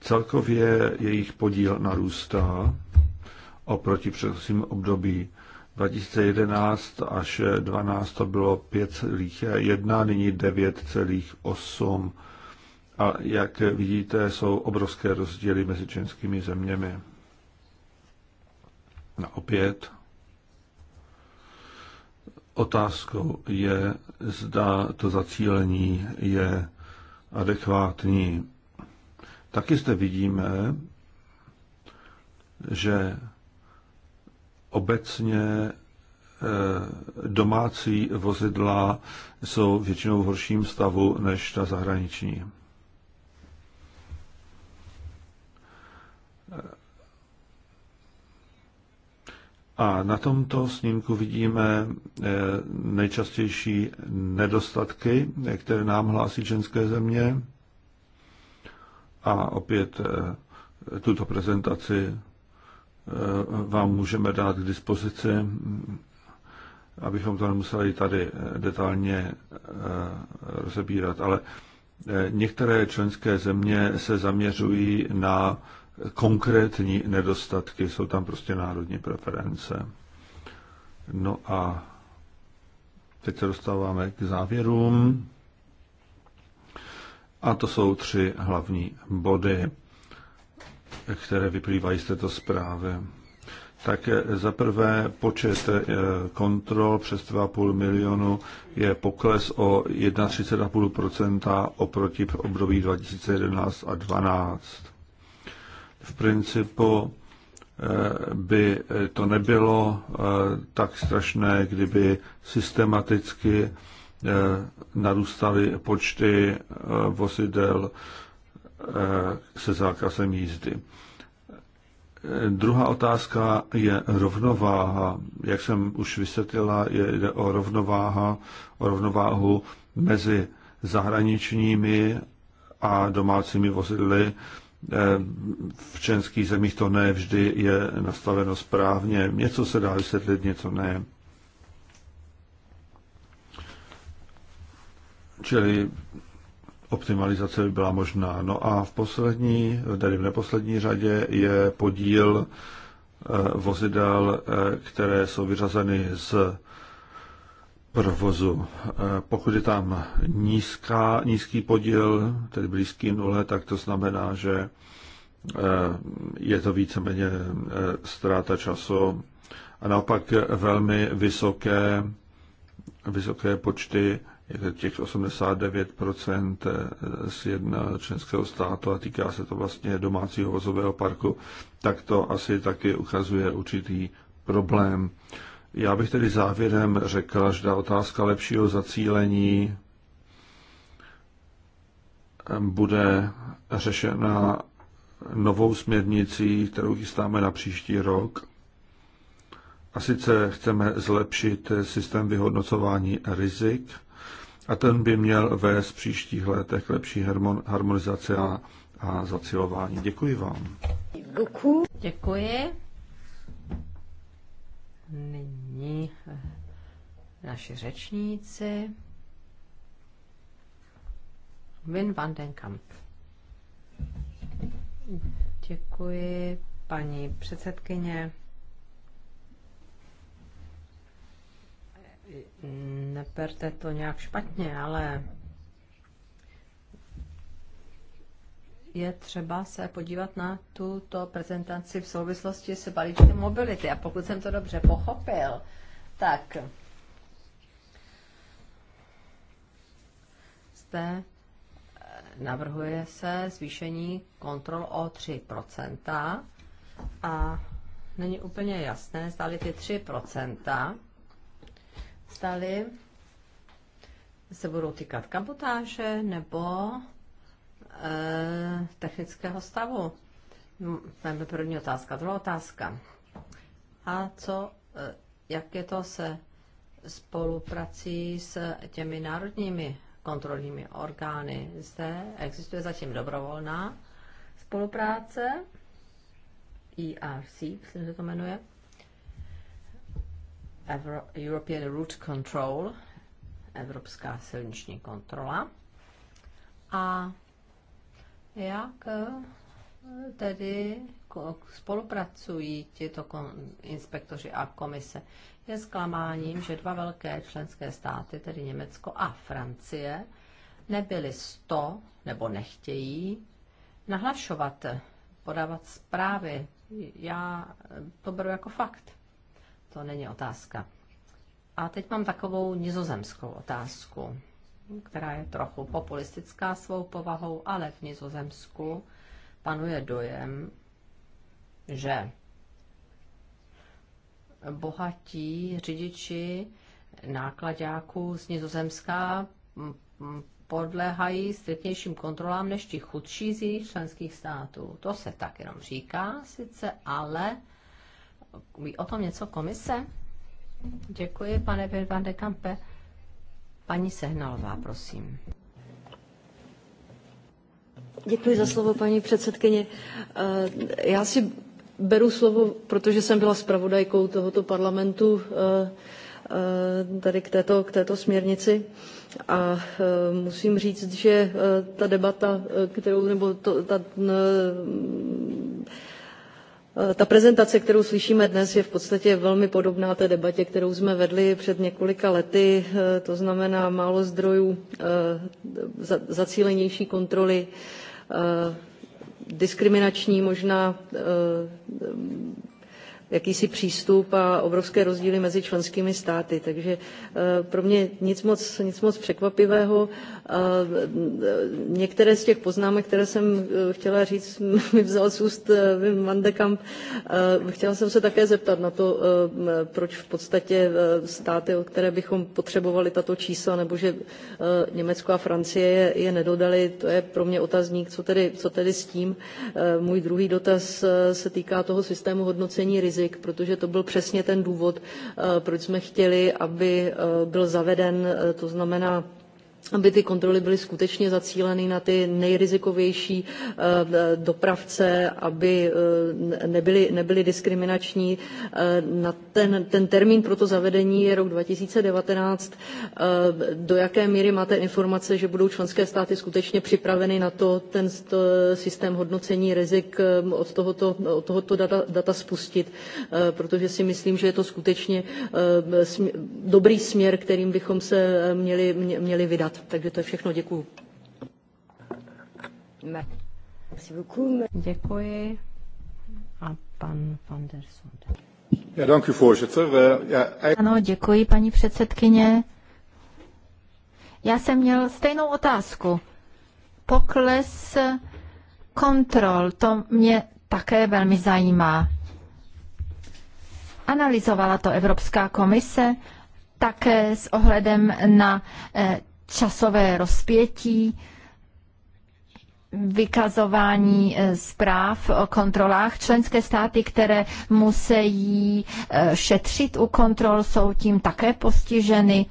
Celkově jejich podíl narůstá oproti předchozím období. 2011 až 2012 to bylo 5,1, nyní 9,8. A jak vidíte, jsou obrovské rozdíly mezi členskými zeměmi. A opět otázkou je, zda to zacílení je adekvátní. Taky zde vidíme, že obecně e, domácí vozidla jsou většinou v horším stavu než ta zahraniční. E, a na tomto snímku vidíme e, nejčastější nedostatky, které nám hlásí ženské země. A opět eh, tuto prezentaci eh, vám můžeme dát k dispozici, abychom to nemuseli tady eh, detailně rozebírat. Ale některé členské země se zaměřují na konkrétní nedostatky, jsou tam prostě národní preference. No a teď se dostáváme k závěrům. A to jsou tři hlavní body, které vyplývají z této zprávy. Tak za prvé počet eh, kontrol přes 2,5 milionu je pokles o 31,5 oproti období 2011 a 2012. V principu eh, by to nebylo eh, tak strašné, kdyby systematicky Eh, narůstaly počty eh, vozidel eh, se zákazem jízdy. Druhá otázka je rovnováha. Jak jsem už vysvětlila, jde o, rovnováha, o rovnováhu mezi zahraničními a domácími vozidly. V českých zemích to ne vždy je nastaveno správně. Něco se dá vysvětlit, něco ne. Čili optimalizace by byla možná. No a v poslední, tedy v neposlední řadě je podíl eh, vozidel, eh, které jsou vyřazeny z provozu. Eh, pokud je tam nízká, nízký podíl, tedy blízký nule, tak to znamená, že je to víceméně ztráta času. A naopak velmi vysoké, vysoké počty jako těch 89% eh, z jedna členského státu a týká se to vlastně domácího vozového parku, tak to asi taky ukazuje určitý problém. Já bych tedy závěrem řekl, že ta otázka lepšího zacílení bude řešena novou směrnicí, kterou chystáme na příští rok. A sice chceme zlepšit systém vyhodnocování rizik, a ten by měl vést v příštích letech lepší harmonizace a, a zacilování. Děkuji vám. Děkuji. Nyní eh, naši řečníci. Vin van den Kamp. Děkuji, paní předsedkyně. Neperte to nějak špatně, ale je třeba se podívat na tuto prezentaci v souvislosti s balíčkem mobility. A pokud jsem to dobře pochopil, tak zde eh, navrhuje se zvýšení kontrol o 3% a není úplně jasné, zdali ty 3% zdali se budou týkat kabotáže nebo e, technického stavu. To je první otázka. Druhá otázka. A co, e, jak je to se spoluprací s těmi národními kontrolními orgány? Zde existuje zatím dobrovolná spolupráce, ERC, myslím, se to jmenuje, European Route Control, Evropská silniční kontrola. A jak eh, tedy spolupracují tito inspektoři a komise? Je zklamáním, že dva velké členské státy, tedy Německo a Francie, nebyly sto nebo nechtějí nahlašovat, podávat zprávy. Já to beru jako fakt. To není otázka. A teď mám takovou nizozemskou otázku, která je trochu populistická svou povahou, ale v Nizozemsku panuje dojem, že bohatí řidiči nákladáků z Nizozemska podléhají striktnějším kontrolám než ti chudší z jejich členských států. To se tak jenom říká sice, ale Ví o tom něco komise? Děkuji, pane Van de Kampe. Paní Sehnalová, prosím. Děkuji za slovo, paní předsedkyně. Eh, já si beru slovo, protože jsem byla zpravodajkou tohoto parlamentu eh, eh, tady k této, k této směrnici. A musím říct, že ta debata, kterou, nebo to, ta Eh, ta prezentace, kterou slyšíme dnes, je v podstatě velmi podobná té debatě, kterou jsme vedli před několika lety, eh, to znamená málo zdrojů, eh, zacílenější kontroly, diskriminační možná jakýsi přístup a obrovské rozdíly mezi členskými státy. Takže eh, pro mě nic moc, nic moc překvapivého. Eh, některé z těch poznámek, které jsem eh, chtěla říct, mi vzal z úst Vandekamp. Chtěla jsem se také zeptat na to, proč v podstatě státy, o které bychom potřebovali tato čísla, nebo že Německo a Francie je, je nedodali, to je pro mě otazník, co tedy, co tedy s tím. Můj druhý dotaz se týká toho systému hodnocení rizik rizik, protože to byl přesně ten důvod, eh, proč jsme chtěli, aby eh, byl zaveden, eh, to znamená aby ty kontroly byly skutečně zacíleny na ty nejrizikovější eh, dopravce, aby eh, nebyly, nebyly diskriminační. Eh, na ten, ten termín pro to zavedení je rok 2019. Do jaké míry máte informace, že budou členské státy skutečně připraveny na to ten systém hodnocení rizik od tohoto, od tohoto data, data spustit, protože si myslím, že je to skutečně dobrý směr, kterým bychom se měli, měli vydat. Takže to je všechno, děkuji. Děkuji. A pan van der eh, Ano, děkuji, paní předsedkyně. Já jsem měl stejnou otázku. Pokles kontrol, to mě také velmi zajímá. Analyzovala to Evropská komise také s ohledem na eh, časové rozpětí, vykazování eh, zpráv o kontrolách. Členské státy, které musí eh, šetřit u kontrol, jsou tím také postiženy.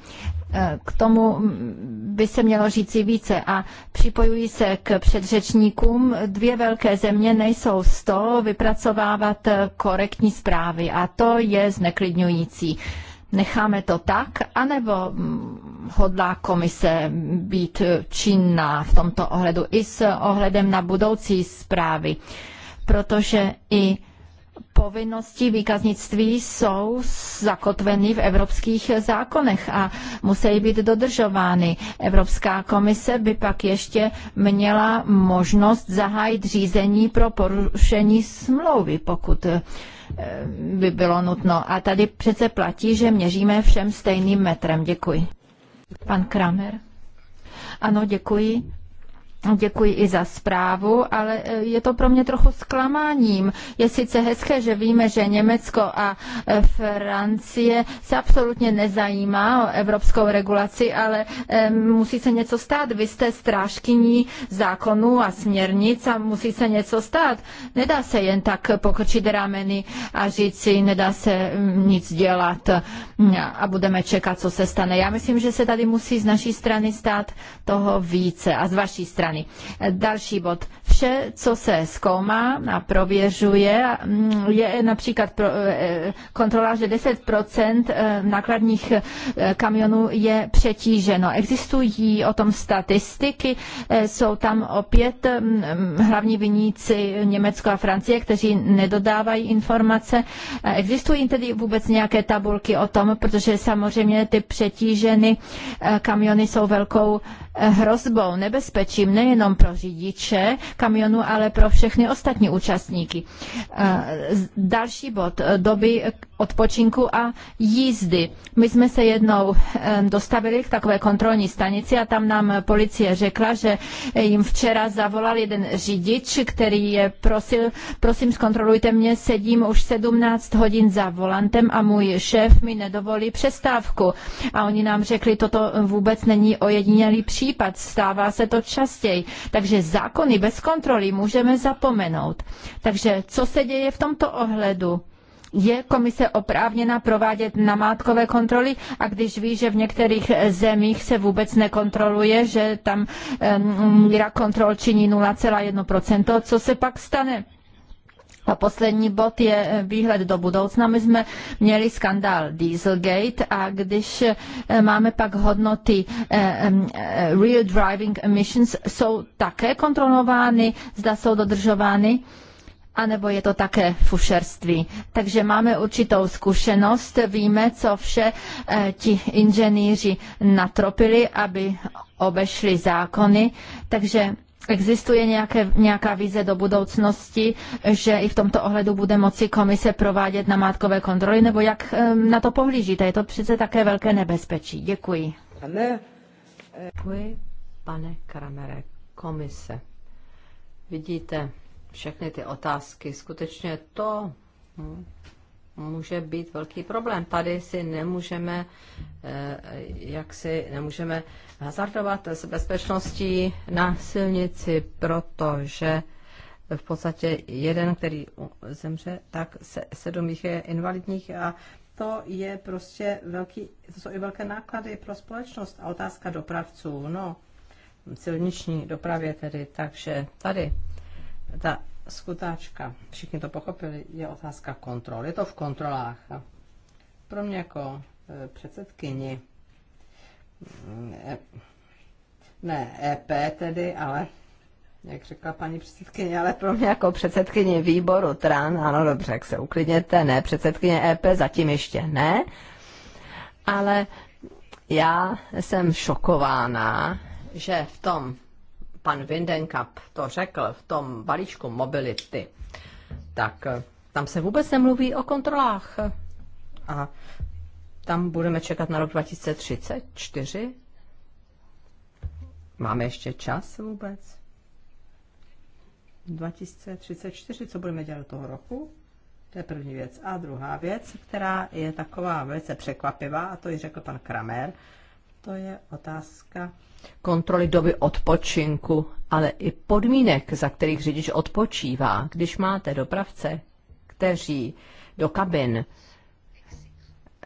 Eh, k tomu mm, by se mělo říci více a připojují se k předřečníkům. Dvě velké země nejsou z toho vypracovávat korektní zprávy a to je zneklidňující necháme to tak, anebo mm, hodlá komise být činná v tomto ohledu i s ohledem na budoucí zprávy, protože i povinnosti výkaznictví jsou zakotveny v evropských zákonech a musí být dodržovány. Evropská komise by pak ještě měla možnost zahájit řízení pro porušení smlouvy, pokud eh, by bylo nutno. A tady přece platí, že měříme všem stejným metrem. Děkuji. Pan Kramer. Ano, děkuji. Děkuji i za zprávu, ale e, je to pro mě trochu zklamáním. Je sice hezké, že víme, že Německo a e, Francie se absolutně nezajímá o evropskou regulaci, ale e, musí se něco stát. Vy jste strážkyní zákonů a směrnic a musí se něco stát. Nedá se jen tak pokrčit rameny a říct si, nedá se mm, nic dělat mm, a budeme čekat, co se stane. Já myslím, že se tady musí z naší strany stát toho více a z vaší strany strany. Další bod. Vše, co se zkoumá a prověřuje, je například eh, kontrola, že 10% eh, nákladních eh, kamionů je přetíženo. Existují o tom statistiky, jsou tam opět hlavní viníci Německo a Francie, kteří nedodávají informace. Existují tedy vůbec nějaké tabulky o tom, protože samozřejmě ty přetíženy kamiony jsou velkou hrozbou, nebezpečím nejenom pro řidiče kamionu, ale pro všechny ostatní účastníky. Eh, další bod, eh, doby odpočinku a jízdy. My jsme se jednou eh, dostavili k takové kontrolní stanici a tam nám policie řekla, že jim včera zavolal jeden řidič, který je prosil, prosím zkontrolujte mě, sedím už 17 hodin za volantem a můj šéf mi nedovolí přestávku. A oni nám řekli, toto vůbec není ojedinělý případ případ, stává se to častěji. Takže zákony bez kontroly můžeme zapomenout. Takže co se děje v tomto ohledu? Je komise oprávněna provádět namátkové kontroly a když ví, že v některých zemích se vůbec nekontroluje, že tam míra um, kontrol činí 0,1%, co se pak stane? A poslední bod je eh, výhled do budoucna. My jsme měli skandál Dieselgate a když eh, máme pak hodnoty eh, Real Driving Emissions, jsou také kontrolovány, zda jsou dodržovány? anebo je to také fušerství. Takže máme určitou zkušenost, víme, co vše ti inženýři natropili, aby obešli zákony. Takže Existuje nějaké, nějaká vize do budoucnosti, že i v tomto ohledu bude moci komise provádět namátkové kontroly, nebo jak na to pohlížíte? Je to přece také velké nebezpečí. Děkuji. Pane, eh, děkuji, pane Kramere, komise. Vidíte všechny ty otázky, skutečně to hm, může být velký problém. Tady si nemůžeme, eh, jak si nemůžeme hazardovat s bezpečností na silnici, protože v podstatě jeden, který zemře, tak se, sedm jich je invalidních a to je prostě velký, to jsou i velké náklady pro společnost a otázka dopravců, no, silniční dopravě tedy, takže tady ta skutáčka, všichni to pochopili, je otázka kontrol. Je to v kontrolách. Pro mě jako e, předsedkyni, mm, e, ne EP tedy, ale jak řekla paní předsedkyně, ale pro mě jako předsedkyně výboru TRAN, ano dobře, jak se uklidněte, ne, předsedkyně EP zatím ještě ne, ale já jsem šokována, že v tom pan Windenkap to řekl v tom balíčku mobility, tak eh, tam se vůbec nemluví o kontrolách. A tam budeme čekat na rok 2034? Máme ještě čas vůbec? 2034, co budeme dělat toho roku? To je první věc. A druhá věc, která je taková velice překvapivá, a to ji řekl pan Kramer, to je otázka kontroly doby odpočinku, ale i podmínek, za kterých řidič odpočívá. Když máte dopravce, kteří do kabin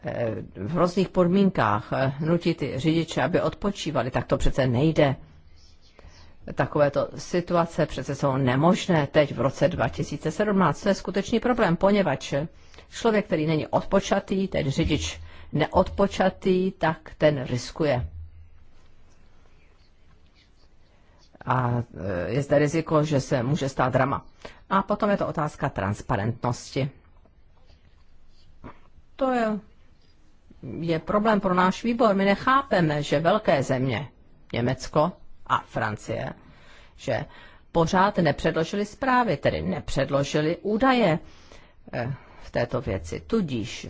eh, v různých podmínkách eh, nutí ty řidiče, aby odpočívali, tak to přece nejde. Takovéto situace přece jsou nemožné teď v roce 2017. To je skutečný problém, poněvadž člověk, který není odpočatý, ten řidič neodpočatý, tak ten riskuje. A e, je zde riziko, že se může stát drama. A potom je to otázka transparentnosti. To je, je problém pro náš výbor. My nechápeme, že velké země, Německo a Francie, že pořád nepředložili zprávy, tedy nepředložili údaje e, v této věci. Tudíž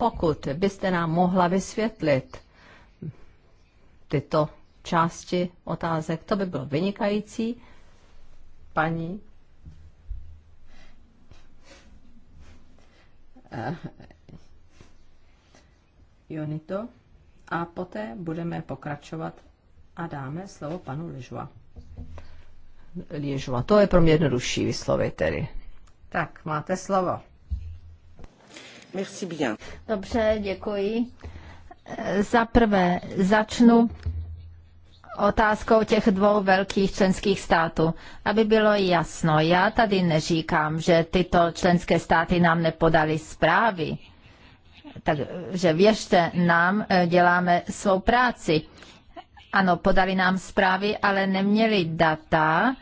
pokud byste nám mohla vysvětlit tyto části otázek, to by bylo vynikající. Paní eh, Jonito. A poté budeme pokračovat a dáme slovo panu Ližva. Ližva, to je pro mě jednodušší vyslovit tedy. Tak, máte slovo. Merci bien. Dobře, děkuji. Za prvé začnu otázkou těch dvou velkých členských států. Aby bylo jasno, já tady neříkám, že tyto členské státy nám nepodali zprávy. Takže věřte nám, děláme svou práci. Ano, podali nám zprávy, ale neměli data,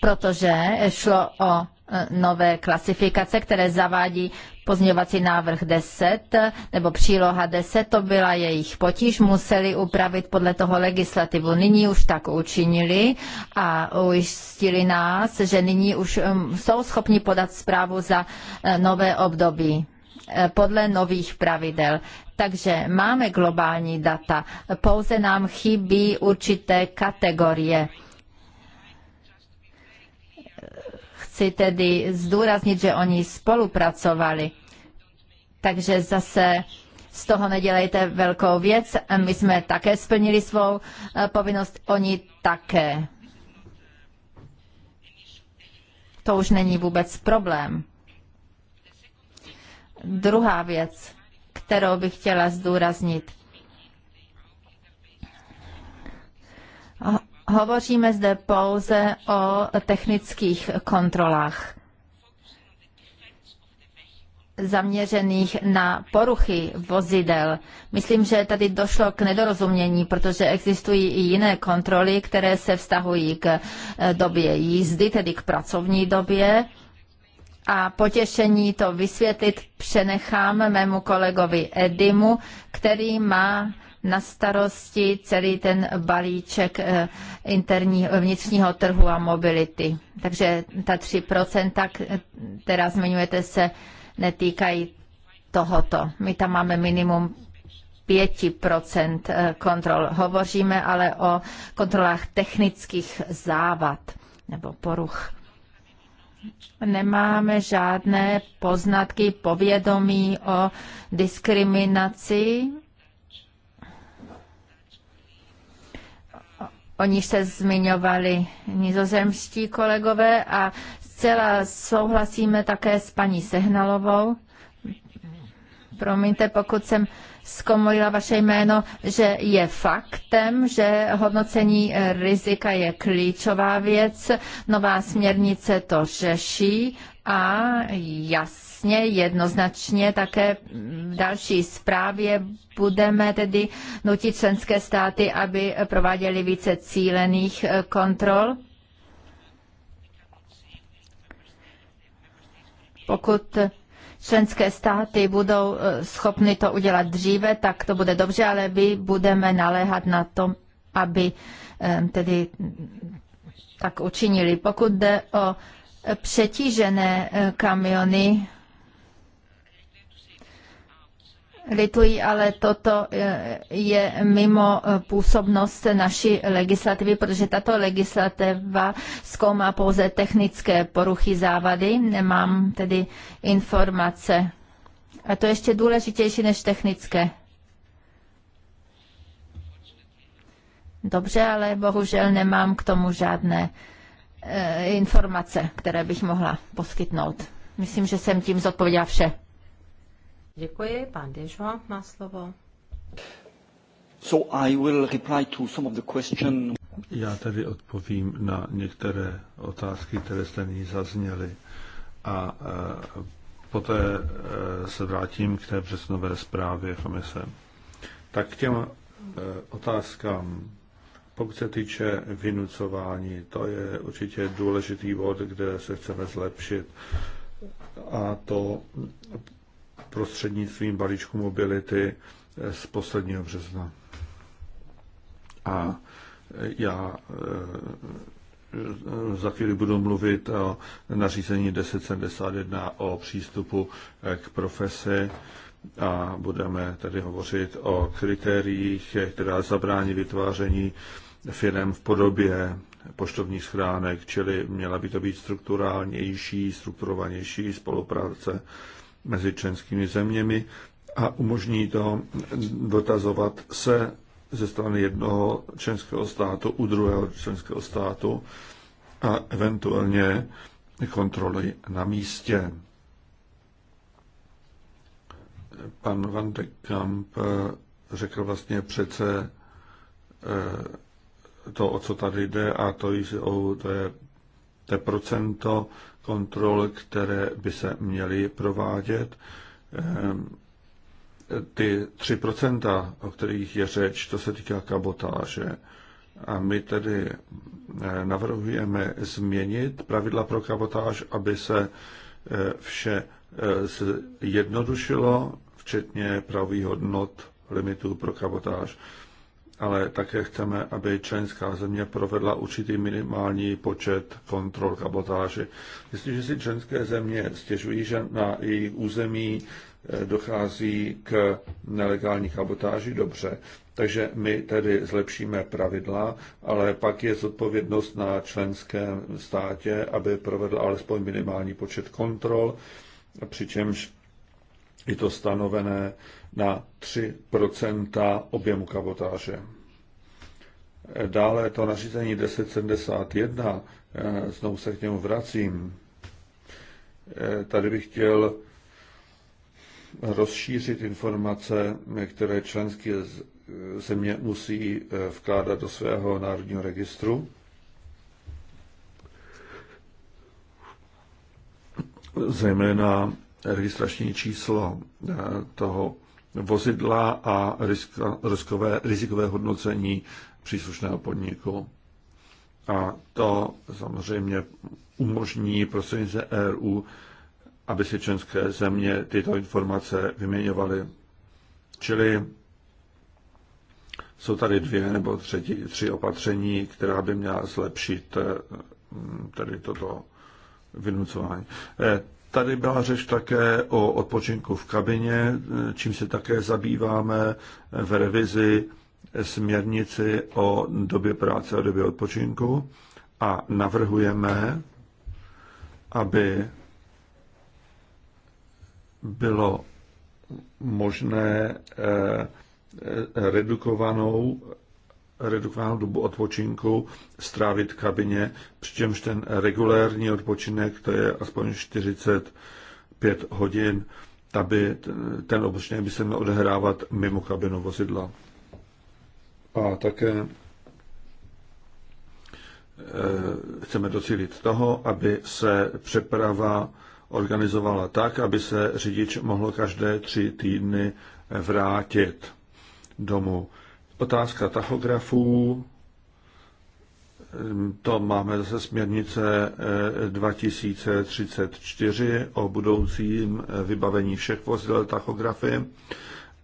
protože šlo o Eh, nové klasifikace, které zavádí pozměňovací návrh 10 eh, nebo příloha 10, to byla jejich potíž, museli upravit podle toho legislativu. Nyní už tak učinili a ujistili nás, že nyní už jsou schopni podat zprávu za eh, nové období podle nových pravidel. Takže máme globální data, pouze nám chybí určité kategorie chci tedy zdůraznit, že oni spolupracovali. Takže zase z toho nedělejte velkou věc. My jsme také splnili svou eh, povinnost, oni také. To už není vůbec problém. Druhá věc, kterou bych chtěla zdůraznit. Hovoříme zde pouze o technických kontrolách zaměřených na poruchy vozidel. Myslím, že tady došlo k nedorozumění, protože existují i jiné kontroly, které se vztahují k eh, době jízdy, tedy k pracovní době. A potěšení to vysvětlit přenechám mému kolegovi Edimu, který má na starosti celý ten balíček eh, interní vnitřního trhu a mobility. Takže ta 3%, která zmiňujete, se netýkají tohoto. My tam máme minimum 5% eh, kontrol. Hovoříme ale o kontrolách technických závad nebo poruch. Nemáme žádné poznatky, povědomí o diskriminaci o níž se zmiňovali nizozemští kolegové a zcela souhlasíme také s paní Sehnalovou. Promiňte, pokud jsem zkomolila vaše jméno, že je faktem, že hodnocení rizika je klíčová věc. Nová směrnice to řeší a jasně jasně, jednoznačně také v další zprávě budeme tedy nutit členské státy, aby prováděly více cílených eh, kontrol. Pokud členské státy budou eh, schopny to udělat dříve, tak to bude dobře, ale my budeme naléhat na to, aby eh, tedy tak učinili. Pokud jde o přetížené kamiony, Lituji, ale toto eh, je mimo eh, působnost naší legislativy, protože tato legislativa zkoumá pouze technické poruchy závady. Nemám tedy informace. A to ještě důležitější než technické. Dobře, ale bohužel nemám k tomu žádné eh, informace, které bych mohla poskytnout. Myslím, že jsem tím zodpověděla vše. Děkuji. Pan Dežo má slovo. So I will reply to some of the question. Já tedy odpovím na některé otázky, které jste nyní zazněly a e, poté e, se vrátím k té přesnové zprávě komise. Tak k těm e, otázkám. Pokud se týče vynucování, to je určitě důležitý bod, kde se chceme zlepšit. A to prostřednictvím balíčku mobility eh, z posledního března. A eh, já eh, za chvíli budu mluvit o nařízení 1071 o přístupu k profesi a budeme tedy hovořit o kritériích, která zabrání vytváření firm v podobě poštovních schránek, čili měla by to být strukturálnější, strukturovanější spolupráce mezi členskými zeměmi a umožní to dotazovat se ze strany jednoho členského státu u druhého členského státu a eventuálně kontroly na místě. Pan Van de Kamp eh, řekl vlastně přece eh, to, o co tady jde, a to, je, to je to procento kontrol, které by se měly provádět. Ehm, ty 3%, o kterých je řeč, to se týká kabotáže. A my tedy eh, navrhujeme změnit pravidla pro kabotáž, aby se eh, vše eh, zjednodušilo, včetně pravý hodnot limitů pro kabotáž ale také chceme, aby členská země provedla určitý minimální počet kontrol kabotáže. Jestliže si členské země stěžují, že na jejich území eh, dochází k nelegální kabotáži, dobře. Takže my tedy zlepšíme pravidla, ale pak je zodpovědnost na členském státě, aby provedl alespoň minimální počet kontrol, přičemž je to stanovené na 3 objemu kabotáže. Dále to nařízení 1071, eh, znovu se k němu vracím. Eh, tady bych chtěl rozšířit informace, které členské země musí eh, vkládat do svého národního registru. Zejména registrační číslo toho vozidla a riskové, rizikové hodnocení příslušného podniku. A to samozřejmě umožní prostřednictvím EU, aby si členské země tyto informace vyměňovaly. Čili jsou tady dvě nebo třetí, tři opatření, která by měla zlepšit eh, tedy toto vynucování. Eh, Tady byla řeč také o odpočinku v kabině, čím se také zabýváme v revizi směrnici o době práce a době odpočinku a navrhujeme, aby bylo možné eh, eh, redukovanou redukovanou dobu odpočinku strávit v kabině, přičemž ten regulérní odpočinek, to je aspoň 45 hodin, aby ten odpočinek by se měl odehrávat mimo kabinu vozidla. A také eh, chceme docílit toho, aby se přeprava organizovala tak, aby se řidič mohl každé tři týdny vrátit domů. Otázka tachografů, to máme zase směrnice 2034 eh, o budoucím eh, vybavení všech vozidel tachografy.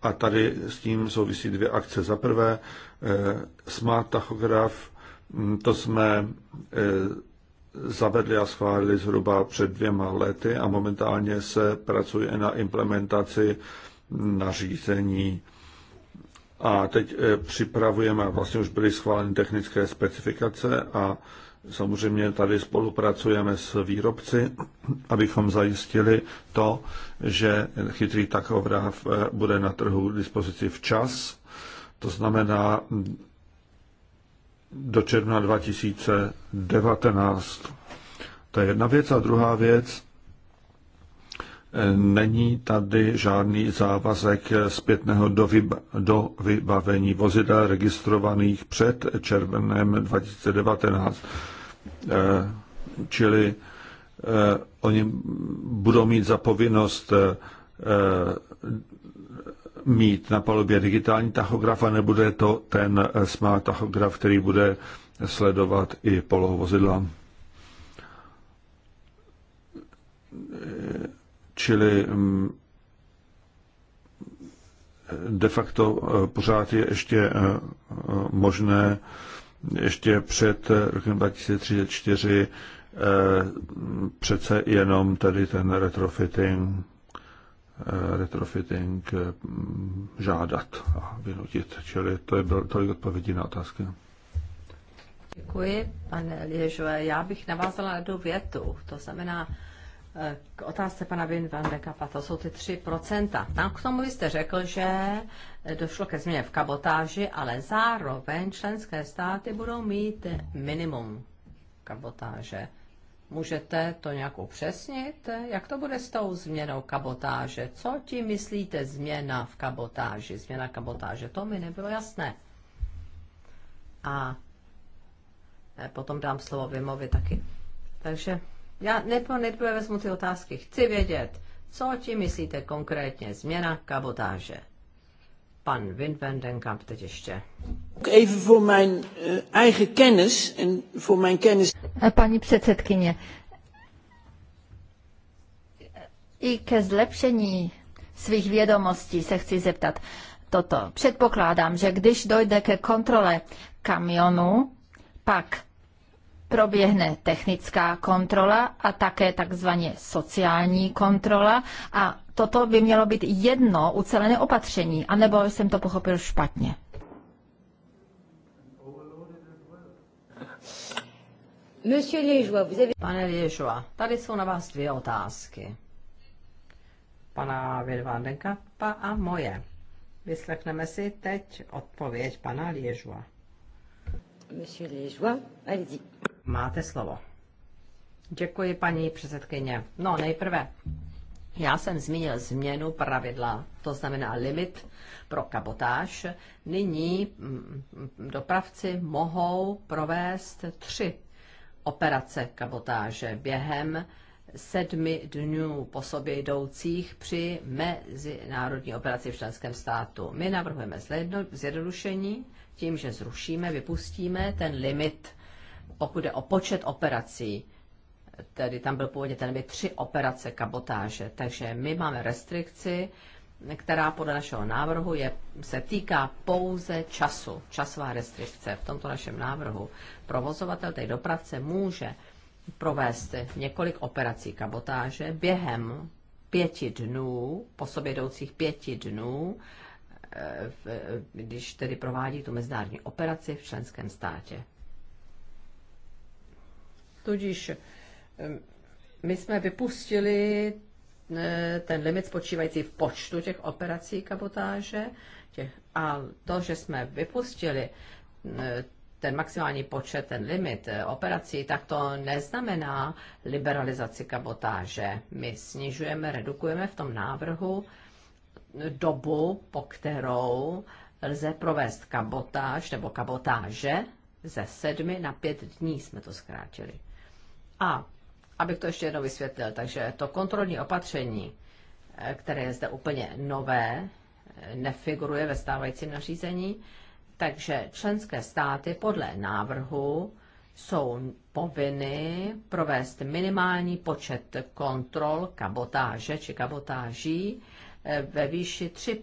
A tady s tím souvisí dvě akce. Za prvé, eh, smart tachograf, mm, to jsme zavedli a schválili zhruba před dvěma lety a momentálně se pracuje na implementaci nařízení a teď eh, připravujeme, vlastně už byly schváleny technické specifikace a samozřejmě tady spolupracujeme s výrobci, abychom zajistili to, že chytrý takovráv eh, bude na trhu k dispozici včas. To znamená do června 2019. To je jedna věc. A druhá věc, Není tady žádný závazek zpětného do vybavení vozidel registrovaných před červenem 2019. Eh, čili eh, oni budou mít povinnost eh, mít na palubě digitální tachograf a nebude to ten smart tachograf, který bude sledovat i polohu vozidla Čili mm, de facto eh, pořád je ještě eh, eh, možné ještě před rokem 2034 přece jenom tady ten retrofitting, retrofitting žádat a vynutit. Čili to je bylo tolik odpovědí na otázky. Děkuji, pane Liežové. Já bych navázala na tu větu. To znamená, k otázce pana Vin van de Kappa, to jsou ty 3%. Tam k tomu jste řekl, že došlo ke změně v kabotáži, ale zároveň členské státy budou mít minimum kabotáže. Můžete to nějak upřesnit? Jak to bude s tou změnou kabotáže? Co ti myslíte změna v kabotáži? Změna kabotáže, to mi nebylo jasné. A e, potom dám slovo Vimovi taky. Takže já nepo, nejprve vezmu ty otázky. Chci vědět, co ti myslíte konkrétně změna kabotáže? Pan Wim teď ještě. Even voor mijn uh, eigen kennis en voor mijn kennis. Eh, paní předsedkyně, i ke zlepšení svých vědomostí se chci zeptat toto. Předpokládám, že když dojde ke kontrole kamionu, pak proběhne technická kontrola a také takzvaně sociální kontrola a toto by mělo být jedno ucelené opatření, anebo jsem to pochopil špatně. Pane Liežua, tady jsou na vás dvě otázky. Pana Virvandenkapa a moje. Vyslechneme si teď odpověď pana Liežua. Monsieur Liežua, allez-y. Máte slovo. Děkuji, paní předsedkyně. No, nejprve, já jsem zmínil změnu pravidla, to znamená limit pro kabotáž. Nyní mm, dopravci mohou provést tři operace kabotáže během sedmi dnů po sobě jdoucích při mezinárodní operaci v členském státu. My navrhujeme zjednodušení tím, že zrušíme, vypustíme ten limit pokud jde o počet operací, tedy tam byl původně ten by tři operace kabotáže, takže my máme restrikci, která podle našeho návrhu je, se týká pouze času, časová restrikce v tomto našem návrhu. Provozovatel, té dopravce, může provést několik operací kabotáže během pěti dnů, po sobě jdoucích pěti dnů, eh, když tedy provádí tu mezinárodní operaci v členském státě. Tudíž my jsme vypustili ten limit spočívající v počtu těch operací kabotáže těch, a to, že jsme vypustili ten maximální počet, ten limit eh, operací, tak to neznamená liberalizaci kabotáže. My snižujeme, redukujeme v tom návrhu dobu, po kterou lze provést kabotáž nebo kabotáže ze sedmi na pět dní jsme to zkrátili. A abych to ještě jednou vysvětlil, takže to kontrolní opatření, eh, které je zde úplně nové, eh, nefiguruje ve stávajícím nařízení, takže členské státy podle návrhu jsou povinny provést minimální počet kontrol kabotáže či kabotáží eh, ve výši 3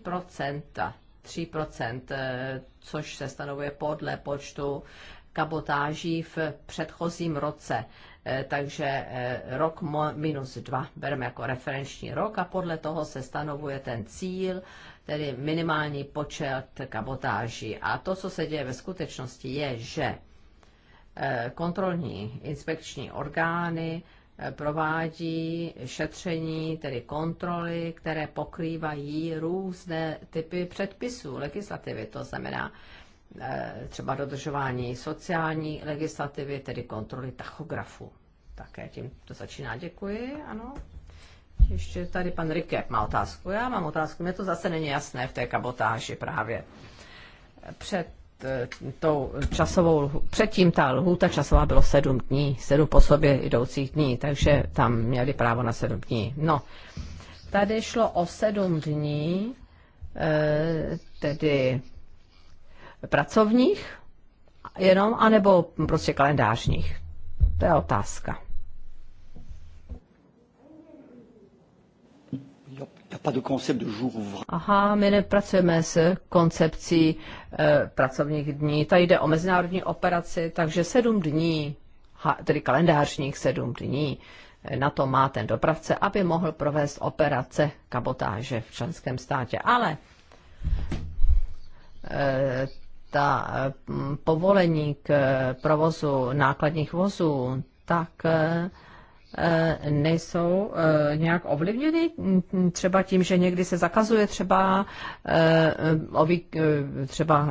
3 což se stanovuje podle počtu kabotáží v předchozím roce Eh, takže eh, rok minus dva bereme jako referenční rok a podle toho se stanovuje ten cíl, tedy minimální počet kabotáží. A to, co se děje ve skutečnosti, je, že eh, kontrolní inspekční orgány provádí šetření, tedy kontroly, které pokrývají různé typy předpisů, legislativy. To znamená, Eh, třeba dodržování sociální legislativy, tedy kontroly tachografu. Také tím to začíná. Děkuji, ano. Ještě tady pan Rikep má otázku. Já mám otázku. Mně to zase není jasné v té kabotáži právě. Před eh, tou časovou, předtím ta lhůta časová bylo sedm dní, sedm po sobě jdoucích dní, takže tam měli právo na sedm dní. No, tady šlo o sedm dní, eh, tedy pracovních jenom, anebo prostě kalendářních? To je otázka. Aha, my nepracujeme s koncepcí e, pracovních dní. Tady jde o mezinárodní operaci, takže sedm dní, ha, tedy kalendářních sedm dní, eh, na to má ten dopravce, aby mohl provést operace kabotáže v členském státě. Ale e, ta mm, povolení k eh, provozu nákladních vozů, tak eh, eh, nejsou nějak ovlivněny mm, třeba tím, že někdy se zakazuje třeba, třeba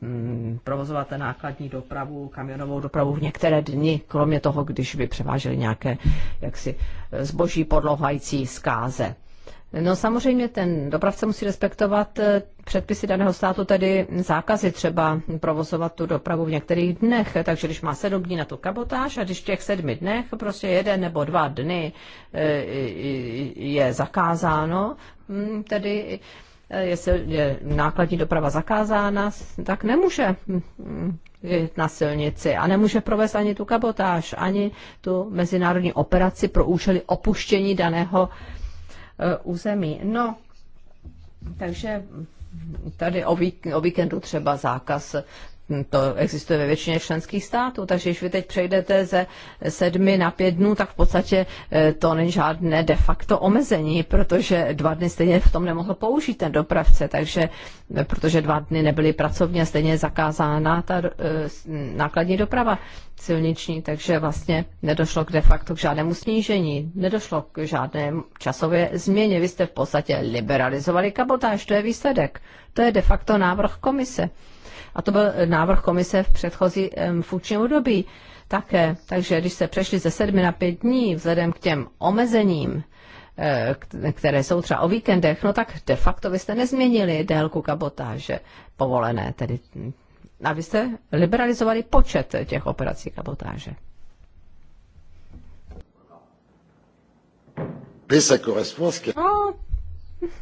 mm, provozovat nákladní dopravu, kamionovou dopravu v některé dny, kromě toho, když by převáželi nějaké jaksi zboží podlohající zkáze. No samozřejmě ten dopravce musí respektovat eh, předpisy daného státu, tedy zákazy třeba provozovat tu dopravu v některých dnech. Takže když má sedm dní na tu kabotáž a když v těch sedmi dnech prostě jeden nebo dva dny eh, je zakázáno, hm, tedy eh, jestli je nákladní doprava zakázána, tak nemůže hm, jít na silnici a nemůže provést ani tu kabotáž, ani tu mezinárodní operaci pro účely opuštění daného Eh, území. No, takže tady o, vík, o víkendu třeba zákaz to existuje ve většině členských států, takže když vy teď přejdete ze sedmi na pět dnů, tak v podstatě eh, to není žádné de facto omezení, protože dva dny stejně v tom nemohl použít ten dopravce, takže eh, protože dva dny nebyly pracovně stejně zakázána ta eh, nákladní doprava silniční, takže vlastně nedošlo k de facto k žádnému snížení, nedošlo k žádné časové změně. Vy jste v podstatě liberalizovali kabotáž, to je výsledek. To je de facto návrh komise. A to byl eh, návrh komise v předchozí funkčním období také. Takže když se přešli ze sedmi na pět dní, vzhledem k těm omezením, eh, které jsou třeba o víkendech, no tak de facto vy jste nezměnili délku kabotáže povolené, tedy hm, a vy jste liberalizovali počet těch operací kabotáže. No,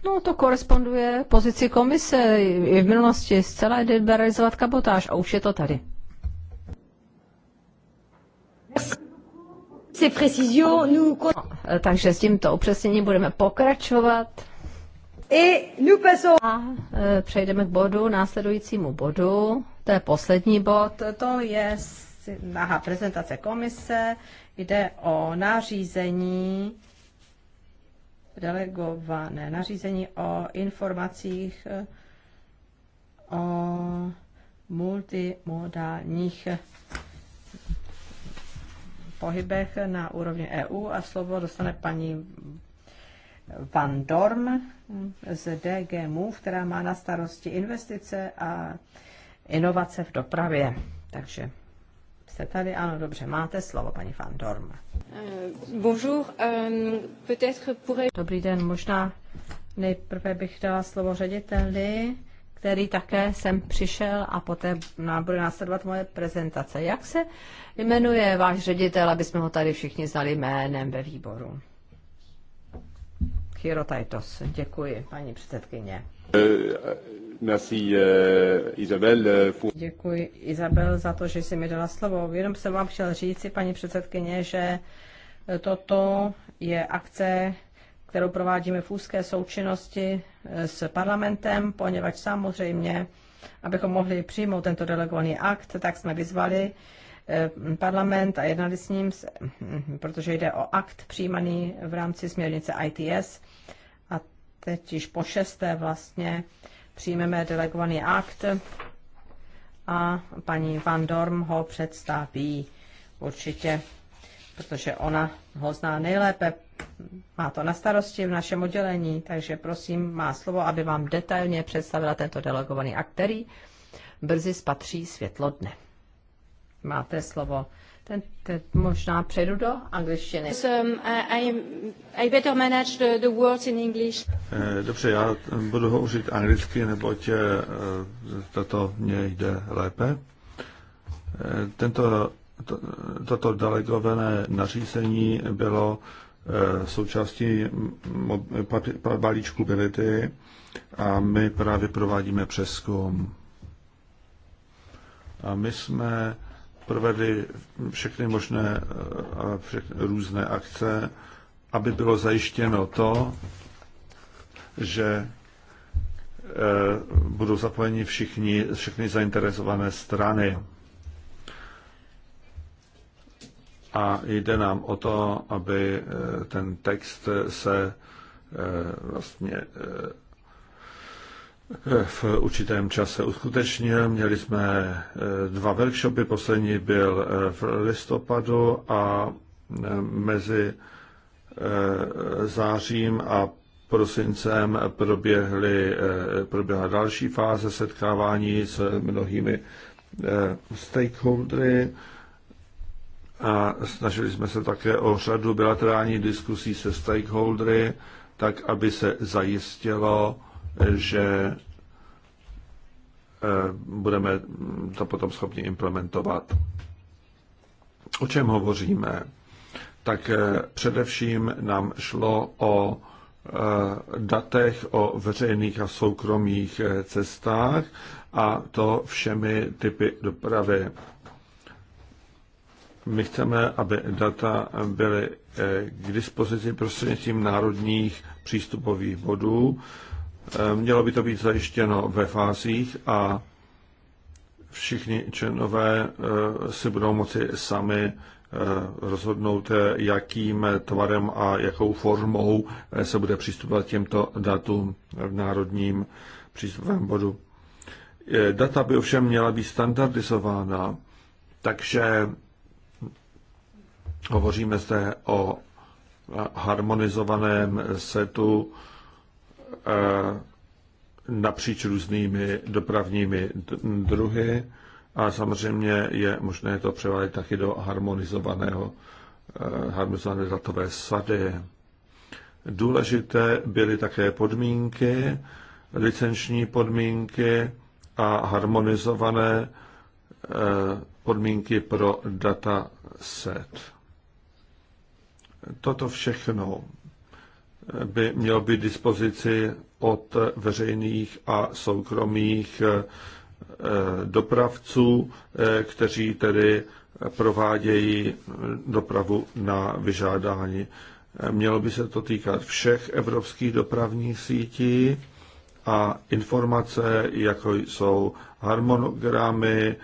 No, to koresponduje pozici komise i v minulosti zcela liberalizovat kabotáž a už je to tady. No, takže s tímto upřesněním budeme pokračovat. A e, přejdeme k bodu, následujícímu bodu. To je poslední bod. To je aha, prezentace komise. Jde o nařízení delegované nařízení o informacích eh, o multimodálních eh, pohybech na úrovni EU a slovo dostane paní Van Dorm z DG Move, která má na starosti investice a inovace v dopravě. Takže jste tady, ano, dobře, máte slovo, paní Van Dorm. Eh, eh, Dobrý den, možná nejprve bych dala slovo řediteli, který také jsem přišel a poté bude následovat moje prezentace. Jak se jmenuje váš ředitel, aby jsme ho tady všichni znali jménem ve výboru? Chiro děkuji, paní předsedkyně. Eh, eh, eh, Děkuji Izabel za to, že jsi mi dala slovo. Jenom jsem vám chtěl říci, paní předsedkyně, že toto je akce, kterou provádíme v úzké součinnosti s parlamentem, poněvadž samozřejmě, abychom mohli přijmout tento delegovaný akt, tak jsme vyzvali parlament a jednali s ním, protože jde o akt přijímaný v rámci směrnice ITS teď již po šesté vlastně přijmeme delegovaný akt a paní Van Dorm ho představí určitě, protože ona ho zná nejlépe, má to na starosti v našem oddělení, takže prosím, má slovo, aby vám detailně představila tento delegovaný akt, který brzy spatří světlo dne. Máte slovo. Ten, ten možná přejdu do angličtiny. Um, I, I better manage the, the words in English. Eh, dobře, já eh, budu hovořit anglicky, neboť eh, tato mě jde lépe. Tento, to, toto delegované nařízení bylo součástí balíčku Bility a my právě provádíme přeskum. A my jsme provedli všechny možné eh, a všechny různé akce, aby bylo zajištěno to, že eh, budou zapojeni všichni, všechny zainteresované strany. A jde nám o to, aby eh, ten text se vlastně v určitém čase uskutečnil. Měli jsme eh, dva workshopy, poslední byl eh, v listopadu a eh, mezi zářím a prosincem proběhly, proběhla další fáze setkávání s mnohými stakeholdery a snažili jsme se také o řadu bilaterální diskusí se stakeholdery, tak aby se zajistilo, že eh, budeme to potom schopni implementovat. O čem hovoříme? Tak eh, především nám šlo o eh, datech o veřejných a soukromých cestách a to všemi typy dopravy. My chceme, aby data byly k dispozici prostřednictvím národních přístupových bodů, Eh, mělo by to být zajištěno ve fázích a všichni členové eh, si budou moci sami eh, rozhodnout, jakým tvarem a jakou formou se bude přistupovat těmto datům v národním přístupovém bodu. Data by ovšem měla být standardizována, takže hovoříme zde o harmonizovaném setu Eh, napříč různými dopravními druhy a samozřejmě je možné to převádět taky do harmonizovaného eh, harmonizované datové sady. Důležité byly také podmínky, licenční podmínky a harmonizované eh, podmínky pro dataset. Toto všechno by mělo být dispozici od veřejných a soukromých eh, dopravců, eh, kteří tedy provádějí dopravu na vyžádání. Eh, mělo by se to týkat všech evropských dopravních sítí a informace, jako jsou harmonogramy,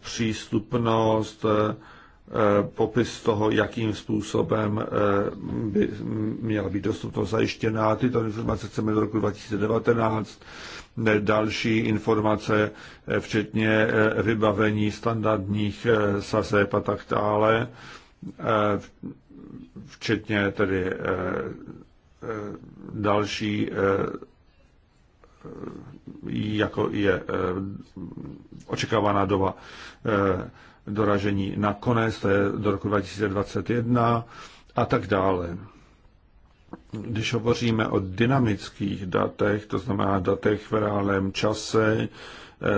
přístupnost, Eh, popis toho, jakým způsobem eh, by měla být dostupnost zajištěná. Tyto informace chceme do roku 2019. Další informace, eh, včetně vybavení standardních sazeb a tak dále, včetně tedy další jako je očekávaná doba doražení na konec, to je do roku 2021 a tak dále. Když hovoříme o dynamických datech, to znamená datech v reálném čase,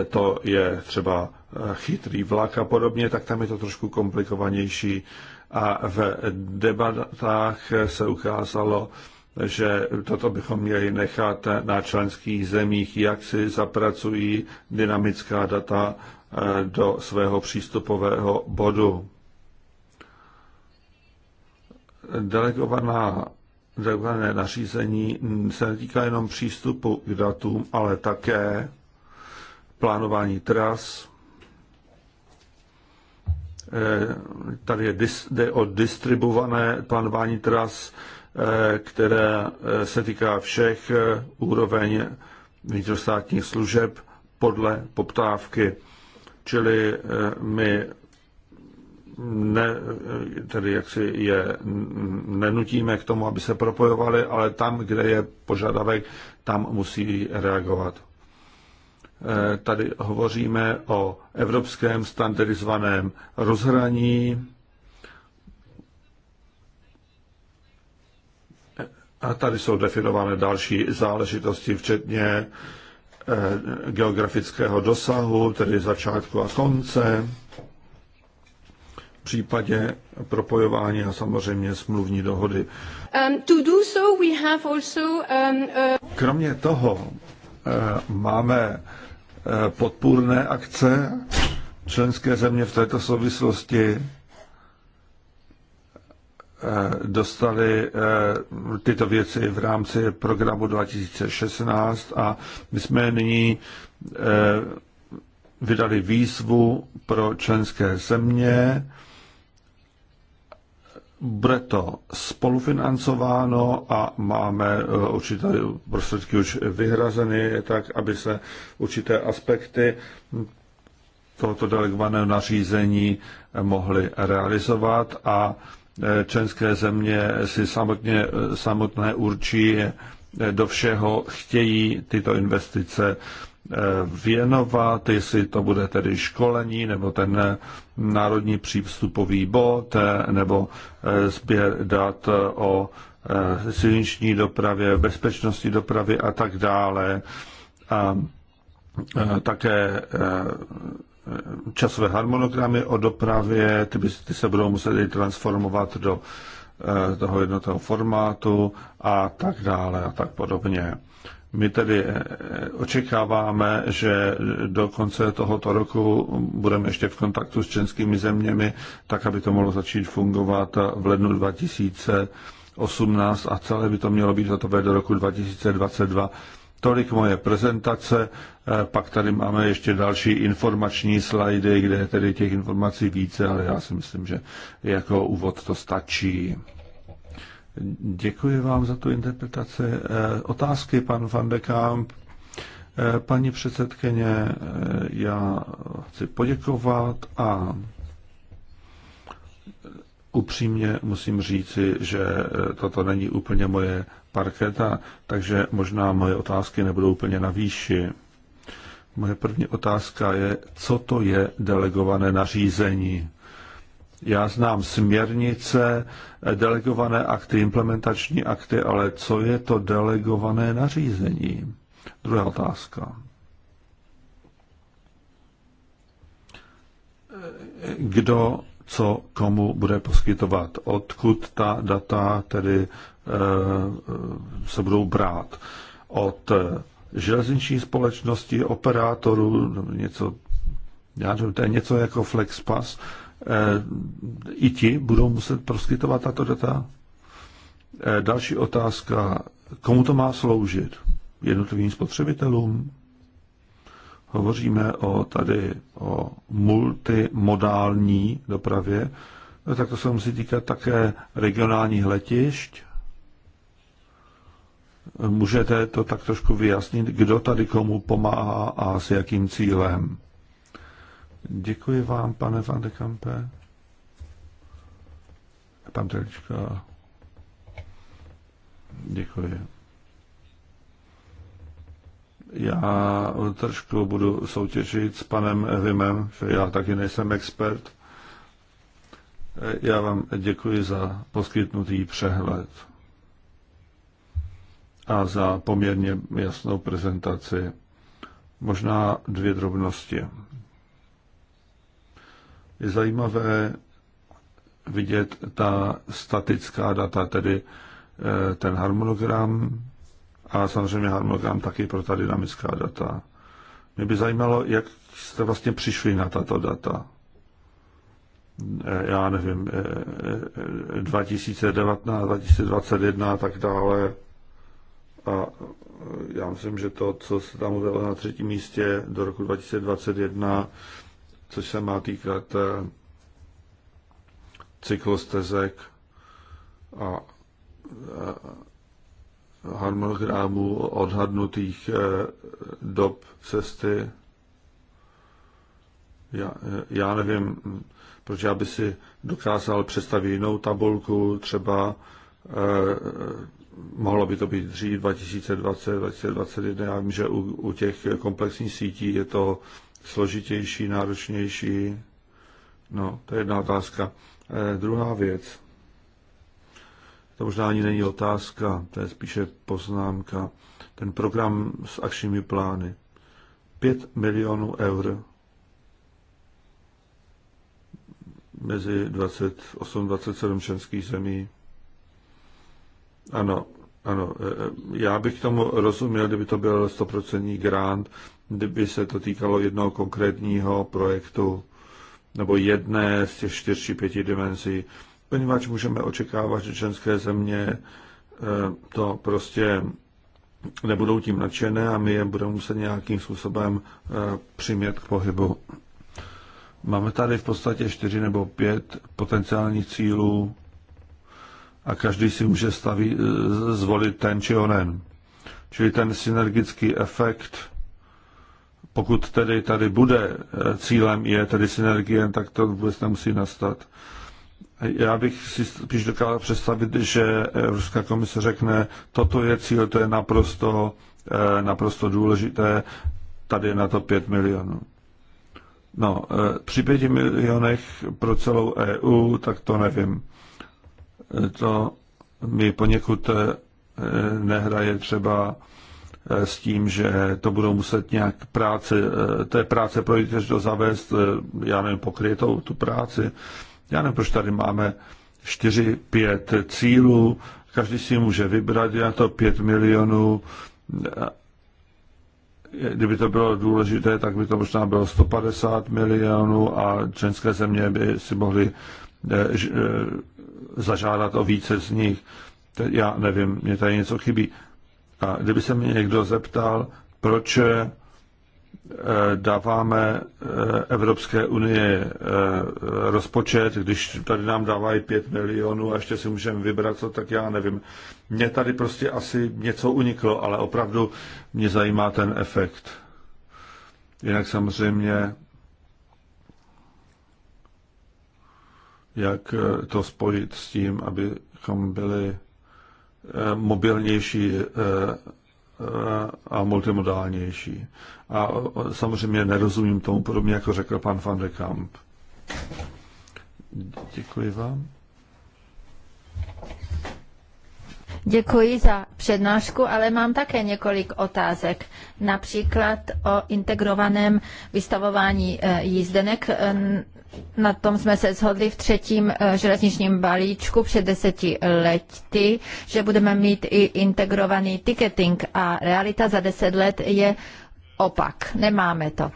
eh, to je třeba eh, chytrý vlak a podobně, tak tam je to trošku komplikovanější. A v debatách eh, se ukázalo, že toto bychom měli nechat na členských zemích, jak si zapracují dynamická data do svého přístupového bodu. Delegovaná delegované nařízení se netýká jenom přístupu k datům, ale také plánování tras. Eh, tady je, jde o distribuované plánování tras, eh, které eh, se týká všech úroveň vnitrostátních služeb podle poptávky. Čili eh, my ne, eh, tedy jaksi je nenutíme k tomu, aby se propojovali, ale tam, kde je požadavek, tam musí reagovat. Eh, tady hovoříme o evropském standardizovaném rozhraní. A tady jsou definované další záležitosti, včetně Eh, geografického dosahu, tedy začátku a konce, v případě propojování a samozřejmě smluvní dohody. Um, um, uh, Kromě toho eh, máme eh, podpůrné akce. Členské země v této souvislosti Eh, dostali eh, tyto věci v rámci programu 2016 a my jsme nyní eh, vydali výzvu pro členské země. Bude to spolufinancováno a máme určité prostředky už vyhrazeny, tak aby se určité aspekty tohoto delegovaného nařízení mohly realizovat a Eh, členské země si samotně, eh, samotné určí, eh, do všeho chtějí tyto investice věnovat, jestli to bude tedy školení, nebo ten národní přístupový bod, nebo sběr dat o silniční dopravě, bezpečnosti dopravy a tak dále. A také časové harmonogramy o dopravě, ty, by, ty se budou muset transformovat do eh, toho jednotného formátu a tak dále a tak podobně. My tedy eh, očekáváme, že do konce tohoto roku budeme ještě v kontaktu s českými zeměmi, tak aby to mohlo začít fungovat v lednu 2018 a celé by to mělo být hotové do roku 2022. Tolik moje prezentace, eh, pak tady máme ještě další informační slajdy, kde je tedy těch informací více, ale já si myslím, že jako úvod to stačí. Děkuji vám za tu interpretaci. Eh, otázky, pan Van de Kamp. Eh, paní předsedkyně, já chci poděkovat a upřímně musím říci, že toto není úplně moje Parketa, takže možná moje otázky nebudou úplně na výši. Moje první otázka je, co to je delegované nařízení? Já znám směrnice, delegované akty, implementační akty, ale co je to delegované nařízení? Druhá otázka. Kdo co komu bude poskytovat, odkud ta data tedy Eh, se budou brát od eh, železniční společnosti, operátorů, něco, já nevím, to je něco jako FlexPass, eh, i ti budou muset proskytovat tato data. Další otázka, komu to má sloužit? Jednotlivým spotřebitelům? Hovoříme o tady o multimodální dopravě, no, tak to se musí týkat také regionálních letišť, Můžete to tak trošku vyjasnit, kdo tady komu pomáhá a s jakým cílem? Děkuji vám, pane Van de Kampe. Pan Telička. Děkuji. Já trošku budu soutěžit s panem Vimem, že já taky nejsem expert. Já vám děkuji za poskytnutý přehled a za poměrně jasnou prezentaci. Možná dvě drobnosti. Je zajímavé vidět ta statická data, tedy eh, ten harmonogram a samozřejmě harmonogram taky pro ta dynamická data. Mě by zajímalo, jak jste vlastně přišli na tato data. Eh, já nevím, 2019, eh, 2021 a tak dále. A e, já myslím, že to, co se tam udělalo na třetím místě do roku 2021, což se má týkat e, cyklostezek a e, harmonogramů odhadnutých dob cesty. Já, já nevím, proč já by si dokázal představit jinou tabulku, třeba mohlo by to být dřív 2020, 2021. Já vím, že u, u těch komplexních sítí je to složitější, náročnější. No, to je jedna otázka. Eh, druhá věc. To možná ani není otázka, to je spíše poznámka. Ten program s akčními plány. 5 milionů eur mezi 28-27 členských zemí. Ano, ano, e, e, já bych tomu rozuměl, kdyby to byl 100% grant, kdyby se to týkalo jednoho konkrétního projektu nebo jedné z těch čtyř či pěti dimenzí, poněvadž můžeme očekávat, že členské země e, to prostě nebudou tím nadšené a my je budeme muset nějakým způsobem přimět k pohybu. Máme tady v podstatě čtyři nebo pět potenciálních cílů a každý si může staví, eh, zvolit ten či onen. Čili ten synergický efekt, pokud tedy tady bude, eh, cílem je tedy synergie, tak to vůbec nemusí nastat. Já bych si spíš dokázal představit, že Evropská komise řekne, toto je cíl, to je naprosto, eh, naprosto důležité, tady je na to 5 milionů. No, při 5 milionech pro celou EU, tak to nevím to mi poněkud eh, nehraje třeba eh, s tím, že to budou muset nějak práce, eh, té práce projít, to zavést, já nevím, pokrytou tu práci. Já nevím, proč tady máme čtyři, pět cílů, každý si může vybrat, já to pět milionů, kdyby to bylo důležité, tak by to možná bylo 150 milionů a členské země by si mohly zažádat o více z nich. Já nevím, mě tady něco chybí. A kdyby se mě někdo zeptal, proč eh, dáváme eh, Evropské unie eh, rozpočet, když tady nám dávají 5 milionů a ještě si můžeme vybrat, co tak já nevím. Mně tady prostě asi něco uniklo, ale opravdu mě zajímá ten efekt. Jinak samozřejmě jak eh, to spojit s tím, abychom byli eh, mobilnější eh, a multimodálnější. A samozřejmě nerozumím tomu podobně, jako řekl pan van de Kamp. Děkuji vám. Děkuji za přednášku, ale mám také několik otázek. Například o integrovaném vystavování jízdenek na tom jsme se shodli v třetím eh, železničním balíčku před deseti lety, že budeme mít i integrovaný ticketing a realita za deset let je opak. Nemáme to.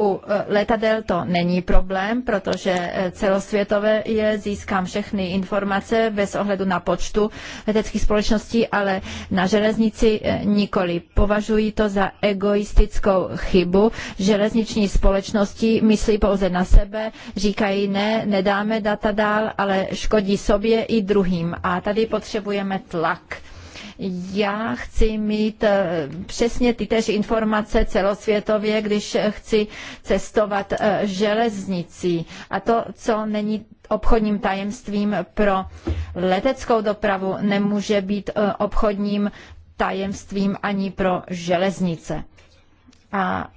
U eh, letadel to není problém, protože eh, celosvětové je, získám všechny informace bez ohledu na počtu leteckých společností, ale na železnici eh, nikoli. Považuji to za egoistickou chybu. Železniční společnosti myslí pouze na sebe, říkají ne, nedáme data dál, ale škodí sobě i druhým. A tady potřebujeme tlak já chci mít eh, přesně ty tež informace celosvětově, když chci cestovat eh, železnicí. A to, co není obchodním tajemstvím pro leteckou dopravu, nemůže být eh, obchodním tajemstvím ani pro železnice. A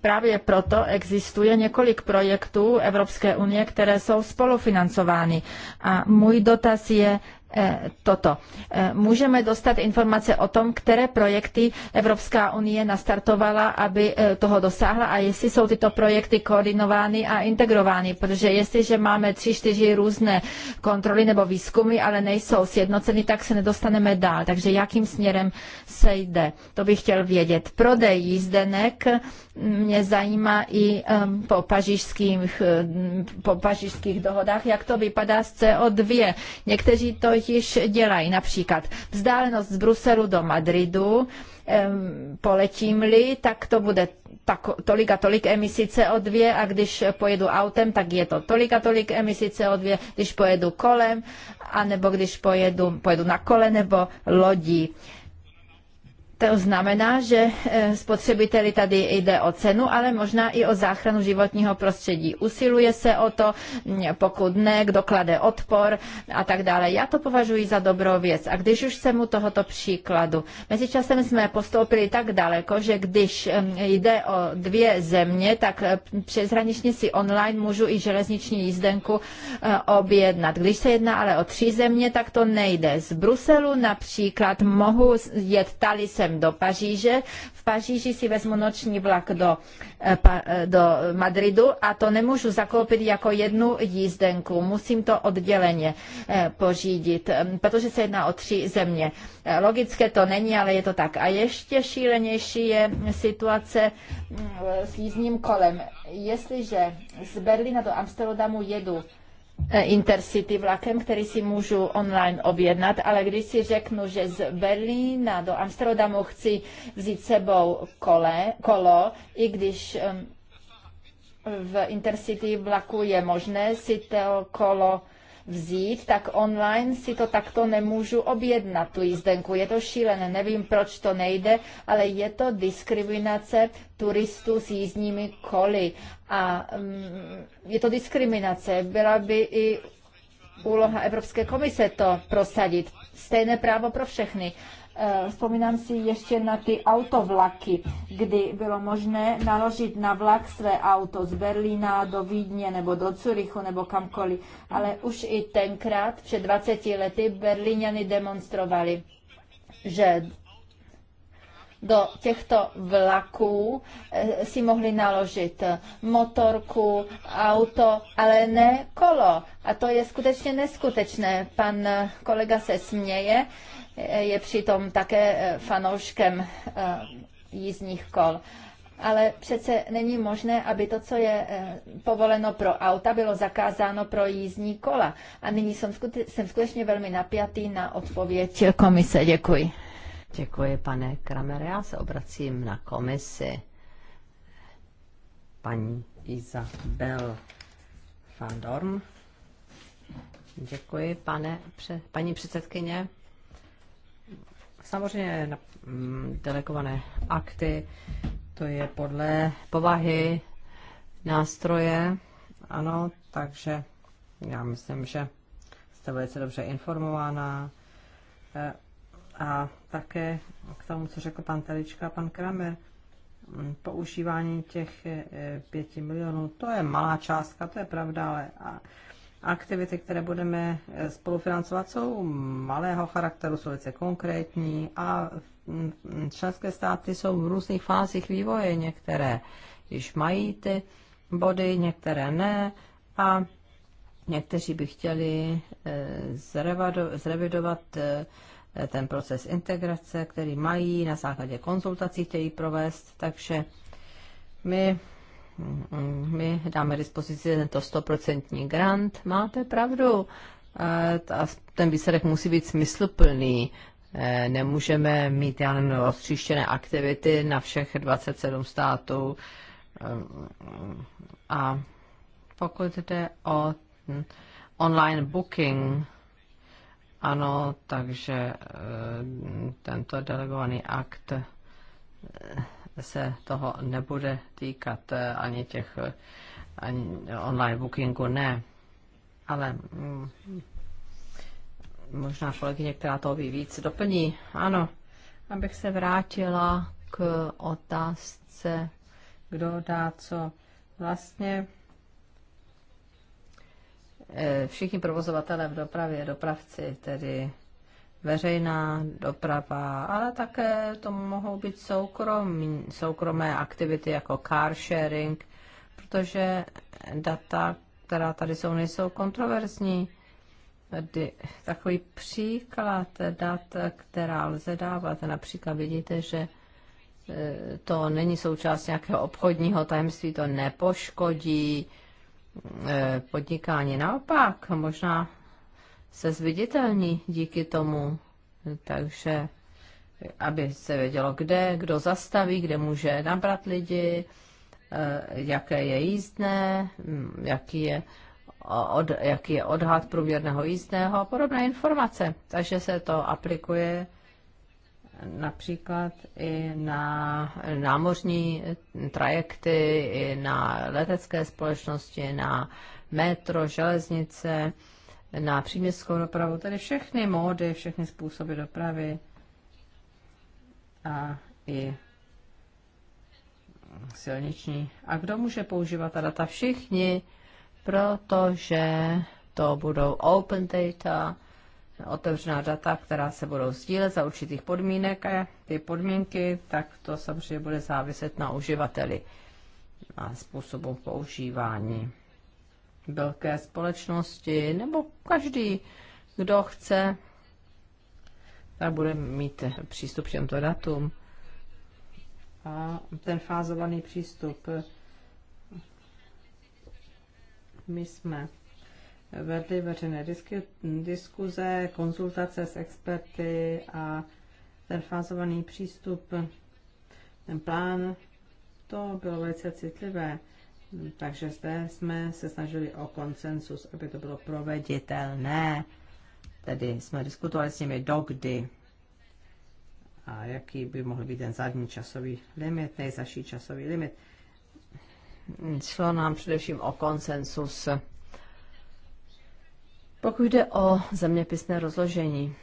právě proto existuje několik projektů Evropské unie, které jsou spolufinancovány. A můj dotaz je, Eh, toto. Eh, můžeme dostat informace o tom, které projekty Evropská unie nastartovala, aby eh, toho dosáhla a jestli jsou tyto projekty koordinovány a integrovány, protože jestliže máme tři, čtyři různé kontroly nebo výzkumy, ale nejsou sjednoceny, tak se nedostaneme dál. Takže jakým směrem se jde? To bych chtěl vědět. Prodej jízdenek mě zajímá i po pařížských, po pařížských dohodách, jak to vypadá s CO2. Někteří to totiž dělají. Například vzdálenost z Bruselu do Madridu, poletím-li, tak to bude tak, tolik a tolik emisí CO2 a když pojedu autem, tak je to tolik a tolik emisí CO2, když pojedu kolem, anebo když pojedu, pojedu na kole nebo lodí. To znamená, že eh, spotřebiteli tady jde o cenu, ale možná i o záchranu životního prostředí. Usiluje se o to, mm, pokud ne, kdo klade odpor a tak dále. Já to považuji za dobrou věc. A když už se u tohoto příkladu, mezičasem jsme postoupili tak daleko, že když mm, jde o dvě země, tak eh, přeshraničně si online můžu i železniční jízdenku eh, objednat. Když se jedná ale o tři země, tak to nejde. Z Bruselu například mohu jet Tali se vlakem do Paříže. V Paříži si vezmu noční vlak do, eh, eh, do Madridu a to nemůžu zakoupit jako jednu jízdenku. Musím to odděleně eh, pořídit, protože se jedná o tři země. Logické to není, ale je to tak. A ještě šílenější je situace mm, s jízdním kolem. Jestliže z Berlína do Amsterdamu jedu Eh, intercity vlakem, který si můžu online objednat, ale když si řeknu, že z Berlína do Amsterdamu chci vzít sebou kole, kolo, i když v intercity vlaku je možné si to kolo vzít, tak online si to takto nemůžu objednat, tu jízdenku. Je to šílené, nevím, proč to nejde, ale je to diskriminace turistů s jízdními koly. A um, je to diskriminace. Byla by i úloha Evropské komise to prosadit. Stejné právo pro všechny. Eh, vzpomínám si ještě na ty autovlaky, kdy bylo možné naložit na vlak své auto z Berlína do Vídně nebo do Curychu nebo kamkoliv. Ale už i tenkrát, před 20 lety, Berlíňany demonstrovali, že do těchto vlaků eh, si mohli naložit motorku, auto, ale ne kolo. A to je skutečně neskutečné. Pan kolega se směje je přitom také eh, fanouškem eh, jízdních kol. Ale přece není možné, aby to, co je eh, povoleno pro auta, bylo zakázáno pro jízdní kola. A nyní jsem, skute- jsem skutečně velmi napjatý na odpověď komise. Děkuji. Děkuji, pane Kramer. Já se obracím na komisi. Paní Izabel van Dorn. Děkuji, pane, pře- paní předsedkyně. Samozřejmě mm, delegované akty, to je podle povahy nástroje, ano, takže já myslím, že jste velice dobře informována. E, a také k tomu, co řekl pan Telička pan Kramer, mm, používání těch e, pěti milionů, to je malá částka, to je pravda, ale a Aktivity, které budeme eh, spolufinancovat, jsou malého charakteru, jsou velice konkrétní a mm, členské státy jsou v různých fázích vývoje. Některé již mají ty body, některé ne a někteří by chtěli eh, zrevidovat eh, ten proces integrace, který mají na základě konzultací chtějí provést, takže my my dáme dispozici tento stoprocentní grant. Máte pravdu, a ten výsledek musí být smysluplný. E, nemůžeme mít jen rozstříštěné aktivity na všech 27 států. E, a pokud jde o online booking, ano, takže e, tento delegovaný akt se toho nebude týkat eh, ani těch eh, ani online bookingu, ne. Ale mm, možná kolegyně, která toho ví víc, doplní. Ano, abych se vrátila k otázce, kdo dá co. Vlastně eh, všichni provozovatelé v dopravě, dopravci, tedy veřejná doprava, ale také to mohou být soukromí, soukromé aktivity jako car sharing, protože data, která tady jsou, nejsou kontroverzní. Tady takový příklad dat, která lze dávat. Například vidíte, že eh, to není součást nějakého obchodního tajemství, to nepoškodí eh, podnikání. Naopak, možná se zviditelní díky tomu. Takže aby se vědělo, kde, kdo zastaví, kde může nabrat lidi, eh, jaké je jízdné, mm, jaký je, od, jaký je odhad průměrného jízdného a podobné informace. Takže se to aplikuje například i na námořní trajekty, i na letecké společnosti, na metro, železnice, na příměstskou dopravu, tedy všechny módy, všechny způsoby dopravy a i silniční. A kdo může používat ta data? Všichni, protože to budou open data, otevřená data, která se budou sdílet za určitých podmínek a ty podmínky, tak to samozřejmě bude záviset na uživateli a způsobu používání velké společnosti, nebo každý, kdo chce, tak bude mít přístup k těmto datům. A ten fázovaný přístup. My jsme vedli veřejné diskuze, konzultace s experty a ten fázovaný přístup, ten plán, to bylo velice citlivé takže zde jsme se snažili o konsensus, aby to bylo proveditelné. Tedy jsme diskutovali s nimi dokdy a jaký by mohl být ten zadní časový limit, nejzaší časový limit. Šlo nám především o konsensus. Pokud jde o zeměpisné rozložení,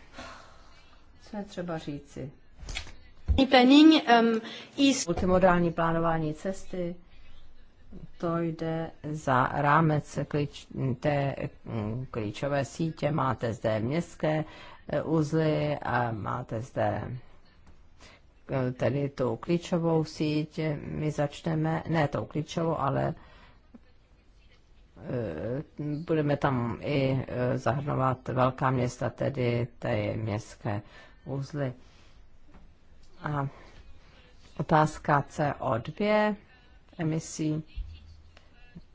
co je třeba říci? Planning, um, Multimodální plánování cesty, to jde za rámec klíč, té klíčové sítě. Máte zde městské eh, uzly a máte zde eh, tedy tu klíčovou síť. My začneme, ne tou klíčovou, ale eh, budeme tam i zahrnovat velká města, tedy ty městské uzly. A otázka CO2 emisí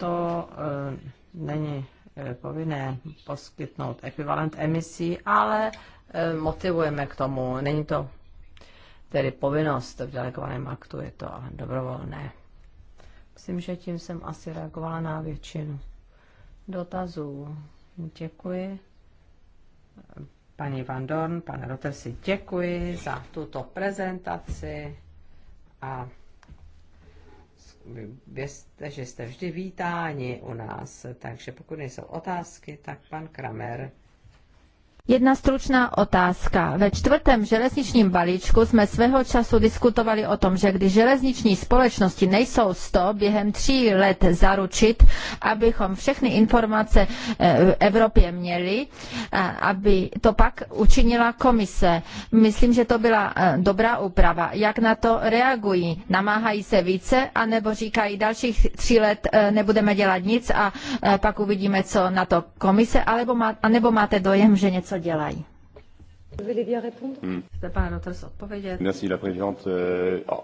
to eh, není eh, povinné poskytnout ekvivalent emisí, ale eh, motivujeme k tomu. Není to tedy povinnost v delegovaném aktu, je to ale dobrovolné. Myslím, že tím jsem asi reagovala na většinu dotazů. Děkuji. Paní Van Dorn, pane Rotersi, děkuji za tuto prezentaci a vězte, že jste vždy vítáni u nás, takže pokud nejsou otázky, tak pan Kramer Jedna stručná otázka. Ve čtvrtém železničním balíčku jsme svého času diskutovali o tom, že když železniční společnosti nejsou 100 během tří let zaručit, abychom všechny informace eh, v Evropě měli, aby to pak učinila komise. Myslím, že to byla eh, dobrá úprava. Jak na to reagují? Namáhají se více, anebo říkají dalších tří let eh, nebudeme dělat nic a pak uvidíme, co na to komise, alebo má, anebo máte dojem, že něco co dělají. Hmm. Jste pane odpovědět? Eh, oh,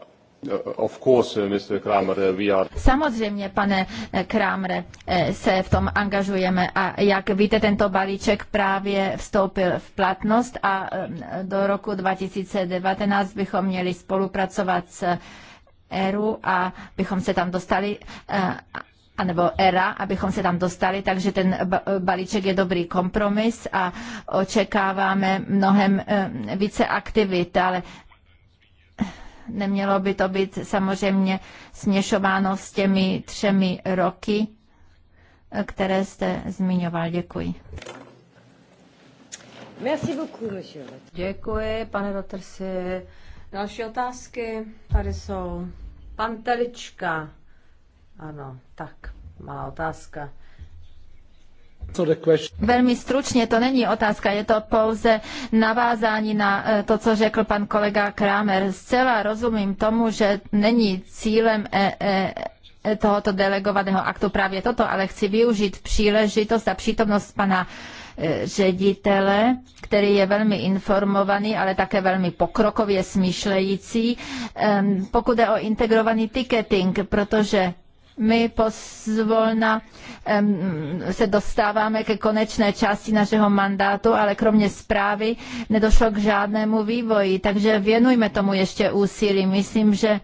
of course, eh, Mr. Kramer, eh, we are... Samozřejmě, pane Krámre, se v tom angažujeme a jak víte, tento balíček právě vstoupil v platnost a do roku 2019 bychom měli spolupracovat s ERU a bychom se tam dostali anebo ERA, abychom se tam dostali, takže ten balíček je dobrý kompromis a očekáváme mnohem eh, více aktivit, ale nemělo by to být samozřejmě směšováno s těmi třemi roky, eh, které jste zmiňoval. Děkuji. Merci beaucoup, monsieur. Děkuji, pane Rotersi. Další otázky tady jsou. Pan Telička ano, tak, malá otázka. Velmi stručně, to není otázka, je to pouze navázání na eh, to, co řekl pan kolega Kramer. Zcela rozumím tomu, že není cílem eh, eh, tohoto delegovaného aktu právě toto, ale chci využít příležitost a přítomnost pana ředitele, který je velmi informovaný, ale také velmi pokrokově smýšlející, pokud je o integrovaný ticketing, protože my pozvolna se dostáváme ke konečné části našeho mandátu, ale kromě zprávy nedošlo k žádnému vývoji, takže věnujme tomu ještě úsilí. Myslím, že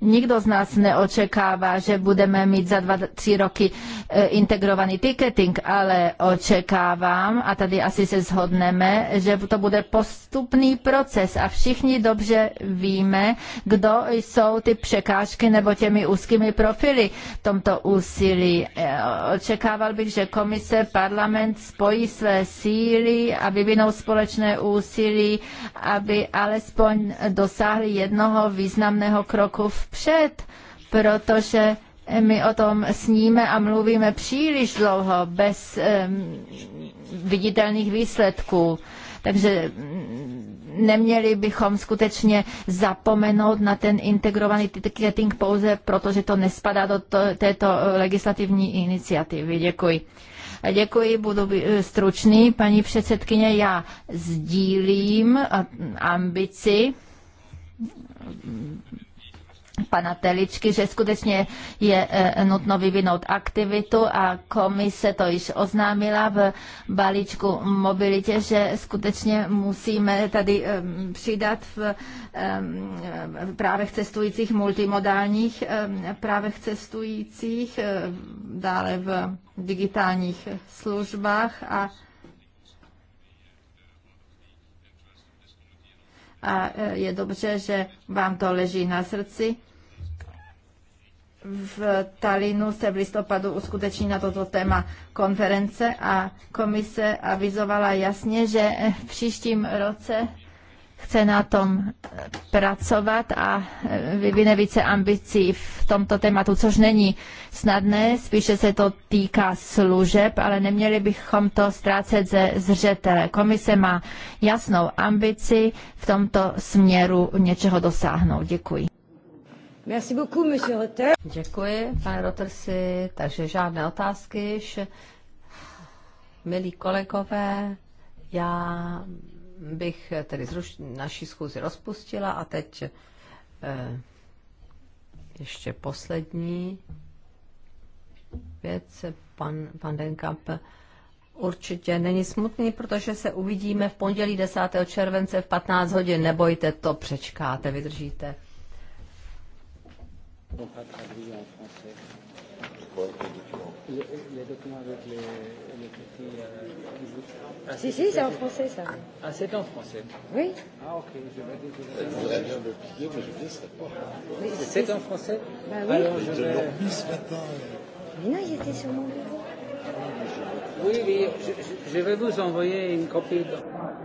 Nikdo z nás neočekává, že budeme mít za dva, tři roky e, integrovaný ticketing, ale očekávám, a tady asi se shodneme, že to bude postupný proces a všichni dobře víme, kdo jsou ty překážky nebo těmi úzkými profily v tomto úsilí. E, očekával bych, že komise, parlament spojí své síly a vyvinou společné úsilí, aby alespoň dosáhli jednoho významného kroku v vpřed, protože my o tom sníme a mluvíme příliš dlouho bez um, viditelných výsledků. Takže mm, neměli bychom skutečně zapomenout na ten integrovaný ticketing pouze proto, že to nespadá do to, této eh, legislativní iniciativy. Děkuji. Děkuji, budu eh, stručný. Paní předsedkyně, já sdílím eh, ambici pana Teličky, že skutečně je e, nutno vyvinout aktivitu a komise to již oznámila v balíčku mobilitě, že skutečně musíme tady e, přidat e, v právech cestujících, multimodálních právech cestujících, dále v digitálních službách a a je dobře, že vám to leží na srdci v Talinu se v listopadu uskuteční na toto téma konference a komise avizovala jasně, že v příštím roce chce na tom pracovat a vyvine více ambicí v tomto tématu, což není snadné, spíše se to týká služeb, ale neměli bychom to ztrácet ze zřetele. Komise má jasnou ambici v tomto směru něčeho dosáhnout. Děkuji. Merci beaucoup, monsieur Rotter. Děkuji, pane Rottersi. Takže žádné otázky. Milí kolegové, já bych tedy zruš- naši schůzi rozpustila a teď eh, ještě poslední věc, pan, pan Denkamp určitě není smutný, protože se uvidíme v pondělí 10. července v 15 hodin. Nebojte, to přečkáte, vydržíte. Donc n'ont pas traduit en français. les documents Les documents avec les, les petits. Euh, ah, si, si, c'est en français, ça. Ah, c'est en français Oui. Ah, ok, je vais découvrir. Je voudrais bien le plier, mais je ne sais pas. C'est en français Bah oui. Alors, je l'ai dormi ce matin. Euh, mais non, il était sur mon bureau. Oui, mais je, je, je vais vous envoyer une copie. De...